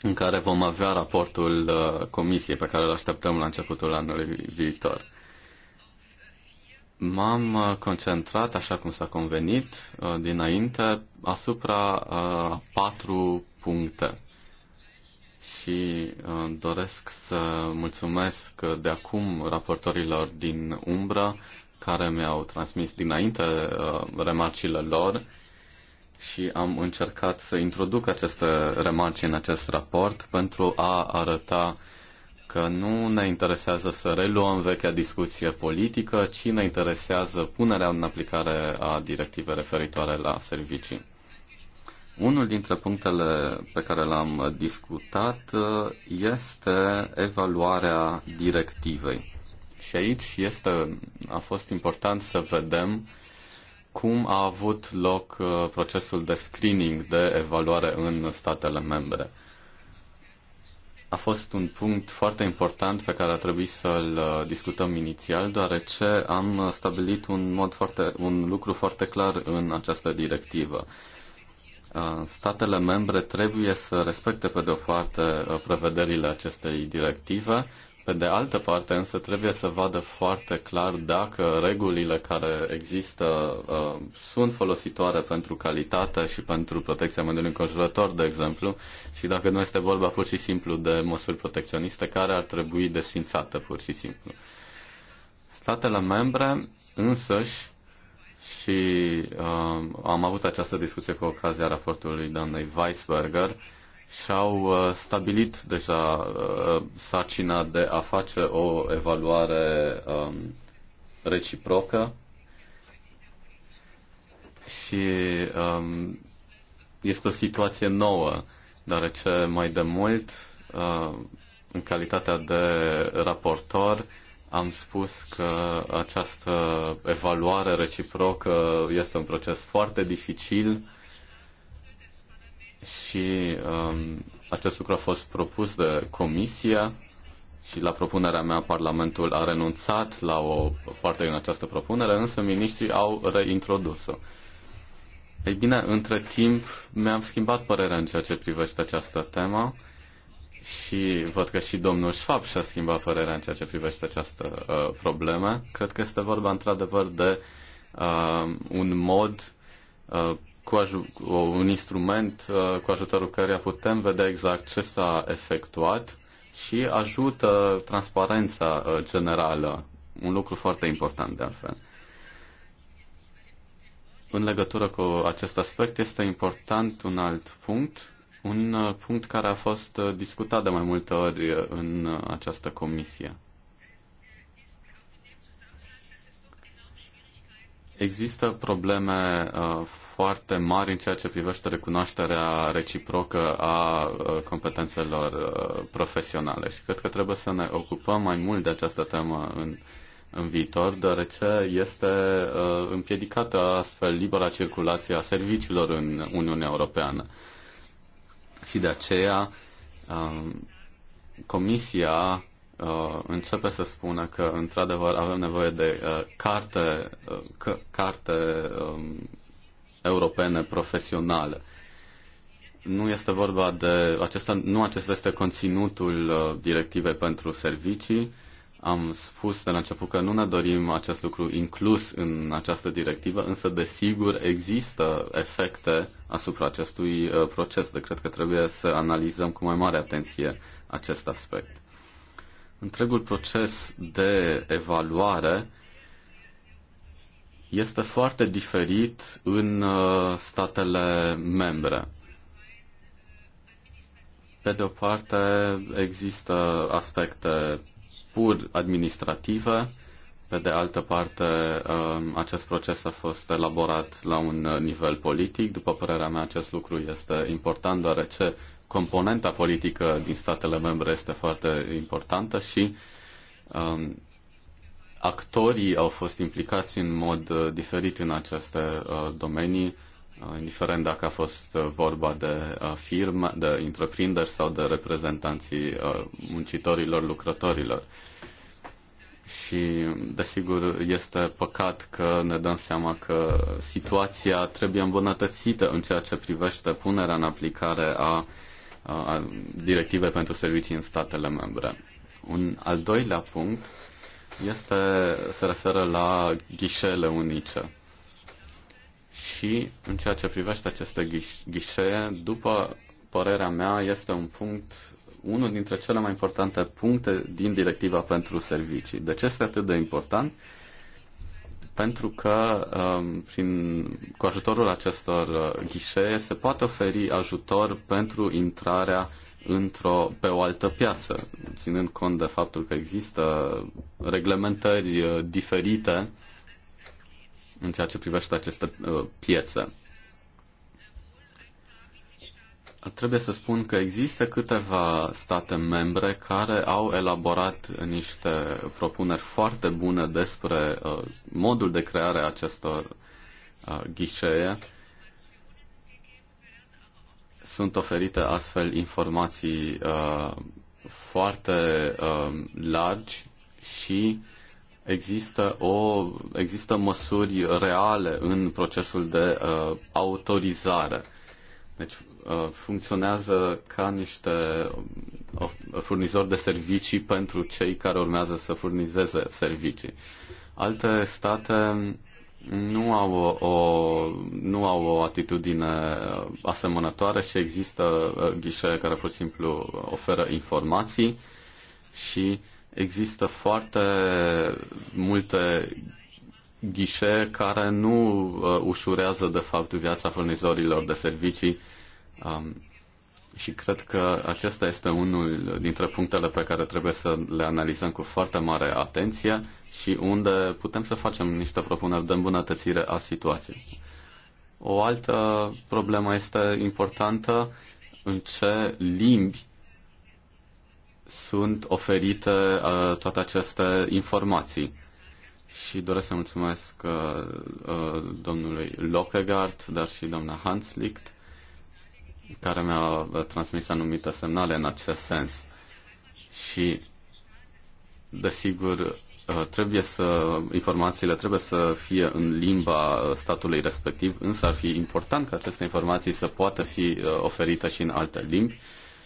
în care vom avea raportul uh, comisiei pe care îl așteptăm la începutul anului viitor. M-am uh, concentrat, așa cum s-a convenit uh, dinainte, asupra a patru puncte și doresc să mulțumesc de acum raportorilor din umbră care mi-au transmis dinainte remarcile lor și am încercat să introduc aceste remarci în acest raport pentru a arăta că nu ne interesează să reluăm vechea discuție politică, ci ne interesează punerea în aplicare a directivei referitoare la servicii. Unul dintre punctele pe care l-am discutat uh, este evaluarea directivei. Și aici este, a fost important să vedem uh, cum a avut loc uh, procesul de screening, de evaluare în statele membre. A fost un punct foarte important pe care a trebuit să-l uh, discutăm inițial, deoarece am stabilit un, mod foarte, un lucru foarte clar în această directivă. Uh, statele membre trebuie să respecte, pe de o parte, prevederile acestei directive pe de altă parte, însă, trebuie să vadă foarte clar dacă regulile care există uh, sunt folositoare pentru calitate și pentru protecția mediului înconjurător, de exemplu, și dacă nu este vorba pur și simplu de măsuri protecționiste care ar trebui desfințate pur și simplu. Statele membre însăși și uh, am avut această discuție cu ocazia raportului doamnei Weisberger, uh, și-au uh, stabilit deja uh, sarcina de a face o evaluare um, reciprocă și um, este o situație nouă, deoarece mai de mult, uh, în calitatea de raportor, am spus că această evaluare reciprocă este un proces foarte dificil și um, acest lucru a fost propus de Comisia și la propunerea mea Parlamentul a renunțat la o parte din această propunere, însă miniștrii au reintrodus-o. Ei bine, între timp mi-am schimbat părerea în ceea ce privește această temă și văd că și domnul Schwab și-a schimbat părerea în ceea ce privește această uh, problemă. Cred că este vorba într-adevăr de uh, un mod uh, cu aj- un instrument uh, cu ajutorul căruia putem vedea exact ce s-a efectuat și ajută transparența uh, generală, un lucru foarte important de altfel. În legătură cu acest aspect este important un alt punct, un uh, punct care a fost uh, discutat de mai multe ori uh, în această comisie. Există probleme uh, foarte mari în ceea ce privește recunoașterea reciprocă a uh, competențelor uh, profesionale și cred că trebuie să ne ocupăm mai mult de această temă în, în viitor, deoarece este împiedicată astfel libera circulație a serviciilor în Uniunea Europeană. Și de aceea Comisia uh, începe să spună că, într-adevăr, avem nevoie de uh, carte, uh, carte um, europene profesionale. Nu este vorba de. Acesta, nu acesta este conținutul uh, directivei pentru servicii. Am spus de la început că nu ne dorim acest lucru inclus în această directivă, însă, desigur, există efecte asupra acestui uh, proces, de deci, cred că trebuie să analizăm cu mai mare atenție acest aspect întregul proces de evaluare este foarte diferit în uh, statele membre. Pe de o parte, există aspecte pur administrative, pe de altă parte, um, acest proces a fost elaborat la un nivel politic. După părerea mea, acest lucru este important, deoarece componenta politică din statele membre este foarte importantă și um, actorii au fost implicați în mod uh, diferit în aceste uh, domenii, uh, indiferent dacă a fost uh, vorba de uh, firme, de întreprinderi sau de reprezentanții uh, muncitorilor, lucrătorilor. Și, desigur, este păcat că ne dăm seama că situația trebuie îmbunătățită în ceea ce privește punerea în aplicare a directive pentru servicii în statele membre. Un al doilea punct este, se referă la ghișele unice. Și în ceea ce privește aceste ghișee, după părerea mea, este un punct, unul dintre cele mai importante puncte din directiva pentru servicii. De ce este atât de important? Uh, pentru că um, prin, cu ajutorul acestor uh, ghișee se poate oferi ajutor pentru intrarea într-o, pe o altă piață, ținând cont de faptul că există reglementări uh, diferite în ceea ce privește aceste uh, piețe. Trebuie să spun că există câteva state membre care au elaborat niște propuneri foarte bune despre uh, modul de creare a acestor uh, ghișee. Sunt oferite astfel informații uh, foarte largi și există, o, există măsuri reale în procesul de autorizare deci uh, funcționează ca niște uh, furnizori de servicii pentru cei care urmează să furnizeze servicii. Alte state nu au o, nu au o atitudine asemănătoare și există uh, ghișee care pur și simplu oferă informații și există foarte multe ghișe care nu uh, ușurează, de fapt, viața furnizorilor de servicii. Um, și cred că acesta este unul dintre punctele pe care trebuie să le analizăm cu foarte mare atenție și unde putem să facem niște propuneri de îmbunătățire a situației. O altă problemă este importantă în ce limbi sunt oferite uh, toate aceste informații și doresc să mulțumesc uh, uh, domnului Lockegaard, dar și doamna Hanslicht, care mi-a uh, transmis anumite semnale în acest sens. Și, desigur, uh, trebuie să, informațiile trebuie să fie în limba statului respectiv, însă ar fi important ca aceste informații să poată fi oferite și în alte limbi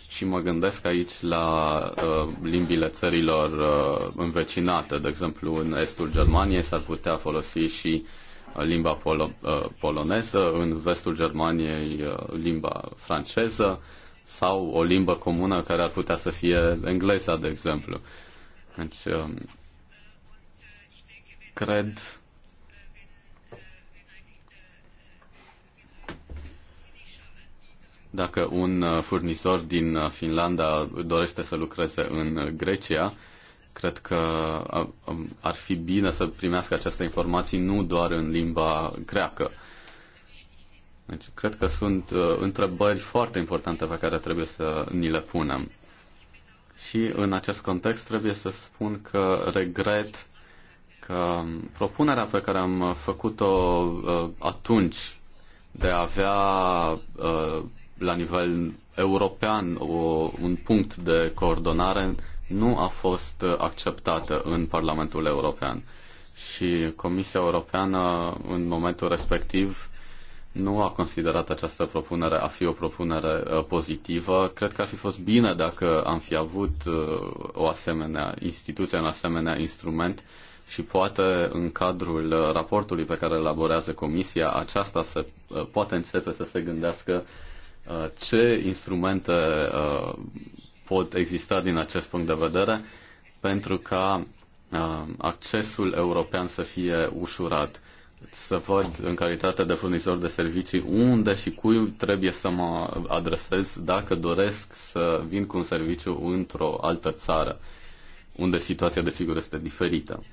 și mă gândesc aici la uh, limbile țărilor uh, învecinate, de exemplu în estul Germaniei s-ar putea folosi și uh, limba polo- uh, poloneză, în vestul Germaniei uh, limba franceză sau o limbă comună care ar putea să fie engleza, de exemplu. Deci, uh, cred Dacă un uh, furnizor din uh, Finlanda dorește să lucreze în uh, Grecia, cred că um, ar fi bine să primească aceste informații nu doar în limba greacă. Deci, cred că sunt întrebări foarte importante pe care trebuie să ni le punem. Și în acest context trebuie să spun că regret că um, propunerea pe care am făcut-o atunci de a avea la nivel european o, un punct de coordonare nu a fost acceptată în Parlamentul European. Și Comisia Europeană, în momentul respectiv, nu a considerat această propunere a fi o propunere uh, pozitivă. Cred că ar fi fost bine dacă am fi avut uh, o asemenea instituție, un asemenea instrument și poate în cadrul raportului pe care îl elaborează Comisia, aceasta se, uh, poate începe să se gândească Uh, ce instrumente uh, pot exista din acest punct de vedere pentru ca uh, accesul european să fie ușurat. Să văd în calitate de furnizor de servicii unde și cui trebuie să mă adresez dacă doresc să vin cu un serviciu într-o altă țară, unde situația desigur este diferită.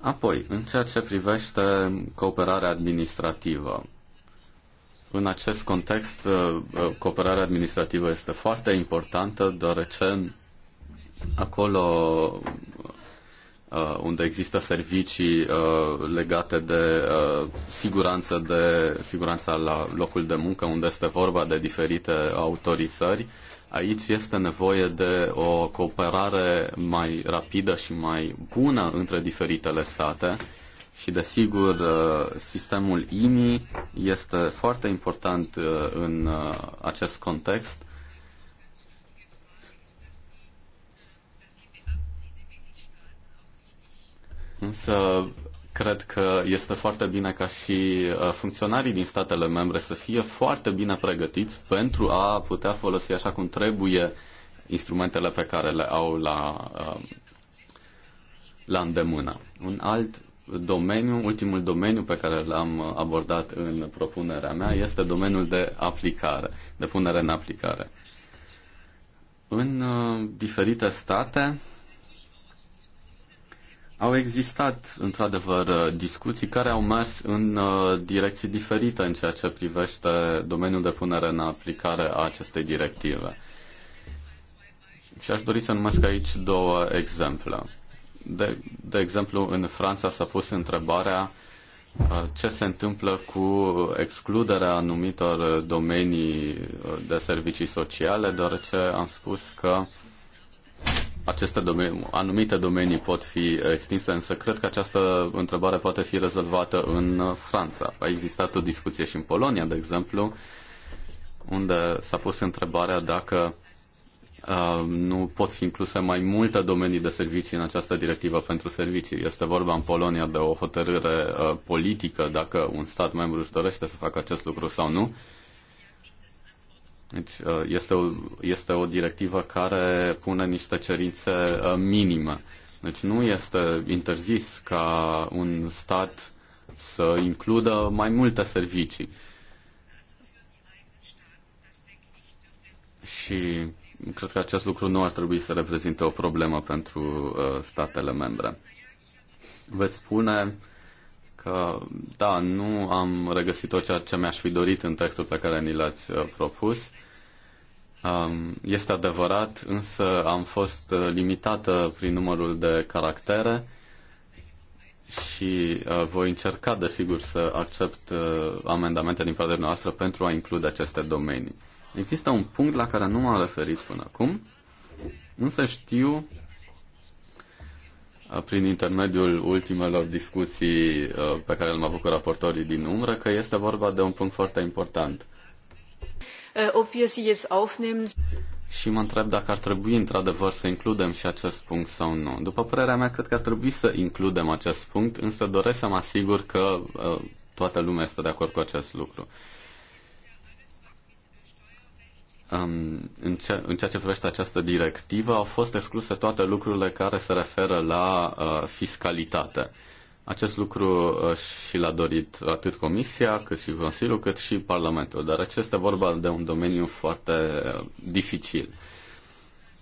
Apoi, în ceea ce privește cooperarea administrativă, în acest context, uh, uh, cooperarea administrativă este foarte importantă, deoarece acolo uh, unde există servicii legate de siguranță, de siguranța la locul de muncă, unde este vorba de diferite autorizări, aici este nevoie de o cooperare mai rapidă și mai bună între diferitele state și desigur, uh, sistemul IMI este foarte important uh, în uh, acest context. Însă cred că este foarte bine ca și funcționarii din statele membre să fie foarte bine pregătiți pentru a putea folosi așa cum trebuie instrumentele pe care le au la, la îndemână. Un alt domeniu, ultimul domeniu pe care l-am abordat în propunerea mea este domeniul de aplicare, de punere în aplicare. În uh, diferite state au existat, într-adevăr, uh, discuții care au mers în uh, direcții diferite în ceea ce privește domeniul de punere în aplicare a acestei directive. Și aș dori să numesc aici două exemple. De, de exemplu, în Franța s-a pus întrebarea uh, ce se întâmplă cu excluderea anumitor domenii uh, de servicii sociale, deoarece am spus că aceste domenii, anumite domenii pot fi extinse, însă cred că această întrebare poate fi rezolvată în Franța. A existat o discuție și în Polonia, de exemplu, unde s-a pus întrebarea dacă Uh, nu pot fi incluse mai multe domenii de servicii în această directivă pentru servicii. Este vorba în Polonia de o hotărâre uh, politică dacă un stat membru își dorește să facă acest lucru sau nu. Deci uh, este o, este o directivă care pune niște cerințe minime. Deci nu este interzis ca un stat să includă mai multe servicii. Și cred că acest lucru nu ar trebui să reprezinte o problemă pentru uh, statele membre. Veți spune că, da, nu am regăsit tot ceea ce mi-aș fi dorit în textul pe care ni l-ați uh, propus. Um, este adevărat, însă am fost uh, limitată prin numărul de caractere și uh, voi încerca, desigur, să accept uh, amendamente din partea noastră pentru a include aceste domenii. Există un punct la care nu m-am referit până acum, însă știu uh, prin intermediul ultimelor discuții uh, pe care le-am avut cu raportorii din umbră că este vorba de un punct foarte important. Uh, ob wir sie jetzt aufnehmen. Și mă întreb dacă ar trebui într-adevăr să includem și acest punct sau nu. După părerea mea, cred că ar trebui să includem acest punct, însă doresc să mă asigur că uh, toată lumea este de acord cu acest lucru. Uh, în, ce, în ceea ce privește această directivă, au fost excluse toate lucrurile care se referă la uh, fiscalitate. Acest lucru uh, și l-a dorit atât Comisia, cât și Consiliul, cât și Parlamentul, dar acesta e vorba de un domeniu foarte uh, dificil.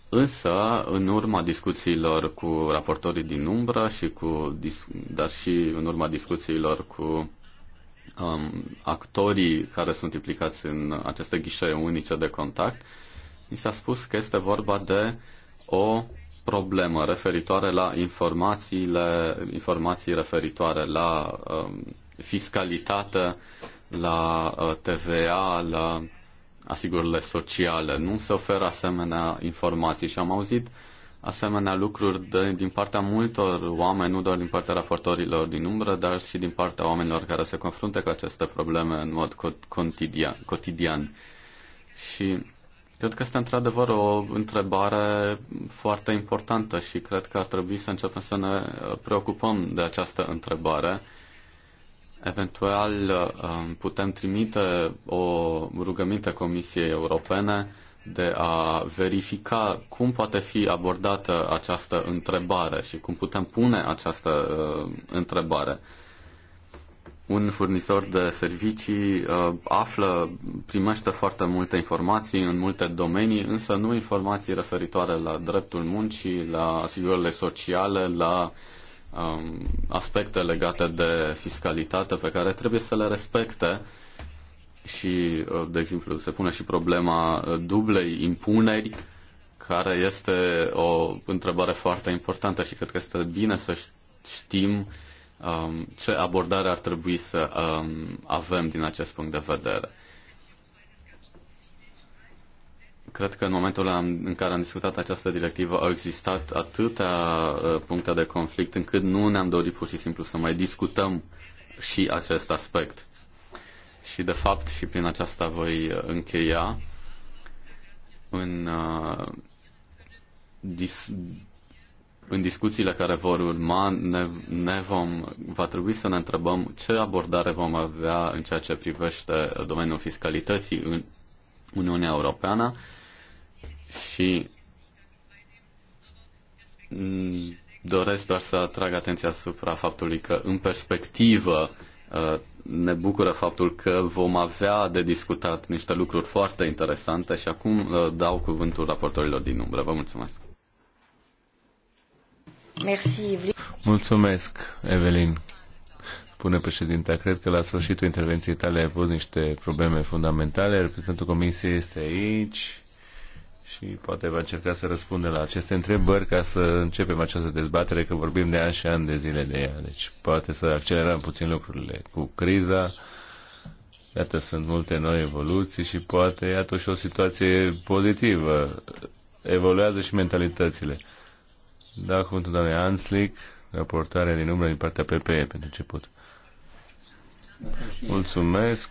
Însă, în urma discuțiilor cu raportorii din umbră și cu, dar și în urma discuțiilor cu um, actorii care sunt implicați în aceste ghișee unice de contact, mi s-a spus că este vorba de o problemă referitoare la informațiile, informații referitoare la um, fiscalitate, la uh, TVA, la asigurările sociale. Nu se oferă asemenea informații și am auzit uh, asemenea lucruri de, din partea multor oameni, nu doar din partea raportorilor din umbră, dar și din partea oamenilor care se confruntă cu aceste probleme în mod cotidian. cotidian. Și cred că este într-adevăr o întrebare foarte importantă și cred că ar trebui să începem să ne uh, preocupăm de această întrebare. Eventual uh, putem trimite o rugăminte Comisiei Europene de a verifica cum poate fi abordată această întrebare și cum putem pune această uh, întrebare. Un furnizor de servicii uh, află, primește foarte multe informații în multe domenii, însă nu informații referitoare la dreptul muncii, la asigurările sociale, la um, aspecte legate de fiscalitate pe care trebuie să le respecte uh, și, uh, de exemplu, se pune și problema uh, dublei impuneri, care este o întrebare foarte importantă și cred că este bine să știm um, ce abordare ar trebui să um, avem din acest punct de vedere. Cred că în momentul în care am discutat această directivă au existat atâtea uh, puncte de conflict încât nu ne-am dorit pur și simplu să mai discutăm și acest aspect. Și de fapt și prin aceasta voi uh, încheia în, uh, dis, în discuțiile care vor urma ne, ne vom, va trebui să ne întrebăm ce abordare vom avea în ceea ce privește domeniul fiscalității în Uniunea Europeană și doresc doar să atrag atenția asupra faptului că în perspectivă uh, ne bucură faptul că vom avea de discutat niște lucruri foarte interesante și acum uh, dau cuvântul raportorilor din umbră. Vă mulțumesc! Merci, Mulțumesc, Evelyn. Pune președinte, cred că la sfârșitul intervenției tale ai avut niște probleme fundamentale. Reprezentantul comisiei este aici și poate va încerca să răspundă la aceste întrebări ca să începem această dezbatere, că vorbim de ani și ani de zile de ea. Deci poate să accelerăm puțin lucrurile cu criza. Iată, sunt multe noi evoluții și poate, iată, și o situație pozitivă. Evoluează și mentalitățile. Da, cuvântul doamne Anslic, raportarea din umbră din partea PPE pentru început. Mulțumesc,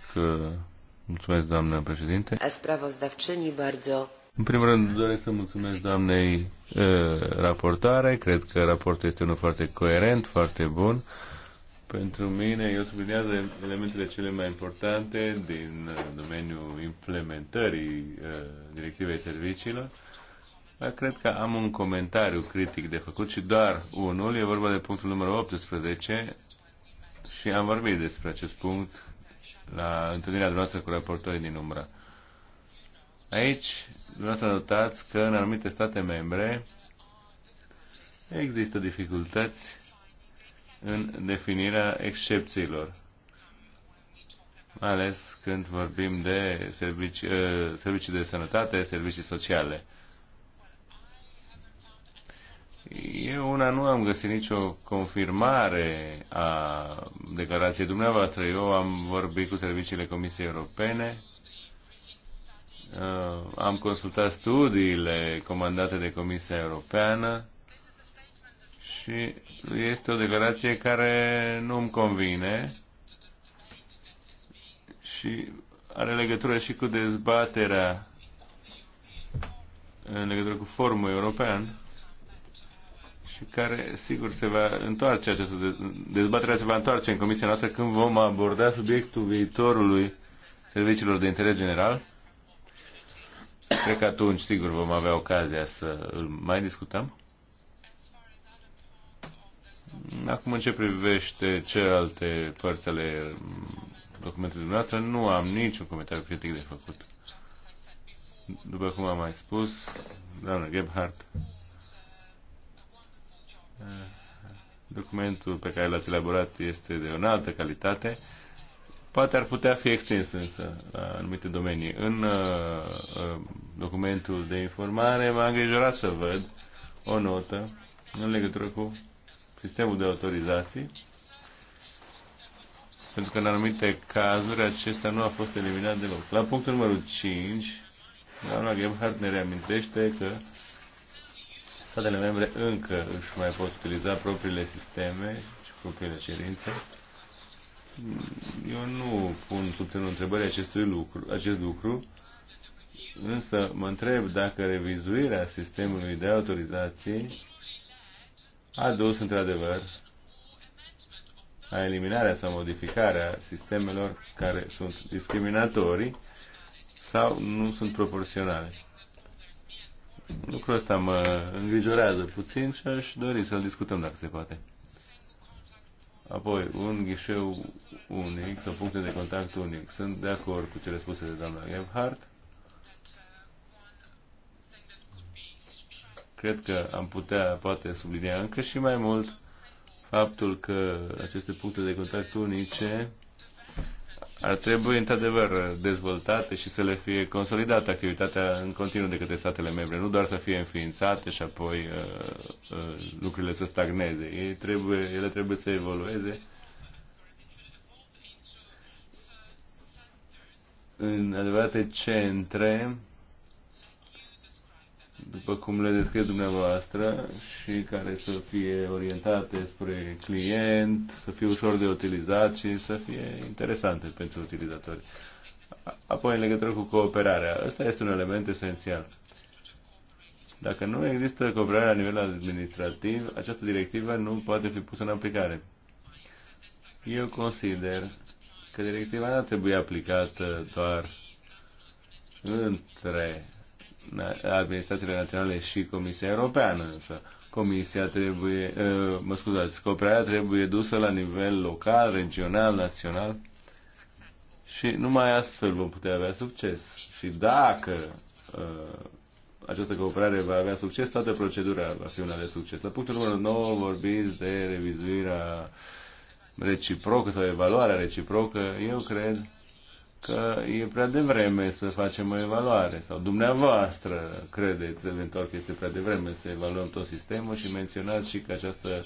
mulțumesc doamnă președinte. Sprawozdawczyni bardzo în primul rând, doresc să mulțumesc doamnei uh, raportoare. Cred că raportul este unul foarte coerent, foarte bun. Pentru mine, eu sublinează elementele cele mai importante din uh, domeniul implementării uh, directivei serviciilor. Dar cred că am un comentariu critic de făcut și doar unul. E vorba de punctul numărul 18 și am vorbit despre acest punct la întâlnirea noastră cu raportorii din umbra. Aici, să notați că în anumite state membre există dificultăți în definirea excepțiilor, mai ales când vorbim de servici, ă, servicii de sănătate, servicii sociale. Eu una nu am găsit nicio confirmare a declarației dumneavoastră. Eu am vorbit cu serviciile Comisiei Europene Uh, am consultat studiile comandate de Comisia Europeană și este o declarație care nu îmi convine și are legătură și cu dezbaterea în legătură cu forumul european și care, sigur, se va întoarce această dezbaterea se va întoarce în comisia noastră când vom aborda subiectul viitorului serviciilor de interes general Cred că atunci, sigur, vom avea ocazia să îl mai discutăm. Acum, în ce privește celelalte părți ale documentului dumneavoastră, nu am niciun comentariu critic de făcut. După cum am mai spus, doamna Gebhardt, documentul pe care l-ați elaborat este de o altă calitate poate ar putea fi extins însă la anumite domenii. În uh, uh, documentul de informare m-a îngrijorat să văd o notă în legătură cu sistemul de autorizații, pentru că în anumite cazuri acesta nu a fost eliminat deloc. La punctul numărul 5, doamna Gebhardt ne reamintește că statele membre încă își mai pot utiliza propriile sisteme și propriile cerințe eu nu pun sub semnul întrebării acestui lucru, acest lucru, însă mă întreb dacă revizuirea sistemului de autorizație a dus într-adevăr la eliminarea sau modificarea sistemelor care sunt discriminatorii sau nu sunt proporționale. Lucrul ăsta mă îngrijorează puțin și aș dori să-l discutăm dacă se poate. Apoi, un ghișeu unic sau puncte de contact unic. Sunt de acord cu cele spuse de doamna Gebhardt. Cred că am putea, poate, sublinia încă și mai mult faptul că aceste puncte de contact unice ar trebui într-adevăr dezvoltate și să le fie consolidată activitatea în continuu de către statele membre, nu doar să fie înființate și apoi uh, uh, lucrurile să stagneze. Ei trebuie, ele trebuie să evolueze în adevărate centre după cum le descrie dumneavoastră, și care să fie orientate spre client, să fie ușor de utilizat și să fie interesante pentru utilizatori. Apoi, în legătură cu cooperarea, ăsta este un element esențial. Dacă nu există cooperare la nivel administrativ, această directivă nu poate fi pusă în aplicare. Eu consider că directiva nu trebuie aplicată doar între administrațiile naționale și Comisia Europeană, însă. Comisia trebuie, ă, mă scuzați, cooperarea trebuie dusă la nivel local, regional, național și numai astfel vom putea avea succes. Și dacă ă, această cooperare va avea succes, toată procedura va fi una de succes. La punctul numărul 9 vorbiți de revizuirea reciprocă sau evaluarea reciprocă. Eu cred că e prea devreme să facem o evaluare sau dumneavoastră credeți eventual că este prea devreme să evaluăm tot sistemul și menționați și că această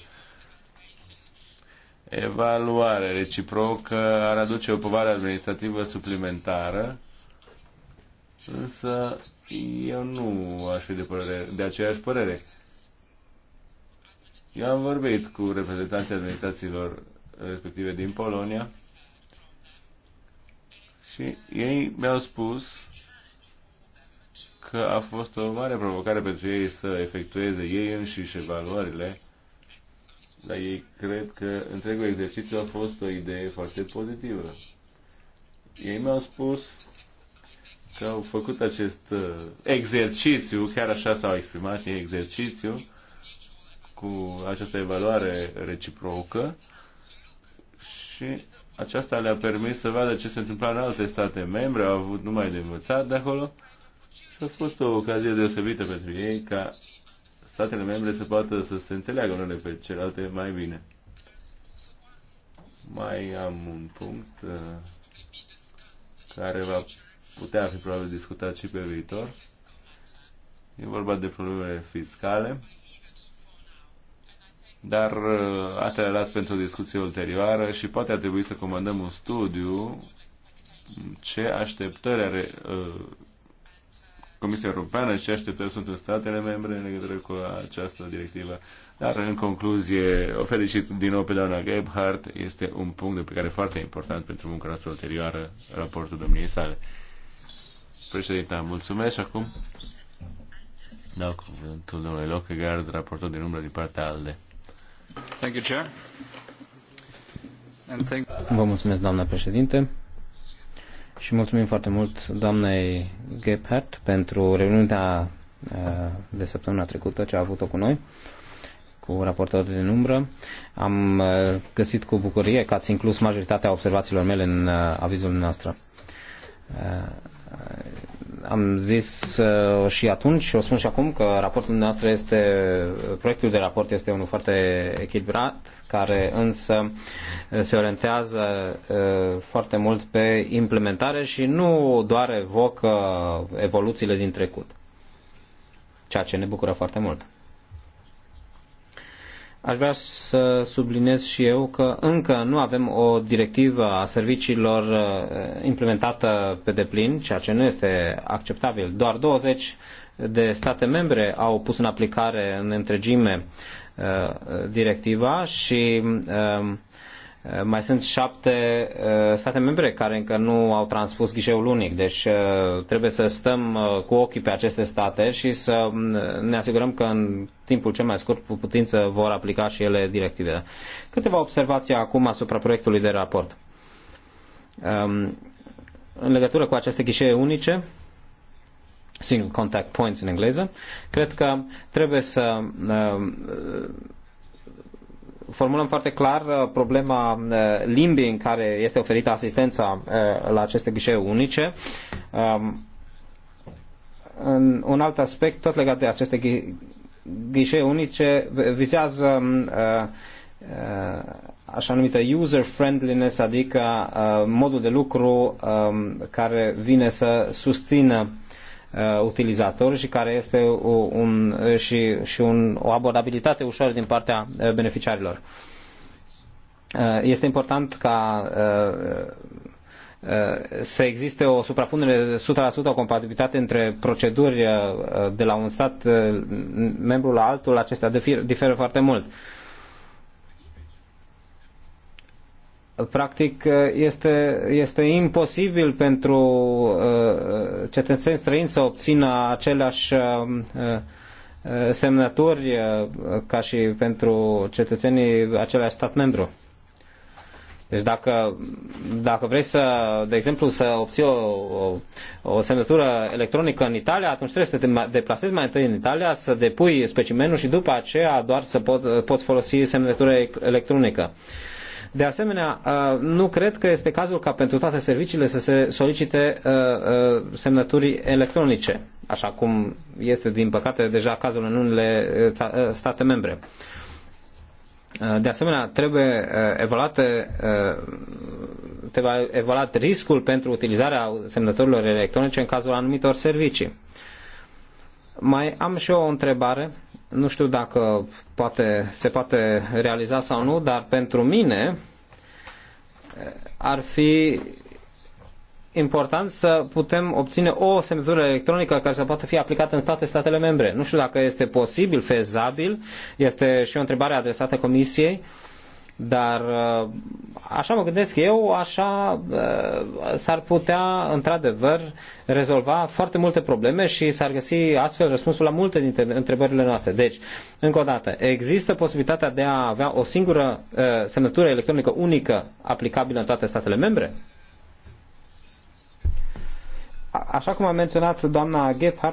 evaluare reciprocă ar aduce o povară administrativă suplimentară, însă eu nu aș fi de, părere, de aceeași părere. Eu am vorbit cu reprezentanții administrațiilor respective din Polonia și ei mi-au spus că a fost o mare provocare pentru ei să efectueze ei înșiși evaluările, dar ei cred că întregul exercițiu a fost o idee foarte pozitivă. Ei mi-au spus că au făcut acest uh, exercițiu, chiar așa s-au exprimat ei, exercițiu, cu această evaluare reciprocă și aceasta le-a permis să vadă ce se întâmpla în alte state membre, au avut numai de învățat de acolo și a fost o ocazie deosebită pentru ei ca statele membre să poată să se înțeleagă unele pe celelalte mai bine. Mai am un punct uh, care va putea fi probabil discutat și pe viitor. E vorba de probleme fiscale. Dar uh, asta le las pentru o discuție ulterioară și poate ar trebui să comandăm un studiu ce așteptări are uh, Comisia Europeană și ce așteptări sunt în statele membre în legătură cu această directivă. Dar, în concluzie, o felicit din nou pe doamna Gebhardt. Este un punct de pe care foarte important pentru munca noastră ulterioară, raportul domniei sale. Președinte, mulțumesc și acum dau cuvântul domnului Lockegaard, raportul din umbră din partea ALDE. Vă mulțumesc, doamna președinte. Și mulțumim foarte mult doamnei Gephardt pentru reuniunea uh, de săptămâna trecută ce a avut-o cu noi, cu raportorul din umbră. Am uh, găsit cu bucurie că ați inclus majoritatea observațiilor mele în uh, avizul nostru am zis uh, și atunci și o spun și acum că raportul noastră este, proiectul de raport este unul foarte echilibrat, care însă uh, se orientează uh, foarte mult pe implementare și nu doar evocă evoluțiile din trecut, ceea ce ne bucură foarte mult. Aș vrea să subliniez și eu că încă nu avem o directivă a serviciilor uh, implementată pe deplin, ceea ce nu este acceptabil. Doar 20 de state membre au pus în aplicare în întregime uh, directiva și um, Eh, mai sunt șapte eh, state membre care încă nu au transpus ghișeul unic, deci eh, trebuie să stăm cu ochii pe aceste state și să mm, ne asigurăm că în timpul cel mai scurt cu putință vor aplica și ele directivele. Câteva observații acum asupra proiectului de raport. Ehm, în legătură cu aceste ghișee unice, single contact points în engleză, cred că trebuie să ehm, formulăm foarte clar uh, problema uh, limbii în care este oferită asistența uh, la aceste ghișee unice. Um, în un alt aspect, tot legat de aceste ghișee unice, vizează um, așa numită user friendliness, adică modul de lucru um, care vine să susțină Uh, utilizator și care este un, și, și un, o abordabilitate ușoară din partea uh, beneficiarilor. Uh, este important ca să existe o suprapunere 100% o compatibilitate între proceduri de la un stat membru la altul, acestea diferă foarte mult. practic este, este imposibil pentru uh, cetățeni străini să obțină aceleași uh, uh, semnături ca și pentru cetățenii aceleași stat membru. Deci dacă, dacă vrei să, de exemplu, să obții o, o, o semnătură electronică în Italia, atunci trebuie să te deplasezi mai întâi în Italia, să depui specimenul și după aceea doar să pot, poți folosi semnătura electronică. Uh, de asemenea, uh, nu cred că este cazul ca pentru toate serviciile să se solicite uh, uh, semnături electronice, așa cum este, din păcate, deja cazul în unele state membre. De asemenea, trebuie evaluat, trebuie evaluat riscul pentru utilizarea semnătorilor electronice în cazul anumitor servicii. Mai am și eu o întrebare nu știu dacă poate, se poate realiza sau nu, dar pentru mine eh, ar fi important să putem obține o semnătură electronică care să poată fi aplicată în toate statele membre. Nu știu dacă este posibil, fezabil, este și o întrebare adresată Comisiei. Uh, dar uh, așa mă gândesc eu, așa uh, s-ar putea într-adevăr rezolva foarte multe probleme și s-ar găsi astfel răspunsul la multe dintre întrebările noastre. Deci, încă o dată, există posibilitatea de a avea o singură uh, semnătură electronică unică aplicabilă în toate statele membre? Așa cum a menționat doamna uh,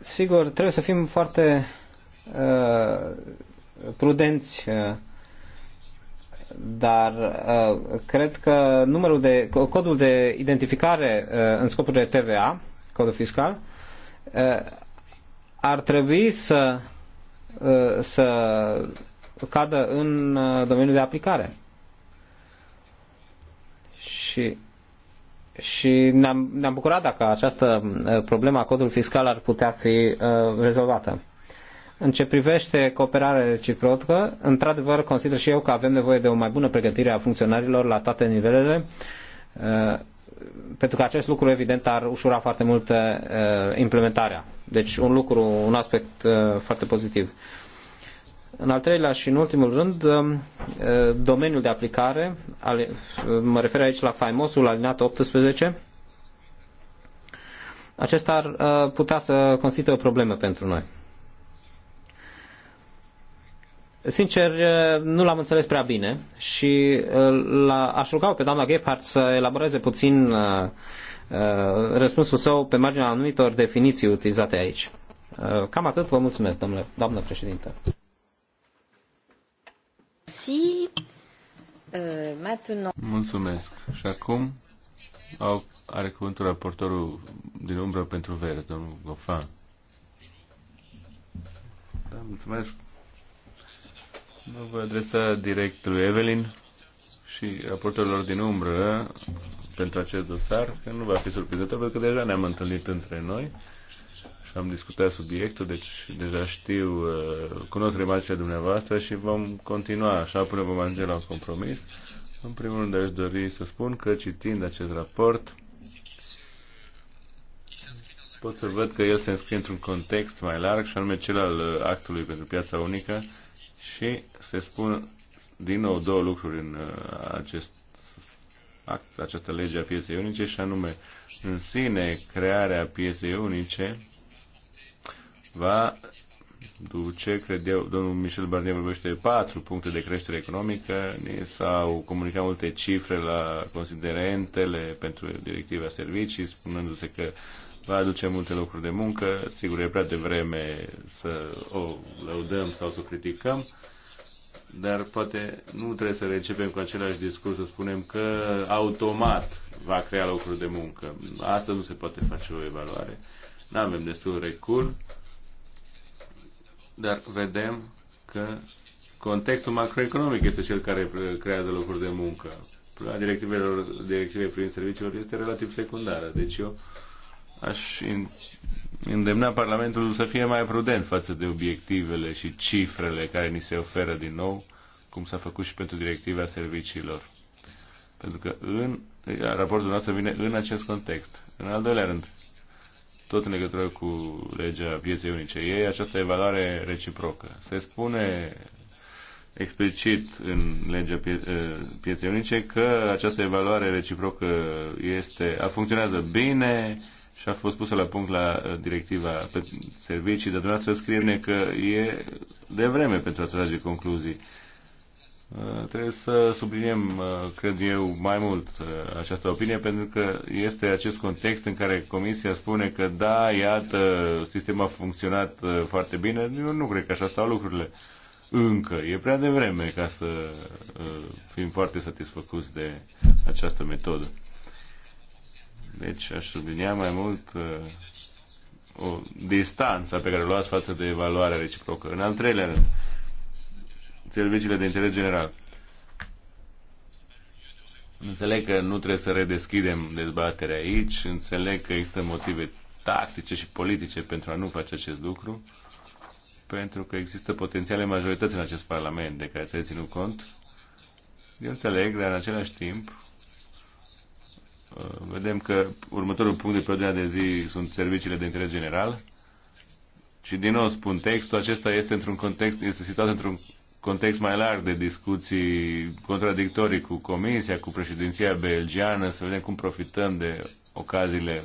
Sigur, trebuie să fim foarte uh, prudenți, uh, dar uh, cred că numărul de, codul de identificare uh, în scopul de TVA, codul fiscal, uh, ar trebui să, uh, să cadă în uh, domeniul de aplicare. Și și ne-am, ne-am bucurat dacă această uh, problemă a codului fiscal ar putea fi uh, rezolvată. În ce privește cooperarea reciprocă, într-adevăr consider și eu că avem nevoie de o mai bună pregătire a funcționarilor la toate nivelele, uh, pentru că acest lucru evident ar ușura foarte mult uh, implementarea. Deci un lucru, un aspect foarte pozitiv. În al treilea și în ultimul rând, um, domeniul de aplicare, mă refer aici la faimosul alinat 18, acesta ar uh, putea să constituie o problemă pentru noi. Sincer, nu l-am înțeles prea bine și la, aș ruga pe doamna Gephardt să elaboreze puțin răspunsul său pe marginea anumitor definiții utilizate aici. Cam atât, vă mulțumesc, domnule, doamnă președintă. Euh, mulțumesc. Și acum au, are cuvântul raportorul din umbră pentru vers, domnul Gofan. Da, mulțumesc. Mă voi adresa direct lui Evelyn și raportorilor din umbră pentru acest dosar, că nu va fi surprinzător, pentru că deja ne-am întâlnit între noi și am discutat subiectul, deci deja știu, uh, cunosc remarcile dumneavoastră și vom continua așa până vom ajunge la un compromis. În primul rând aș dori să spun că citind acest raport pot să văd că el se înscrie într-un context mai larg și anume cel al uh, actului pentru piața unică și se spun din nou două lucruri în uh, acest act, această lege a pieței unice și anume în sine crearea pieței unice va duce, cred eu, domnul Michel Barnier vorbește de patru puncte de creștere economică, ni s-au comunicat multe cifre la considerentele pentru directiva servicii, spunându-se că va aduce multe locuri de muncă, sigur e prea devreme să o lăudăm sau să o criticăm, dar poate nu trebuie să reîncepem cu același discurs, să spunem că automat va crea locuri de muncă. Asta nu se poate face o evaluare. Nu avem destul recul, dar vedem că contextul macroeconomic este cel care creează locuri de muncă. Problema directivelor, directivei prin serviciilor este relativ secundară. Deci eu aș îndemna Parlamentul să fie mai prudent față de obiectivele și cifrele care ni se oferă din nou, cum s-a făcut și pentru directiva serviciilor. Pentru că în, raportul nostru vine în acest context. În al doilea rând, tot în legătură cu legea pieței unice. Ei această evaluare reciprocă. Se spune explicit în legea pieței eh, unice că această evaluare reciprocă este, a funcționează bine și a fost pusă la punct la eh, directiva pe servicii, dar dumneavoastră scrie că e de vreme pentru a trage concluzii. Uh, Uh, trebuie să subliniem, uh, cred eu, mai mult uh, această opinie, pentru că este acest context în care Comisia spune că, da, iată, sistemul a funcționat foarte bine. Eu nu cred că așa stau lucrurile încă. E prea devreme ca să fim foarte satisfăcuți de această metodă. Deci aș sublinia mai mult o distanță pe care o luați față de evaluarea reciprocă. În al treilea rând, serviciile de interes general. Înțeleg că nu trebuie să redeschidem dezbaterea aici, înțeleg că există motive tactice și politice pentru a nu face acest lucru, pentru că există potențiale majorități în acest Parlament de care trebuie ținut cont. Eu înțeleg, dar în același timp uh, vedem că următorul punct de pe ordinea de zi sunt serviciile de interes general și din nou spun textul acesta este într-un context, este situat într-un context mai larg de discuții contradictorii cu Comisia, cu președinția belgiană, să vedem cum profităm de ocaziile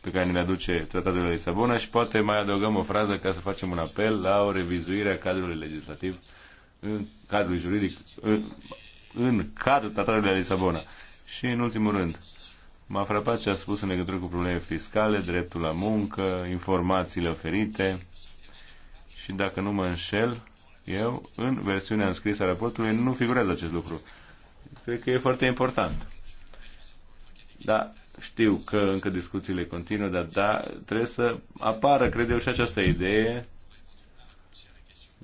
pe care ne le aduce Tratatul de Lisabona și poate mai adăugăm o frază ca să facem un apel la o revizuire a cadrului legislativ, în cadrul juridic, în, în cadrul Tratatului de Lisabona. Și în ultimul rând, m-a frapat ce a spus în legătură cu probleme fiscale, dreptul la muncă, informațiile oferite și dacă nu mă înșel, eu, în versiunea înscrisă a raportului, nu figurează acest lucru. Cred că e foarte important. Da, știu că încă discuțiile continuă, dar da, trebuie să apară, cred eu, și această idee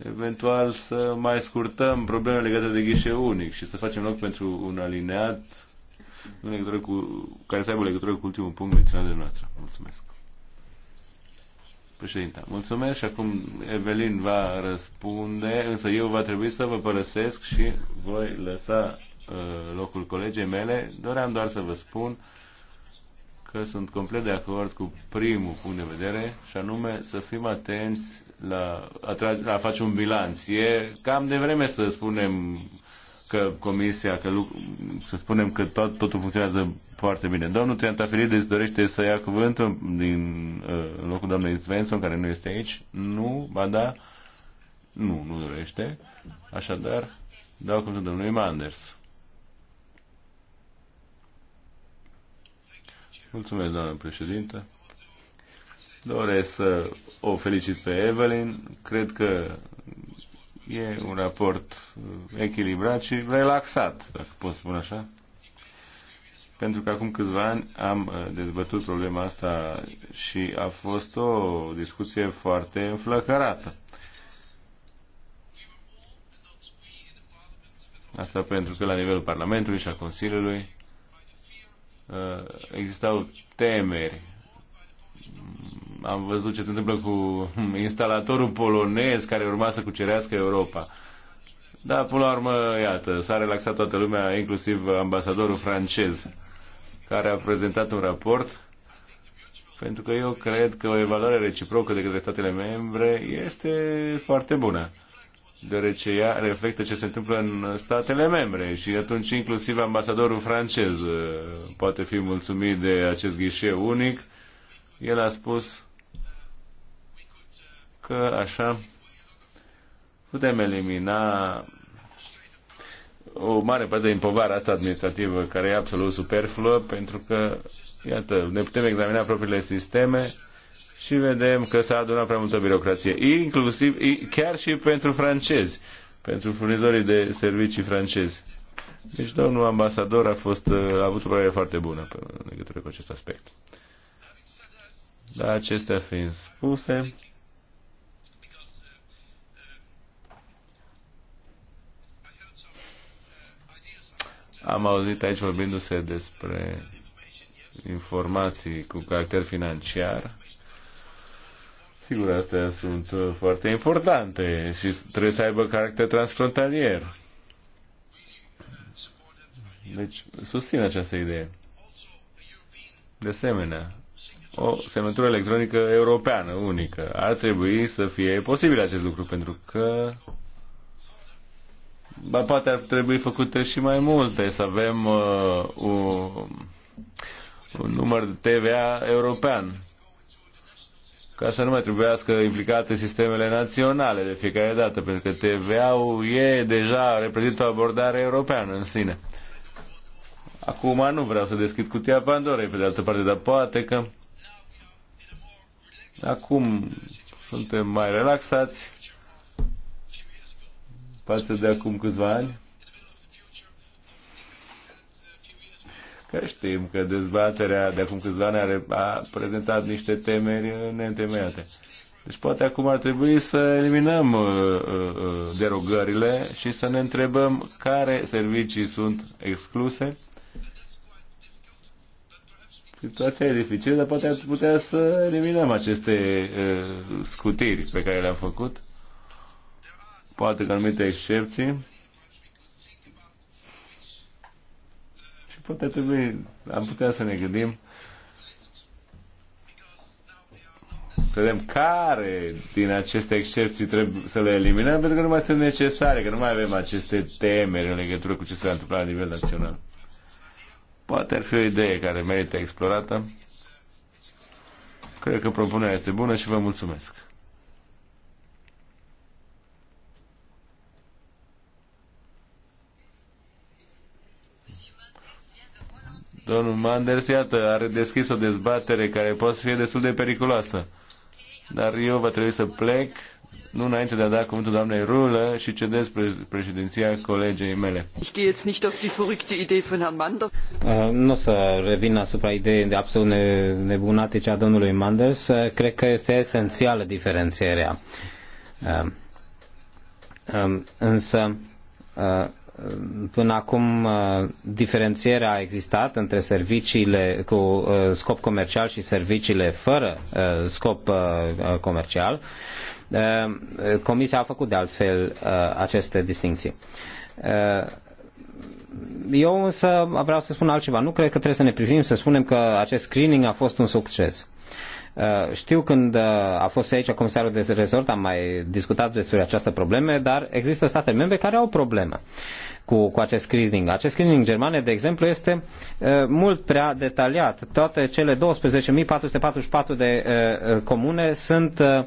eventual să mai scurtăm probleme legate de ghișe unic și să facem loc pentru un alineat în legătură cu, care să aibă legătură cu ultimul punct menționat de noastră. Mulțumesc. Președinta, mulțumesc și acum Evelin va răspunde, însă eu va trebui să vă părăsesc și voi lăsa uh, locul colegei mele. Doream doar să vă spun că sunt complet de acord cu primul punct de vedere și anume să fim atenți la a, trage, a face un bilanț. E cam de vreme să spunem că comisia, că să spunem că tot, totul funcționează foarte bine. Domnul îți dorește să ia cuvântul din uh, locul doamnei Svensson, care nu este aici. Nu, ba da, nu, nu dorește. Așadar, dau cuvântul domnului Manders. Mulțumesc, doamnă președintă. Doresc să o felicit pe Evelyn. Cred că E un raport uh, echilibrat și relaxat, dacă pot spune așa. Pentru că acum câțiva ani am uh, dezbătut problema asta și a fost o discuție foarte înflăcărată. Asta pentru că la nivelul Parlamentului și a Consiliului uh, existau temeri am văzut ce se întâmplă cu instalatorul polonez care urma să cucerească Europa. Da, până la urmă, iată, s-a relaxat toată lumea, inclusiv ambasadorul francez, care a prezentat un raport, pentru că eu cred că o evaluare reciprocă de către statele membre este foarte bună deoarece ea reflectă ce se întâmplă în statele membre și atunci inclusiv ambasadorul francez uh, poate fi mulțumit de acest ghișeu unic. El a spus că așa putem elimina o mare parte din povara asta administrativă care e absolut superfluă pentru că, iată, ne putem examina propriile sisteme și vedem că s-a adunat prea multă birocrație, inclusiv, chiar și pentru francezi, pentru furnizorii de servicii francezi. Deci domnul ambasador a, fost, a avut o părere foarte bună în legătură cu acest aspect. Dar acestea fiind spuse, Am auzit aici vorbindu-se despre informații cu caracter financiar. Sigur, astea sunt uh, foarte importante și trebuie să aibă caracter transfrontalier. Deci, susțin această idee. De asemenea, o semnătură electronică europeană unică. Ar trebui să fie posibil acest lucru, pentru că dar poate ar trebui făcute și mai multe, să avem uh, un, un număr de TVA european, ca să nu mai trebuiască implicate sistemele naționale de fiecare dată, pentru că TVA-ul e deja reprezintă o abordare europeană în sine. Acum nu vreau să deschid cutia Pandorei, pe de altă parte, dar poate că acum suntem mai relaxați față de acum câțiva ani? Că știm că dezbaterea de acum câțiva ani are, a prezentat niște temeri neîntemeiate. Deci poate acum ar trebui să eliminăm uh, uh, uh derogările și să ne întrebăm care servicii sunt excluse. Situația e dificilă, dar poate ar putea să eliminăm aceste uh, scutiri pe care le-am făcut poate că anumite excepții. Și poate trebui, am putea să ne gândim să vedem care din aceste excepții trebuie să le eliminăm, pentru că nu mai sunt necesare, că nu mai avem aceste temeri în legătură cu ce se va întâmpla la nivel național. Poate ar fi o idee care merită explorată. Cred că propunerea este bună și vă mulțumesc. Domnul Manders, iată, are deschis o dezbatere care poate să fie destul de periculoasă. Dar eu va trebui să plec, nu înainte de a da cuvântul doamnei Rulă și cedez pre- președinția colegei mele. Uh, nu o să revin asupra ideii de absolut ne- nebunate a domnului Manders. Uh, cred că este esențială diferențierea. Uh, um, însă uh, Până acum uh, diferențierea a existat între serviciile cu uh, scop comercial și serviciile fără uh, scop comercial. Comisia a făcut de altfel aceste distinții. Eu însă vreau să spun altceva. Nu cred că trebuie să ne privim să spunem că acest screening a fost un succes. Uh, știu când uh, a fost aici comisarul de resort, am mai discutat despre această probleme, dar există state membre care au problemă cu, cu acest screening. Acest screening german, de exemplu, este uh, mult prea detaliat. Toate cele 12.444 de uh, uh, comune sunt uh,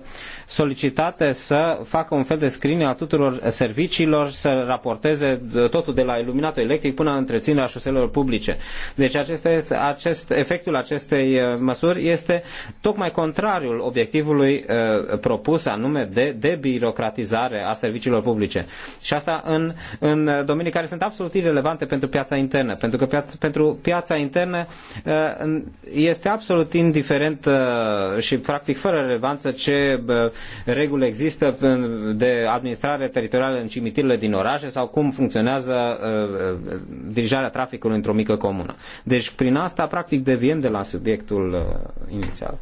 solicitate să facă un fel de screening a tuturor serviciilor, să raporteze totul de la iluminatul electric până la întreținerea șoselelor publice. Deci acest, acest, efectul acestei uh, măsuri este tocmai contrariul obiectivului uh, propus, anume de debirocratizare a serviciilor publice. Și asta în, în domeniul care sunt absolut irelevante pentru piața internă, pentru că piața, pentru piața internă uh, este absolut indiferent uh, și practic fără relevanță ce uh, reguli există de administrare teritorială în cimitirile din orașe sau cum funcționează dirijarea traficului într-o mică comună. Deci prin asta practic deviem de la subiectul inițial.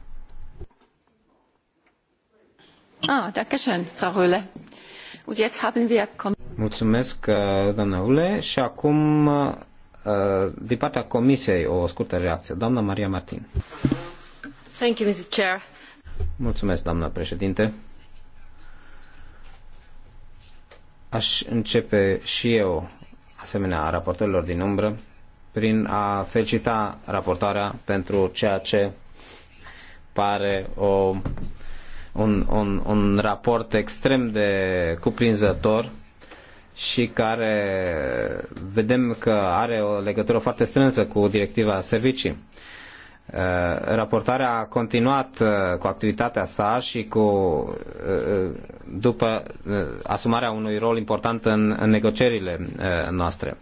Ah, danke schön, Frau Röhle. Und jetzt haben wir Mulțumesc, uh, doamna Ule. Și acum, uh, din partea Comisiei, o scurtă reacție. Doamna Maria Martin. Thank you, Mr. Chair. Mulțumesc, doamna președinte. Aș începe și eu, asemenea raportorilor din umbră, prin a felicita raportarea pentru ceea ce pare o, un, un, un raport extrem de cuprinzător și care vedem că are o legătură foarte strânsă cu directiva servicii. Uh, raportarea a continuat uh, cu activitatea sa și cu, uh, după asumarea unui rol important în, în negocierile noastre.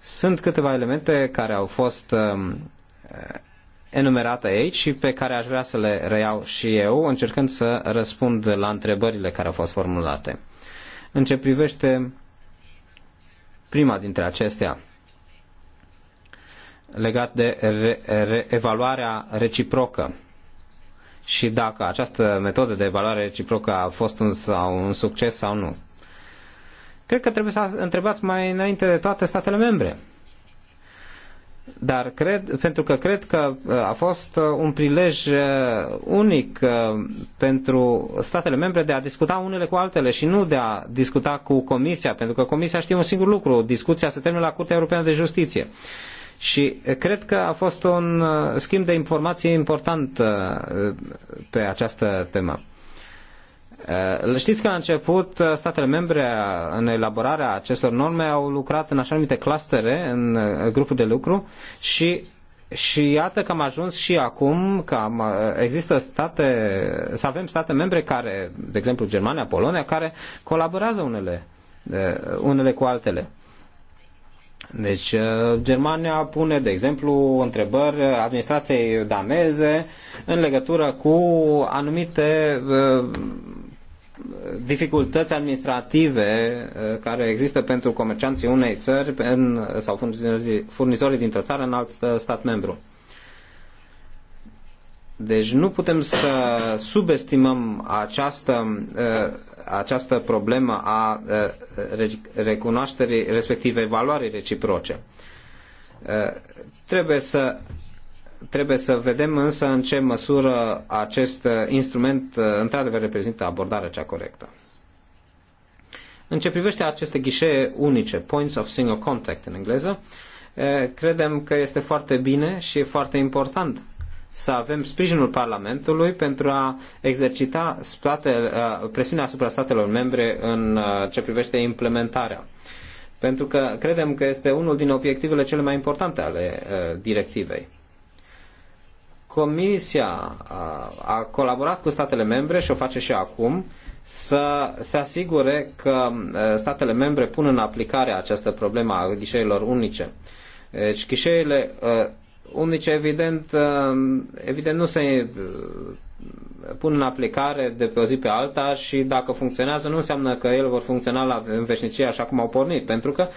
Sunt câteva elemente care au fost enumerate aici și pe care aș vrea să le reiau și eu, încercând să răspund la întrebările care au fost formulate. În ce privește Prima dintre acestea, legat de evaluarea reciprocă și dacă această metodă de evaluare reciprocă a fost un, sau un succes sau nu. Cred că trebuie să întrebați mai înainte de toate statele membre dar cred, pentru că cred că uh, a fost uh, un prilej uh, unic pentru statele membre de a discuta unele cu altele și nu de a discuta cu Comisia, pentru că Comisia știe un singur lucru, discuția se termină la Curtea Europeană de Justiție. Și cred că a fost un schimb de informații important pe această temă. Eh, știți că la început eh, statele membre eh, în elaborarea acestor norme au lucrat în așa numite clustere, în grupuri de lucru și și iată că am ajuns și acum că am, există state, să avem state membre care, de exemplu Germania, Polonia, care colaborează unele, unele cu altele. Deci Germania pune, de exemplu, întrebări administrației daneze în legătură cu anumite dificultăți administrative uh, care există pentru comercianții unei țări în, sau furnizorii dintr-o țară în alt stat membru. Deci nu putem să subestimăm această, uh, această problemă a uh, recunoașterii, respectiv evaluării reciproce. Trebuie să Trebuie să vedem însă în ce măsură acest uh, instrument uh, într-adevăr reprezintă abordarea cea corectă. În ce privește aceste ghișee unice, Points of Single Contact în engleză, uh, credem că este foarte bine și e foarte important să avem sprijinul Parlamentului pentru a exercita statele, presiunea asupra statelor membre în ce privește implementarea. Pentru că credem că este unul din obiectivele cele mai importante ale directivei. Comisia a colaborat cu statele membre și o face și acum să se asigure că statele membre pun în aplicare această problemă a ghișeilor unice. Deci ghișeile unice evident, evident nu se pun în aplicare de pe o zi pe alta și dacă funcționează nu înseamnă că ele vor funcționa la, în veșnicie așa cum au pornit, pentru că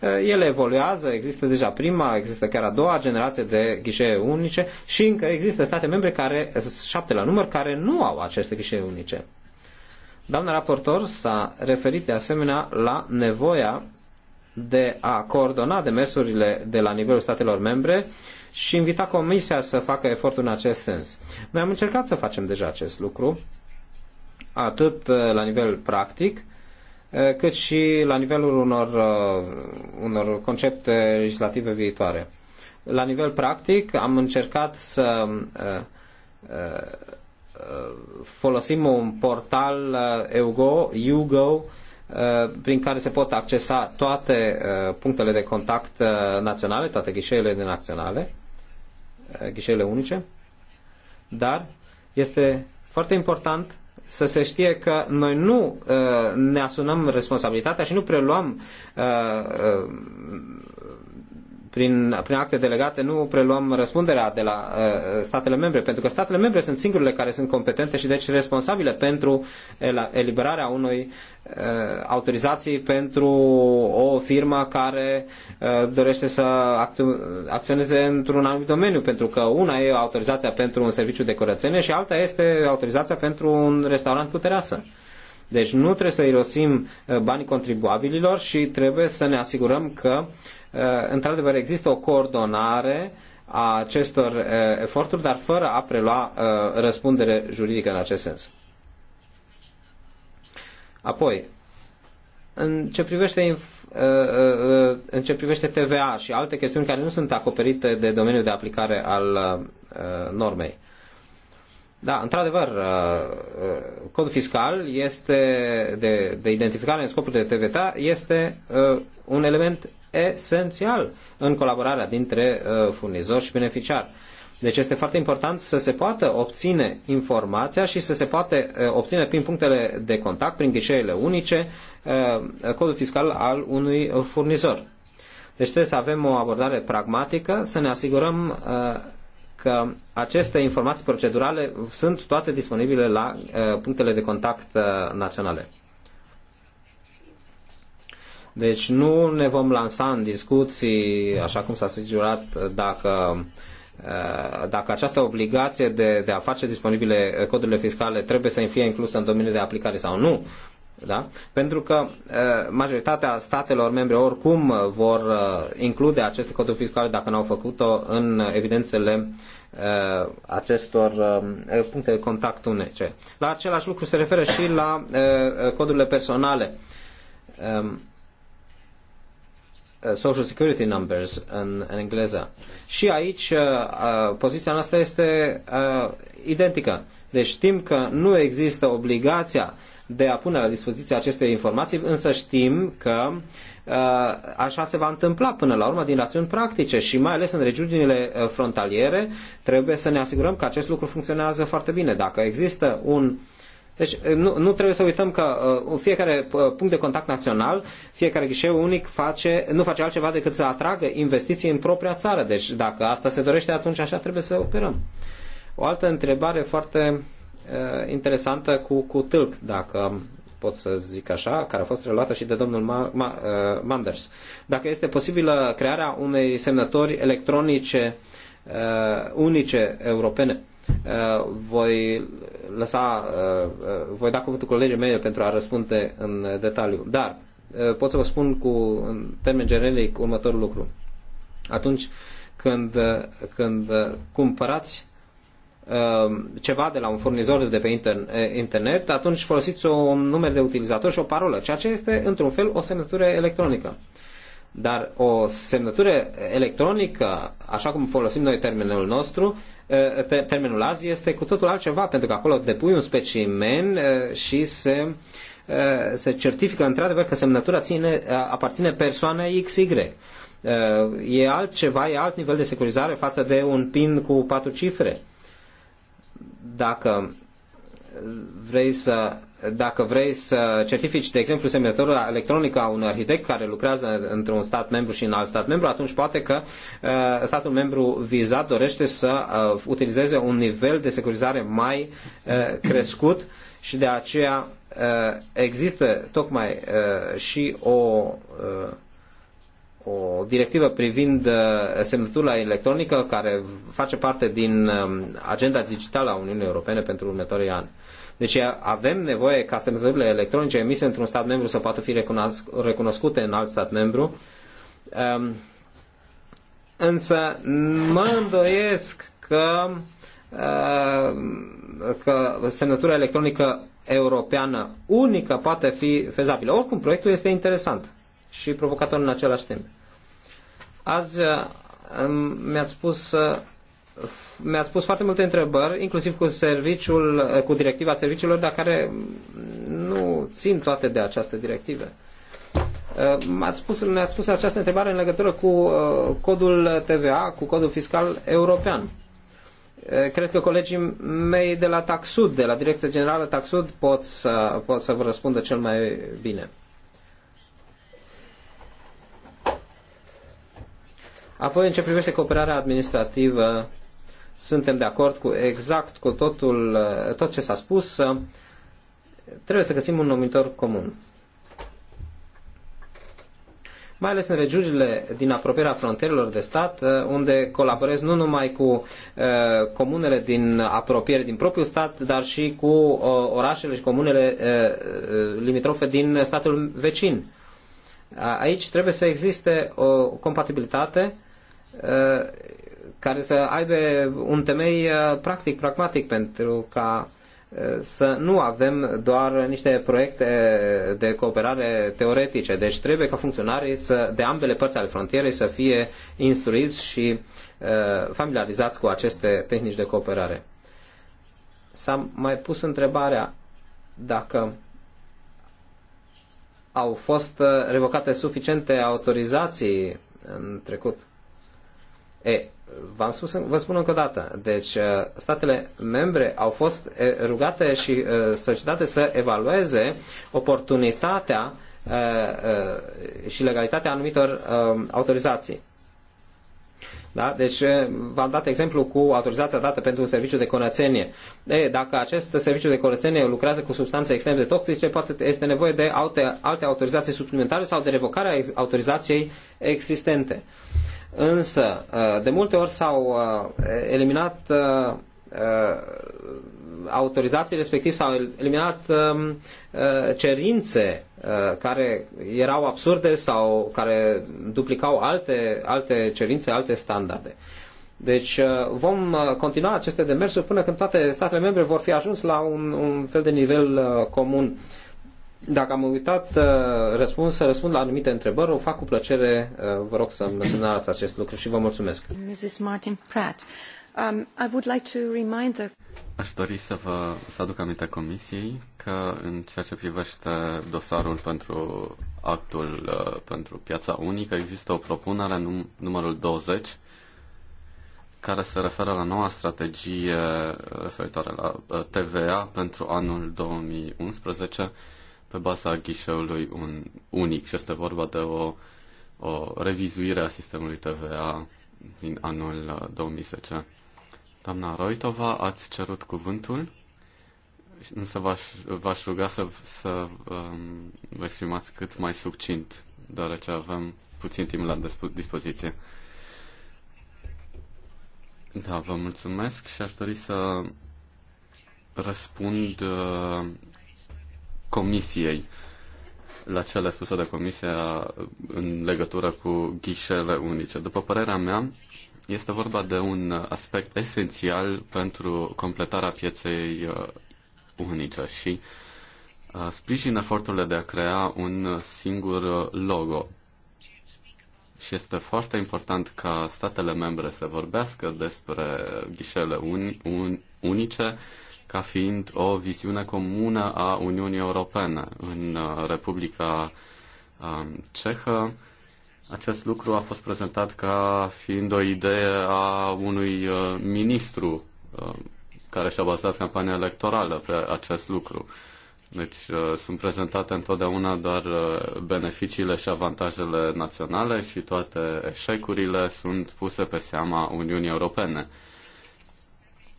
eh, ele evoluează, există deja prima, există chiar a doua generație de ghișee unice și încă există state membre care, eh, șapte la număr, care nu au aceste ghișee unice. Doamna raportor s-a referit de asemenea la nevoia de a coordona demersurile de la nivelul statelor membre uh, și invita Comisia să facă efortul în acest sens. Noi am încercat să facem deja acest lucru, atât uh, la nivel practic, uh, cât și la nivelul unor, uh, unor concepte legislative viitoare. La nivel practic, am încercat să folosim un portal EUGO, YouGo, prin care se pot accesa toate punctele de contact naționale, toate ghișeele naționale Uh, ghișeele unice, dar este foarte important să se știe că noi nu uh, ne asumăm responsabilitatea și nu preluăm uh, uh, prin, prin acte delegate nu preluăm răspunderea de la uh, statele membre, pentru că statele membre sunt singurele care sunt competente și deci responsabile pentru eliberarea unui uh, autorizații pentru o firmă care uh, dorește să actu- acționeze într-un anumit domeniu, pentru că una e autorizația pentru un serviciu de curățenie și alta este autorizația pentru un restaurant cu terasă. Uh, deci nu trebuie să irosim uh, banii contribuabililor și trebuie să ne asigurăm că uh, într-adevăr există o coordonare a acestor uh, eforturi, dar fără a prelua răspundere juridică în acest sens. Apoi, în ce privește în ce privește TVA și alte chestiuni care nu sunt acoperite de domeniul de aplicare al normei. Da, într-adevăr, uh, uh, codul fiscal este de, de identificare în scopul de TVA este uh, un element esențial în colaborarea dintre furnizor și beneficiar. Deci este foarte important să se poată obține informația și să se poate obține prin punctele de contact, prin ghișeele unice, codul fiscal al unui furnizor. Deci trebuie să avem o abordare pragmatică, să ne asigurăm că aceste informații procedurale sunt toate disponibile la uh, punctele de contact uh, naționale. Deci nu ne vom lansa în discuții, așa cum s-a sugerat, dacă, uh, dacă această obligație de, de a face disponibile codurile fiscale trebuie să fie inclusă în domeniul de aplicare sau nu. Da? Pentru că eh, majoritatea statelor membre oricum eh, vor eh, include aceste coduri fiscale dacă n-au făcut-o în evidențele acestor puncte de contact unice. La același lucru se referă și la codurile personale. Ehm, Social Security Numbers în, în engleză. Și aici poziția noastră este identică. Deci știm că nu există obligația de a pune la dispoziție aceste informații, însă știm că uh, așa se va întâmpla până la urmă din rațiuni practice și mai ales în regiunile uh, frontaliere trebuie să ne asigurăm că acest lucru funcționează foarte bine. Dacă există un deci uh, nu, nu trebuie să uităm că uh, fiecare punct de contact național, fiecare ghișeu unic face, nu face altceva decât să atragă investiții în propria țară. Deci dacă asta se dorește, atunci așa trebuie să operăm. O altă întrebare foarte Uh, interesantă cu, cu tâlc, dacă pot să zic așa, care a fost reluată și de domnul Ma- Ma- uh, Manders. Dacă este posibilă crearea unei semnători electronice uh, unice europene, uh, voi lăsa, uh, uh voi da cuvântul colegii mele pentru a răspunde în detaliu. Dar uh, pot să vă spun cu, în termen generic următorul lucru. Atunci când, când cumpărați Um, ceva de la un furnizor de pe internet, atunci folosiți un număr de utilizator și o parolă, ceea ce este într-un fel o semnătură electronică. Dar o semnătură electronică, așa cum folosim noi termenul nostru, termenul azi este cu totul altceva, pentru că acolo depui un specimen și se, se certifică într-adevăr că semnătura ține, aparține persoanei XY. E altceva, e alt nivel de securizare față de un PIN cu patru cifre dacă vrei să, dacă vrei să certifici, de exemplu, semnătura electronică a unui arhitect care lucrează într-un stat membru și în alt stat membru, atunci poate că uh, statul membru vizat dorește să uh, utilizeze un nivel de securizare mai uh, crescut și de aceea uh, există tocmai uh, și o uh, o directivă privind uh, semnătura electronică care face parte din um, agenda digitală a Uniunii Europene pentru următorii ani. Deci avem nevoie ca semnăturile electronice emise într-un stat membru să poată fi recunoscute în alt stat membru. Um, însă mă îndoiesc că, uh, că semnătura electronică europeană unică poate fi fezabilă. Oricum, proiectul este interesant și provocator în același timp. Azi uh, mi-ați spus uh, mi a spus foarte multe întrebări, inclusiv cu serviciul, uh, cu directiva serviciilor, dar care mm, nu țin toate de această directivă. Mi-ați spus, mi spus această întrebare în legătură cu codul TVA, cu codul fiscal european. Cred că colegii mei de la Taxud, de la Direcția Generală Taxud, pot să, pot să vă răspundă cel mai bine. Apoi, în ce privește cooperarea administrativă, suntem de acord cu exact cu totul, uh, tot ce s-a spus. Uh, trebuie să găsim un numitor comun. Mai ales în regiunile din apropierea frontierelor de stat, uh, unde colaborez nu numai cu comunele din apropiere din propriul stat, dar și cu orașele și comunele limitrofe din statul vecin. Aici trebuie să existe o compatibilitate Uh, care să aibă un temei uh, practic, pragmatic, pentru ca uh, să nu avem doar niște proiecte de cooperare teoretice. Deci trebuie ca funcționarii să, de ambele părți ale frontierei să fie instruiți și familiarizați cu aceste tehnici de cooperare. S-a mai pus întrebarea dacă au fost revocate suficiente autorizații în trecut. E, v-am spus, vă spun încă o dată, deci statele membre au fost rugate și societate să evalueze oportunitatea și legalitatea anumitor autorizații. Da? Deci v-am dat exemplu cu autorizația dată pentru un serviciu de curățenie. E, dacă acest serviciu de curățenie lucrează cu substanțe extrem de toxice, poate este nevoie de alte, alte autorizații suplimentare sau de revocarea autorizației existente. Uh, Însă, uh, de multe ori s-au uh, eliminat uh, autorizații, respectiv s-au eliminat um, cerințe care erau absurde sau care duplicau alte, alte cerințe, alte standarde. Deci vom continua aceste demersuri până când toate statele membre vor fi ajuns la un, un fel de nivel comun dacă am uitat uh, răspuns, să răspund la anumite întrebări, o fac cu plăcere. Uh, vă rog să-mi semnalați acest lucru și vă mulțumesc. Mrs. Martin Pratt. Um, I would like to remind the... Aș dori să vă să aduc aminte comisiei că în ceea ce privește dosarul pentru actul uh, pentru piața unică există o propunere num, numărul 20 care se referă la noua strategie referitoare la TVA pentru anul 2011 pe baza ghișeului un, unic și este vorba de o, o revizuire a sistemului TVA din anul 2010. Uh, Doamna Roitova, ați cerut cuvântul, însă v-aș, v-aș ruga să, să um, vă exprimați cât mai succint, deoarece avem puțin timp la dispoziție. Da, vă mulțumesc și aș dori să răspund uh, Comisiei la cele spuse de Comisia în legătură cu ghișele unice. După părerea mea, este vorba de un aspect esențial pentru completarea pieței unice și sprijin eforturile de a crea un singur logo. Și este foarte important ca statele membre să vorbească despre ghișele un un, unice, ca fiind o viziune comună a Uniunii Europene. În uh, Republica um, Cehă, acest lucru a fost prezentat ca fiind o idee a unui uh, ministru uh, care și-a bazat campania electorală pe acest lucru. Deci sunt prezentate întotdeauna doar beneficiile și avantajele naționale și toate eșecurile sunt puse pe seama Uniunii Europene.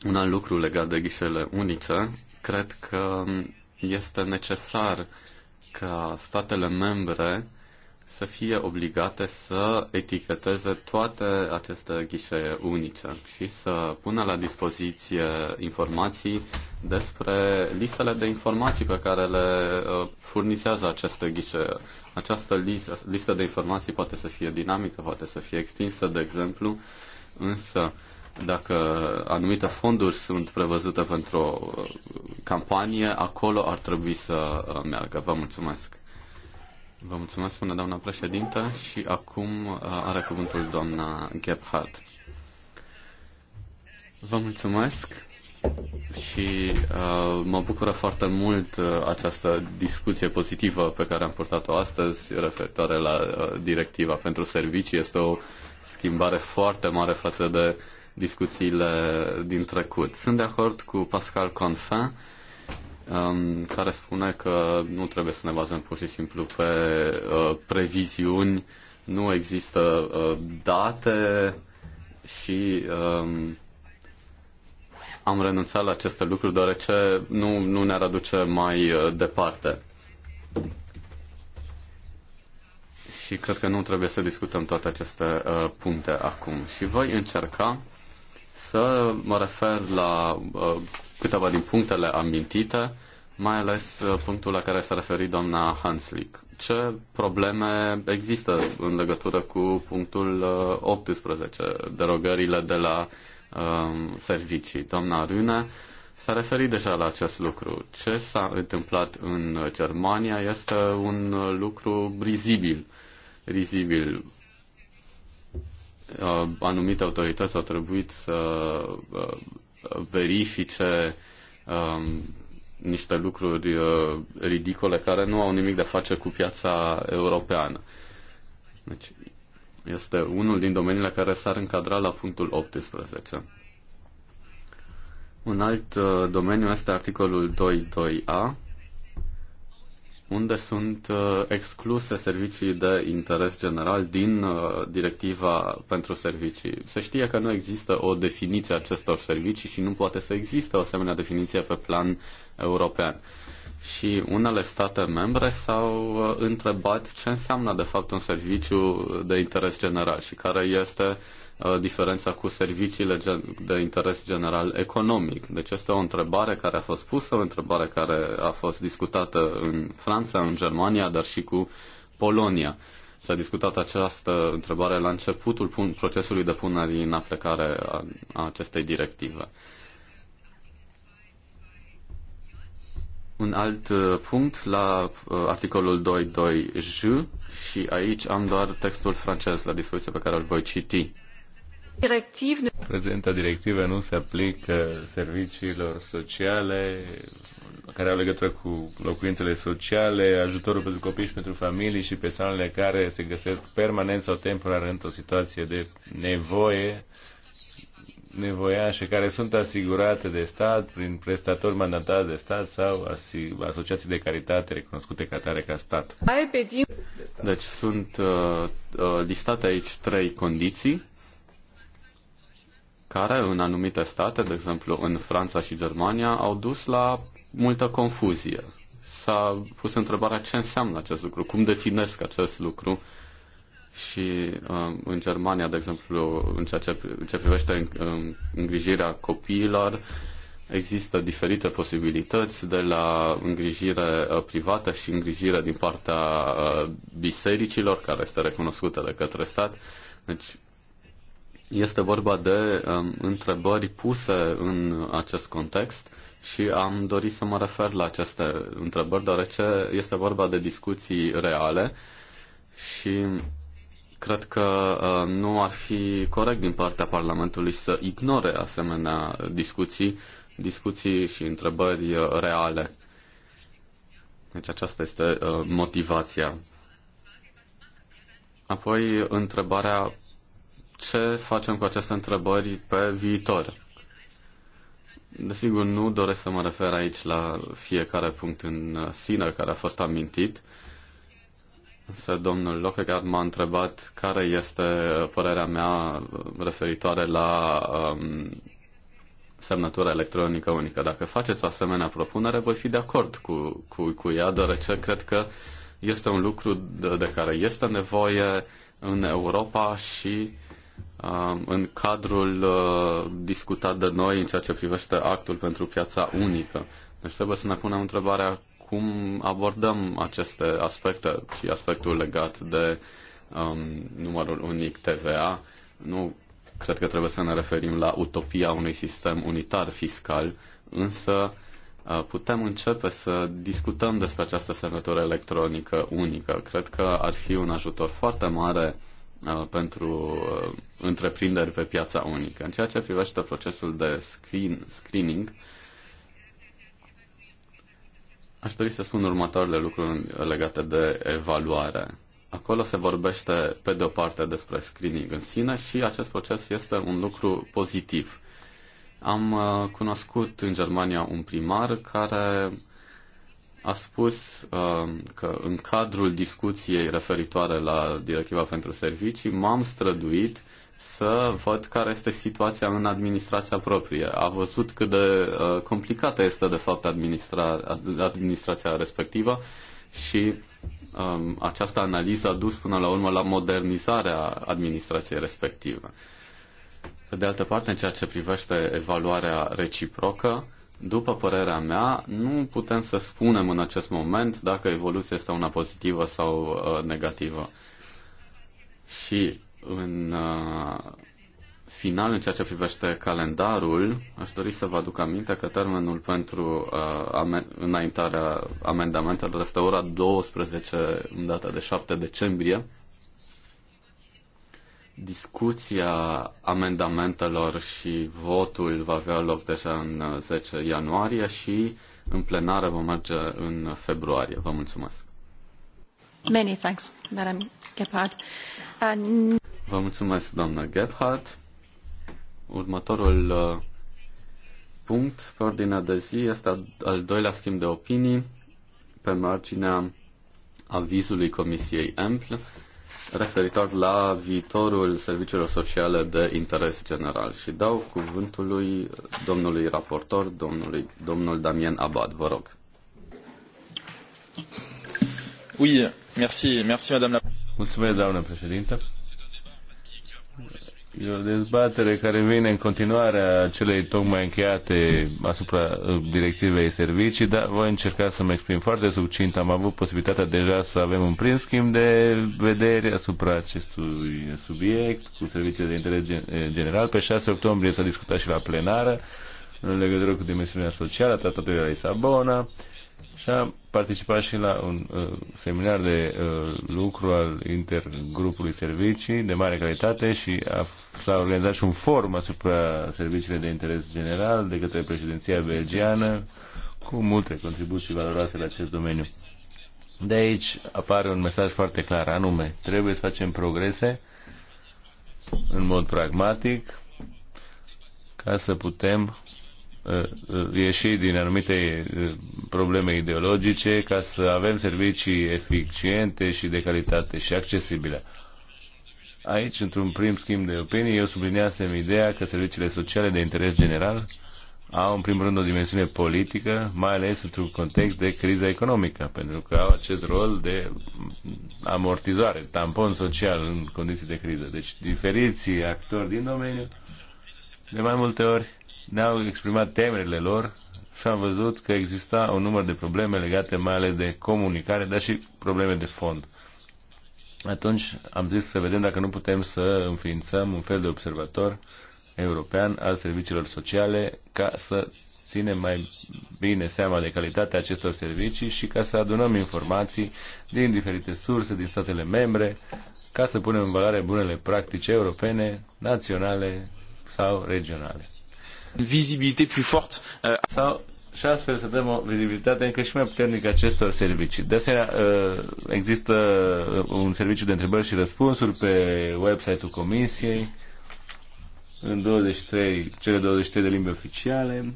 Un alt lucru legat de ghișele unice, cred că este necesar ca statele membre să fie obligate să eticheteze toate aceste ghișee unice și să pună la dispoziție informații despre listele de informații pe care le uh, furnizează aceste ghișee. Această listă de informații poate să fie dinamică, poate să fie extinsă, de exemplu, însă dacă anumite fonduri sunt prevăzute pentru o uh, campanie, acolo ar trebui să uh, meargă. Vă mulțumesc. Vă mulțumesc, spune doamna președintă, și acum uh, are cuvântul doamna Gebhardt. Vă mulțumesc și uh, mă bucură foarte mult uh, această discuție pozitivă pe care am purtat-o astăzi referitoare la uh, directiva pentru servicii. Este o schimbare foarte mare față de uh, discuțiile din trecut. Sunt de acord cu Pascal Confin, um, care spune că nu trebuie să ne bazăm pur și simplu pe uh, previziuni, nu există uh, date și um, am renunțat la aceste lucruri deoarece nu, nu ne-ar aduce mai uh, departe. Și cred că nu trebuie să discutăm toate aceste uh, puncte acum. Și voi încerca să mă refer la uh, câteva din punctele amintite, mai ales uh, punctul la care s-a referit doamna Hanslick. Ce probleme există în legătură cu punctul 18, uh, derogările de la um, servicii? Doamna Rune s-a referit deja la acest lucru. Ce s-a întâmplat în Germania este un lucru rizibil. Rizibil Uh, anumite autorități au trebuit să uh, verifice um, niște lucruri uh, ridicole care nu au nimic de a face cu piața europeană. Deci, este unul din domeniile care s-ar încadra la punctul 18. Un alt domeniu este articolul 2.2a, unde sunt uh, excluse servicii de interes general din uh, directiva pentru servicii. Se știe că nu există o definiție a acestor servicii și nu poate să existe o asemenea definiție pe plan european. Și unele state membre s-au uh, întrebat ce înseamnă de fapt un serviciu de interes general și care este uh, Uh, diferența cu serviciile de interes general economic. Deci este o întrebare care a fost pusă, o întrebare care a fost discutată în Franța, în Germania, dar și cu Polonia. S-a discutat această întrebare la începutul procesului de punere în aplicare a acestei directive. Un alt uh, punct la uh, articolul 2.2j și aici am doar textul francez la discuție pe care îl voi citi. Prezenta directivă nu se aplică serviciilor sociale care au legătură cu locuințele sociale, ajutorul pentru copii și pentru familii și persoanele care se găsesc permanent sau temporar într-o situație de nevoie nevoiașe care sunt asigurate de stat prin prestatori mandatați de stat sau asociații de caritate recunoscute ca tare ca stat. Deci sunt uh, uh, listate aici trei condiții care în anumite state, de exemplu în Franța și Germania, au dus la multă confuzie. S-a pus întrebarea ce înseamnă acest lucru, cum definesc acest lucru și uh, în Germania, de exemplu, în ceea ce, ce privește um, îngrijirea copiilor, există diferite posibilități de la îngrijire uh, privată și îngrijire din partea uh, bisericilor, care este recunoscută de către stat. Deci este vorba de um, întrebări puse în acest context și am dorit să mă refer la aceste întrebări, deoarece este vorba de discuții reale și cred că uh, nu ar fi corect din partea Parlamentului să ignore asemenea discuții, discuții și întrebări uh, reale. Deci aceasta este uh, motivația. Apoi, întrebarea ce facem cu aceste întrebări pe viitor. Desigur, nu doresc să mă refer aici la fiecare punct în sine care a fost amintit, însă domnul Lockegaard m-a întrebat care este părerea mea referitoare la um, semnătura electronică unică. Dacă faceți o asemenea propunere, voi fi de acord cu, cu, cu ea, deoarece cred că este un lucru de, de care este nevoie în Europa și Uh, în cadrul uh, discutat de noi în ceea ce privește actul pentru piața unică. Deci trebuie să ne punem întrebarea cum abordăm aceste aspecte și aspectul legat de um, numărul unic TVA. Nu cred că trebuie să ne referim la utopia unui sistem unitar fiscal, însă uh, putem începe să discutăm despre această semnătură electronică unică. Cred că ar fi un ajutor foarte mare uh, Uh, pentru uh, întreprinderi pe piața unică. În ceea ce privește procesul de screen, screening, aș dori să spun următoarele lucruri legate de evaluare. Acolo se vorbește, pe de o parte, despre screening în sine și acest proces este un lucru pozitiv. Am uh, cunoscut în Germania un primar care a spus uh, că în cadrul discuției referitoare la directiva pentru servicii m-am străduit să văd care este situația în administrația proprie. A văzut cât de uh, complicată este de fapt administra- administrația respectivă și um, această analiză a dus până la urmă la modernizarea administrației respective. Pe de altă parte, în ceea ce privește evaluarea reciprocă, uh, după părerea mea, nu putem să spunem în acest moment dacă evoluția este una pozitivă sau uh, negativă. Și în uh, final, în ceea ce privește calendarul, aș dori să vă aduc aminte că termenul pentru uh, amen- înaintarea amendamentelor este ora 12, în data de 7 decembrie. Discuția amendamentelor și votul va avea loc deja în 10 uh, ianuarie și în plenară vom merge în februarie. Vă mulțumesc. Many thanks, Madam Gephardt. And... Uh, Vă mulțumesc, doamnă Gebhardt. Următorul uh, punct pe ordinea de zi este al doilea schimb de opinii pe marginea avizului Comisiei Ample referitor la viitorul serviciilor sociale de interes general și dau cuvântul lui domnului raportor, domnului, domnul Damien Abad. Vă rog. Oui, merci, merci, madame la... Mulțumesc, doamnă președinte. E o dezbatere care vine în continuarea celei tocmai încheiate asupra uh, directivei servicii, dar voi încerca să-mi exprim foarte succint. Am avut posibilitatea deja să avem un prim schimb de vedere asupra acestui subiect cu serviciile de interes eh, general. Pe 6 octombrie s-a discutat și la plenară în legătură cu dimensiunea socială a Tratatului de la Lisabona și am participat și la un uh, seminar de uh, lucru al intergrupului servicii de mare calitate și a, s-a organizat și un forum asupra serviciile de interes general de către președinția belgiană cu multe contribuții valoroase la acest domeniu. De aici apare un mesaj foarte clar, anume, trebuie să facem progrese în mod pragmatic ca să putem Uh, uh, ieși din anumite uh, probleme ideologice ca să avem servicii eficiente și de calitate și accesibile. Aici, într-un prim schimb de opinii, eu subliniasem ideea că serviciile sociale de interes general au, în primul rând, o dimensiune politică, mai ales într-un context de criză economică, pentru că au acest rol de amortizare, tampon social în condiții de criză. Deci, diferiți actori din domeniu, de mai multe ori, ne-au exprimat temerile lor și am văzut că exista un număr de probleme legate mai ales de comunicare, dar și probleme de fond. Atunci am zis să vedem dacă nu putem să înființăm un fel de observator european al serviciilor sociale ca să ținem mai bine seama de calitatea acestor servicii și ca să adunăm informații din diferite surse, din statele membre, ca să punem în valoare bunele practici europene, naționale sau regionale vizibilitate mai plus forte. Euh, Sau și astfel să dăm o vizibilitate încă și mai puternică acestor servicii. De asemenea, uh, există uh, un serviciu de întrebări și răspunsuri pe website-ul Comisiei în 23, cele 23 de limbi oficiale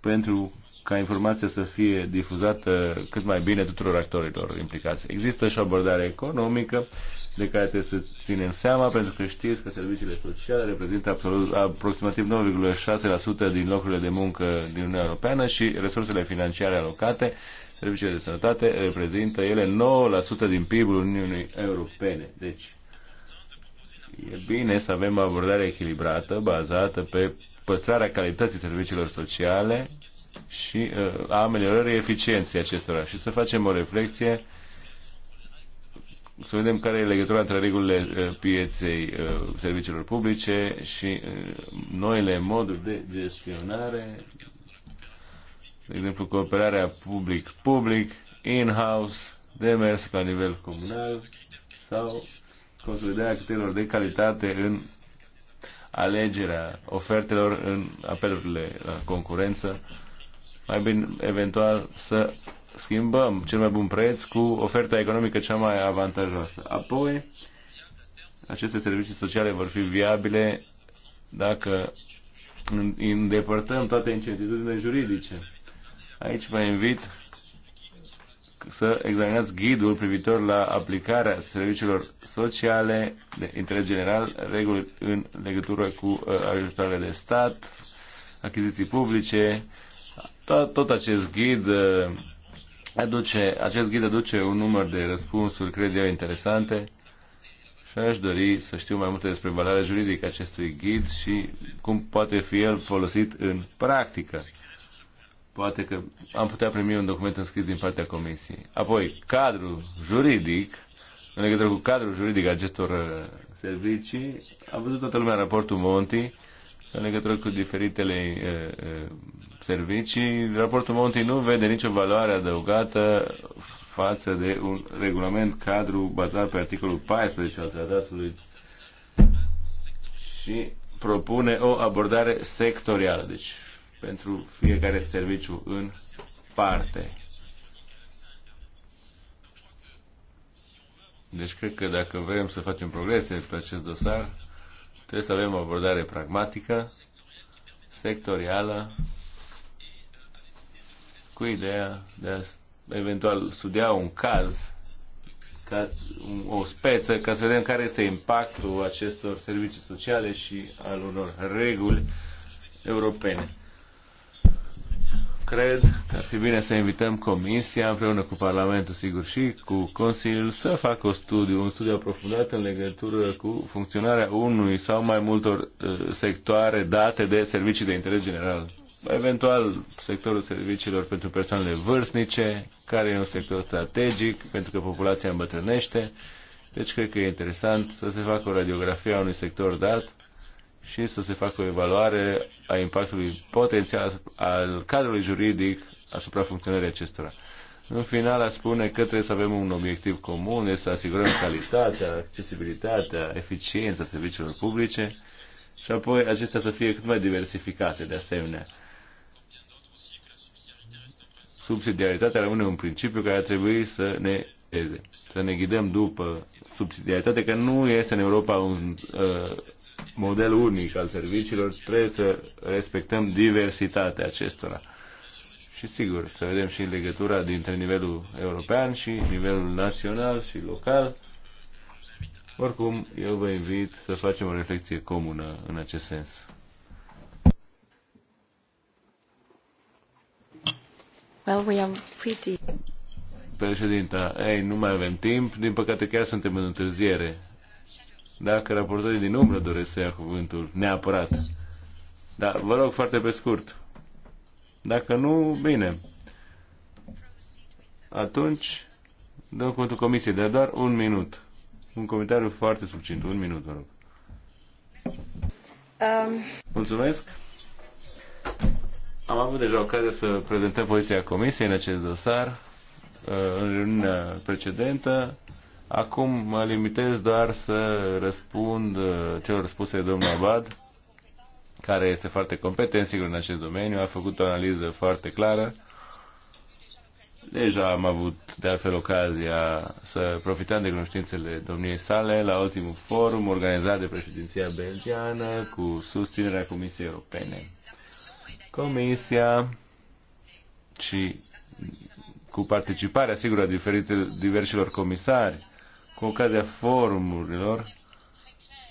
pentru ca informația să fie difuzată cât mai bine tuturor actorilor implicați. Există și o abordare economică de care trebuie să ținem seama, pentru că știți că serviciile sociale reprezintă absolut, aproximativ 9,6% din locurile de muncă din Uniunea Europeană și resursele financiare alocate, serviciile de sănătate, reprezintă ele 9% din PIB-ul Uniunii Europene. Deci, e bine să avem o abordare echilibrată, bazată pe păstrarea calității serviciilor sociale și uh, a ameliorării eficienței acestora și să facem o reflexie să vedem care e legătura între regulile uh, pieței uh, serviciilor publice și noile moduri de gestionare, de exemplu cooperarea public-public, in-house, demers la nivel comunal sau consolidarea criteriilor de calitate în alegerea ofertelor în apelurile la concurență mai bine eventual să schimbăm cel mai bun preț cu oferta economică cea mai avantajoasă. Apoi, aceste servicii sociale vor fi viabile dacă îndepărtăm toate incertitudinile juridice. Aici vă invit să examinați ghidul privitor la aplicarea serviciilor sociale de interes general, reguli în legătură cu uh, ajutoarele de stat, achiziții publice, tot, tot acest ghid eh, aduce, acest ghid aduce un număr de răspunsuri, cred eu, interesante și aș dori să știu mai multe despre valoarea juridică acestui ghid și cum poate fi el folosit în practică. Poate că am putea primi un document înscris din partea Comisiei. Apoi, cadrul juridic, în legătură cu cadrul juridic acestor eh, servicii, a văzut toată lumea raportul Monti, în legătură cu diferitele servicii. Raportul Monti nu vede nicio valoare adăugată față de un regulament cadru bazat pe articolul 14 al tratatului și propune o abordare sectorială, deci pentru fiecare serviciu în parte. Deci cred că dacă vrem să facem progrese pe acest dosar, Trebuie să avem o abordare pragmatică, sectorială, cu ideea de a eventual studia un caz, ca, o speță, ca să vedem care este impactul acestor servicii sociale și al unor reguli europene cred că ar fi bine să invităm Comisia împreună cu Parlamentul, sigur, și cu Consiliul să facă un studiu, un studiu aprofundat în legătură cu funcționarea unui sau mai multor uh, sectoare date de servicii de interes general. Eventual, sectorul serviciilor pentru persoanele vârstnice, care e un sector strategic, pentru că populația îmbătrânește. Deci, cred că e interesant să se facă o radiografie a unui sector dat și să se facă o evaluare a impactului potențial al cadrului juridic asupra funcționării acestora. În final, a spune că trebuie să avem un obiectiv comun, este să asigurăm calitatea, accesibilitatea, eficiența serviciilor publice și apoi acestea să fie cât mai diversificate de asemenea. Subsidiaritatea rămâne un principiu care ar trebui să ne să ne ghidăm după subsidiaritate, că nu este în Europa un uh, model unic al serviciilor, trebuie să respectăm diversitatea acestora. Și sigur, să vedem și legătura dintre nivelul european și nivelul național și local. Oricum, eu vă invit să facem o reflexie comună în acest sens. Well, we are pretty... Președinta, ei, nu mai avem timp, din păcate chiar suntem în întârziere dacă raportorii din umbră doresc să ia cuvântul neapărat. Dar vă rog foarte pe scurt. Dacă nu, bine. Atunci, dăm cuvântul comisiei, dar doar un minut. Un comentariu foarte succint, un minut, vă rog. Um... Mulțumesc. Am avut deja ocazia să prezentăm poziția comisiei în acest dosar uh, în reuniunea precedentă Acum mă limitez doar să răspund uh, celor spuse de domnul Abad, care este foarte competent, sigur, în acest domeniu, a făcut o analiză foarte clară. Deja am avut, de altfel, ocazia să profităm de cunoștințele domniei sale la ultimul forum organizat de președinția belgiană cu susținerea Comisiei Europene. Comisia și cu participarea, sigur, a diferite, diversilor comisari cu ocazia forumurilor,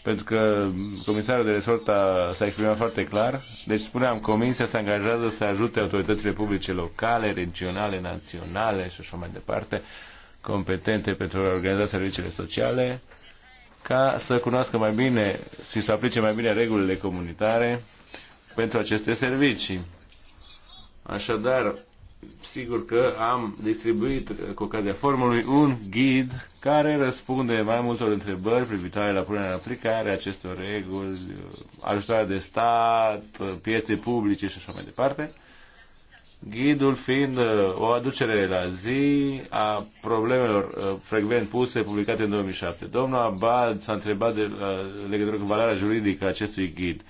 pentru că comisarul de resort a, s-a exprimat foarte clar. Deci spuneam, comisia se angajează să ajute autoritățile publice locale, regionale, naționale și așa mai departe, competente pentru a organiza serviciile sociale, ca să cunoască mai bine și să aplice mai bine regulile comunitare pentru aceste servicii. Așadar, sigur că am distribuit cu ocazia formului un ghid care răspunde mai multor întrebări privitoare la punerea în aplicare acestor reguli, ajutarea de stat, piețe publice și așa mai departe. Ghidul fiind uh, o aducere la zi a problemelor uh, frecvent puse, publicate în 2007. Domnul Abad s-a întrebat de uh, legătură cu valoarea juridică a acestui ghid.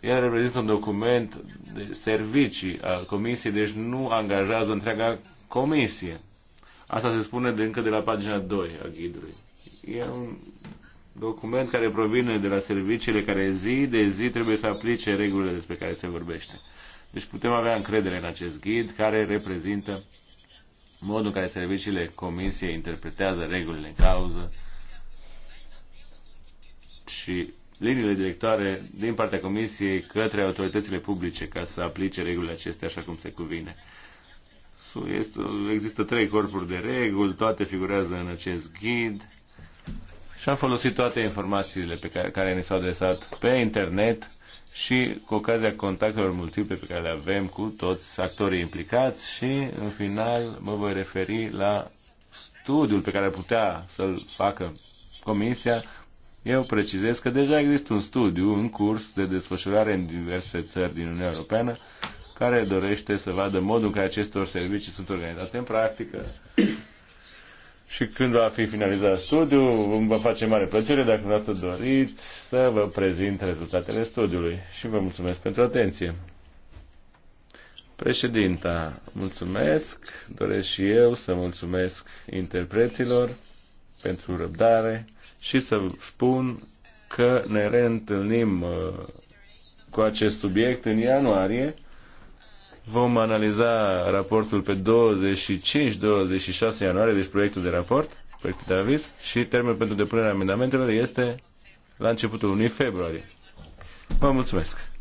Ea reprezintă un document de servicii a comisiei, deci nu angajează întreaga comisie. Asta se spune de încă de la pagina 2 a ghidului. E un document care provine de la serviciile care zi de zi trebuie să aplice regulile despre care se vorbește. Deci putem avea încredere în acest ghid care reprezintă modul în care serviciile comisiei interpretează regulile în cauză și liniile directoare din partea Comisiei către autoritățile publice ca să aplice regulile acestea așa cum se cuvine. Este, există trei corpuri de reguli, toate figurează în acest ghid și am folosit toate informațiile pe care, care ni s-au adresat pe internet și cu ocazia contactelor multiple pe care le avem cu toți actorii implicați și în final mă voi referi la studiul pe care putea să-l facă Comisia eu precizez că deja există un studiu în curs de desfășurare în diverse țări din Uniunea Europeană care dorește să vadă modul în care acestor servicii sunt organizate în practică. Și când va fi finalizat studiul, îmi va face mare plăcere, dacă v-ați doriți, să vă prezint rezultatele studiului. Și vă mulțumesc pentru atenție. Președinta, mulțumesc, doresc și eu să mulțumesc interpreților pentru răbdare și să spun că ne reîntâlnim uh, cu acest subiect în ianuarie. Vom analiza raportul pe 25-26 ianuarie, deci proiectul de raport, proiectul de aviz, și termenul pentru depunerea amendamentelor este la începutul lunii februarie. Vă mulțumesc!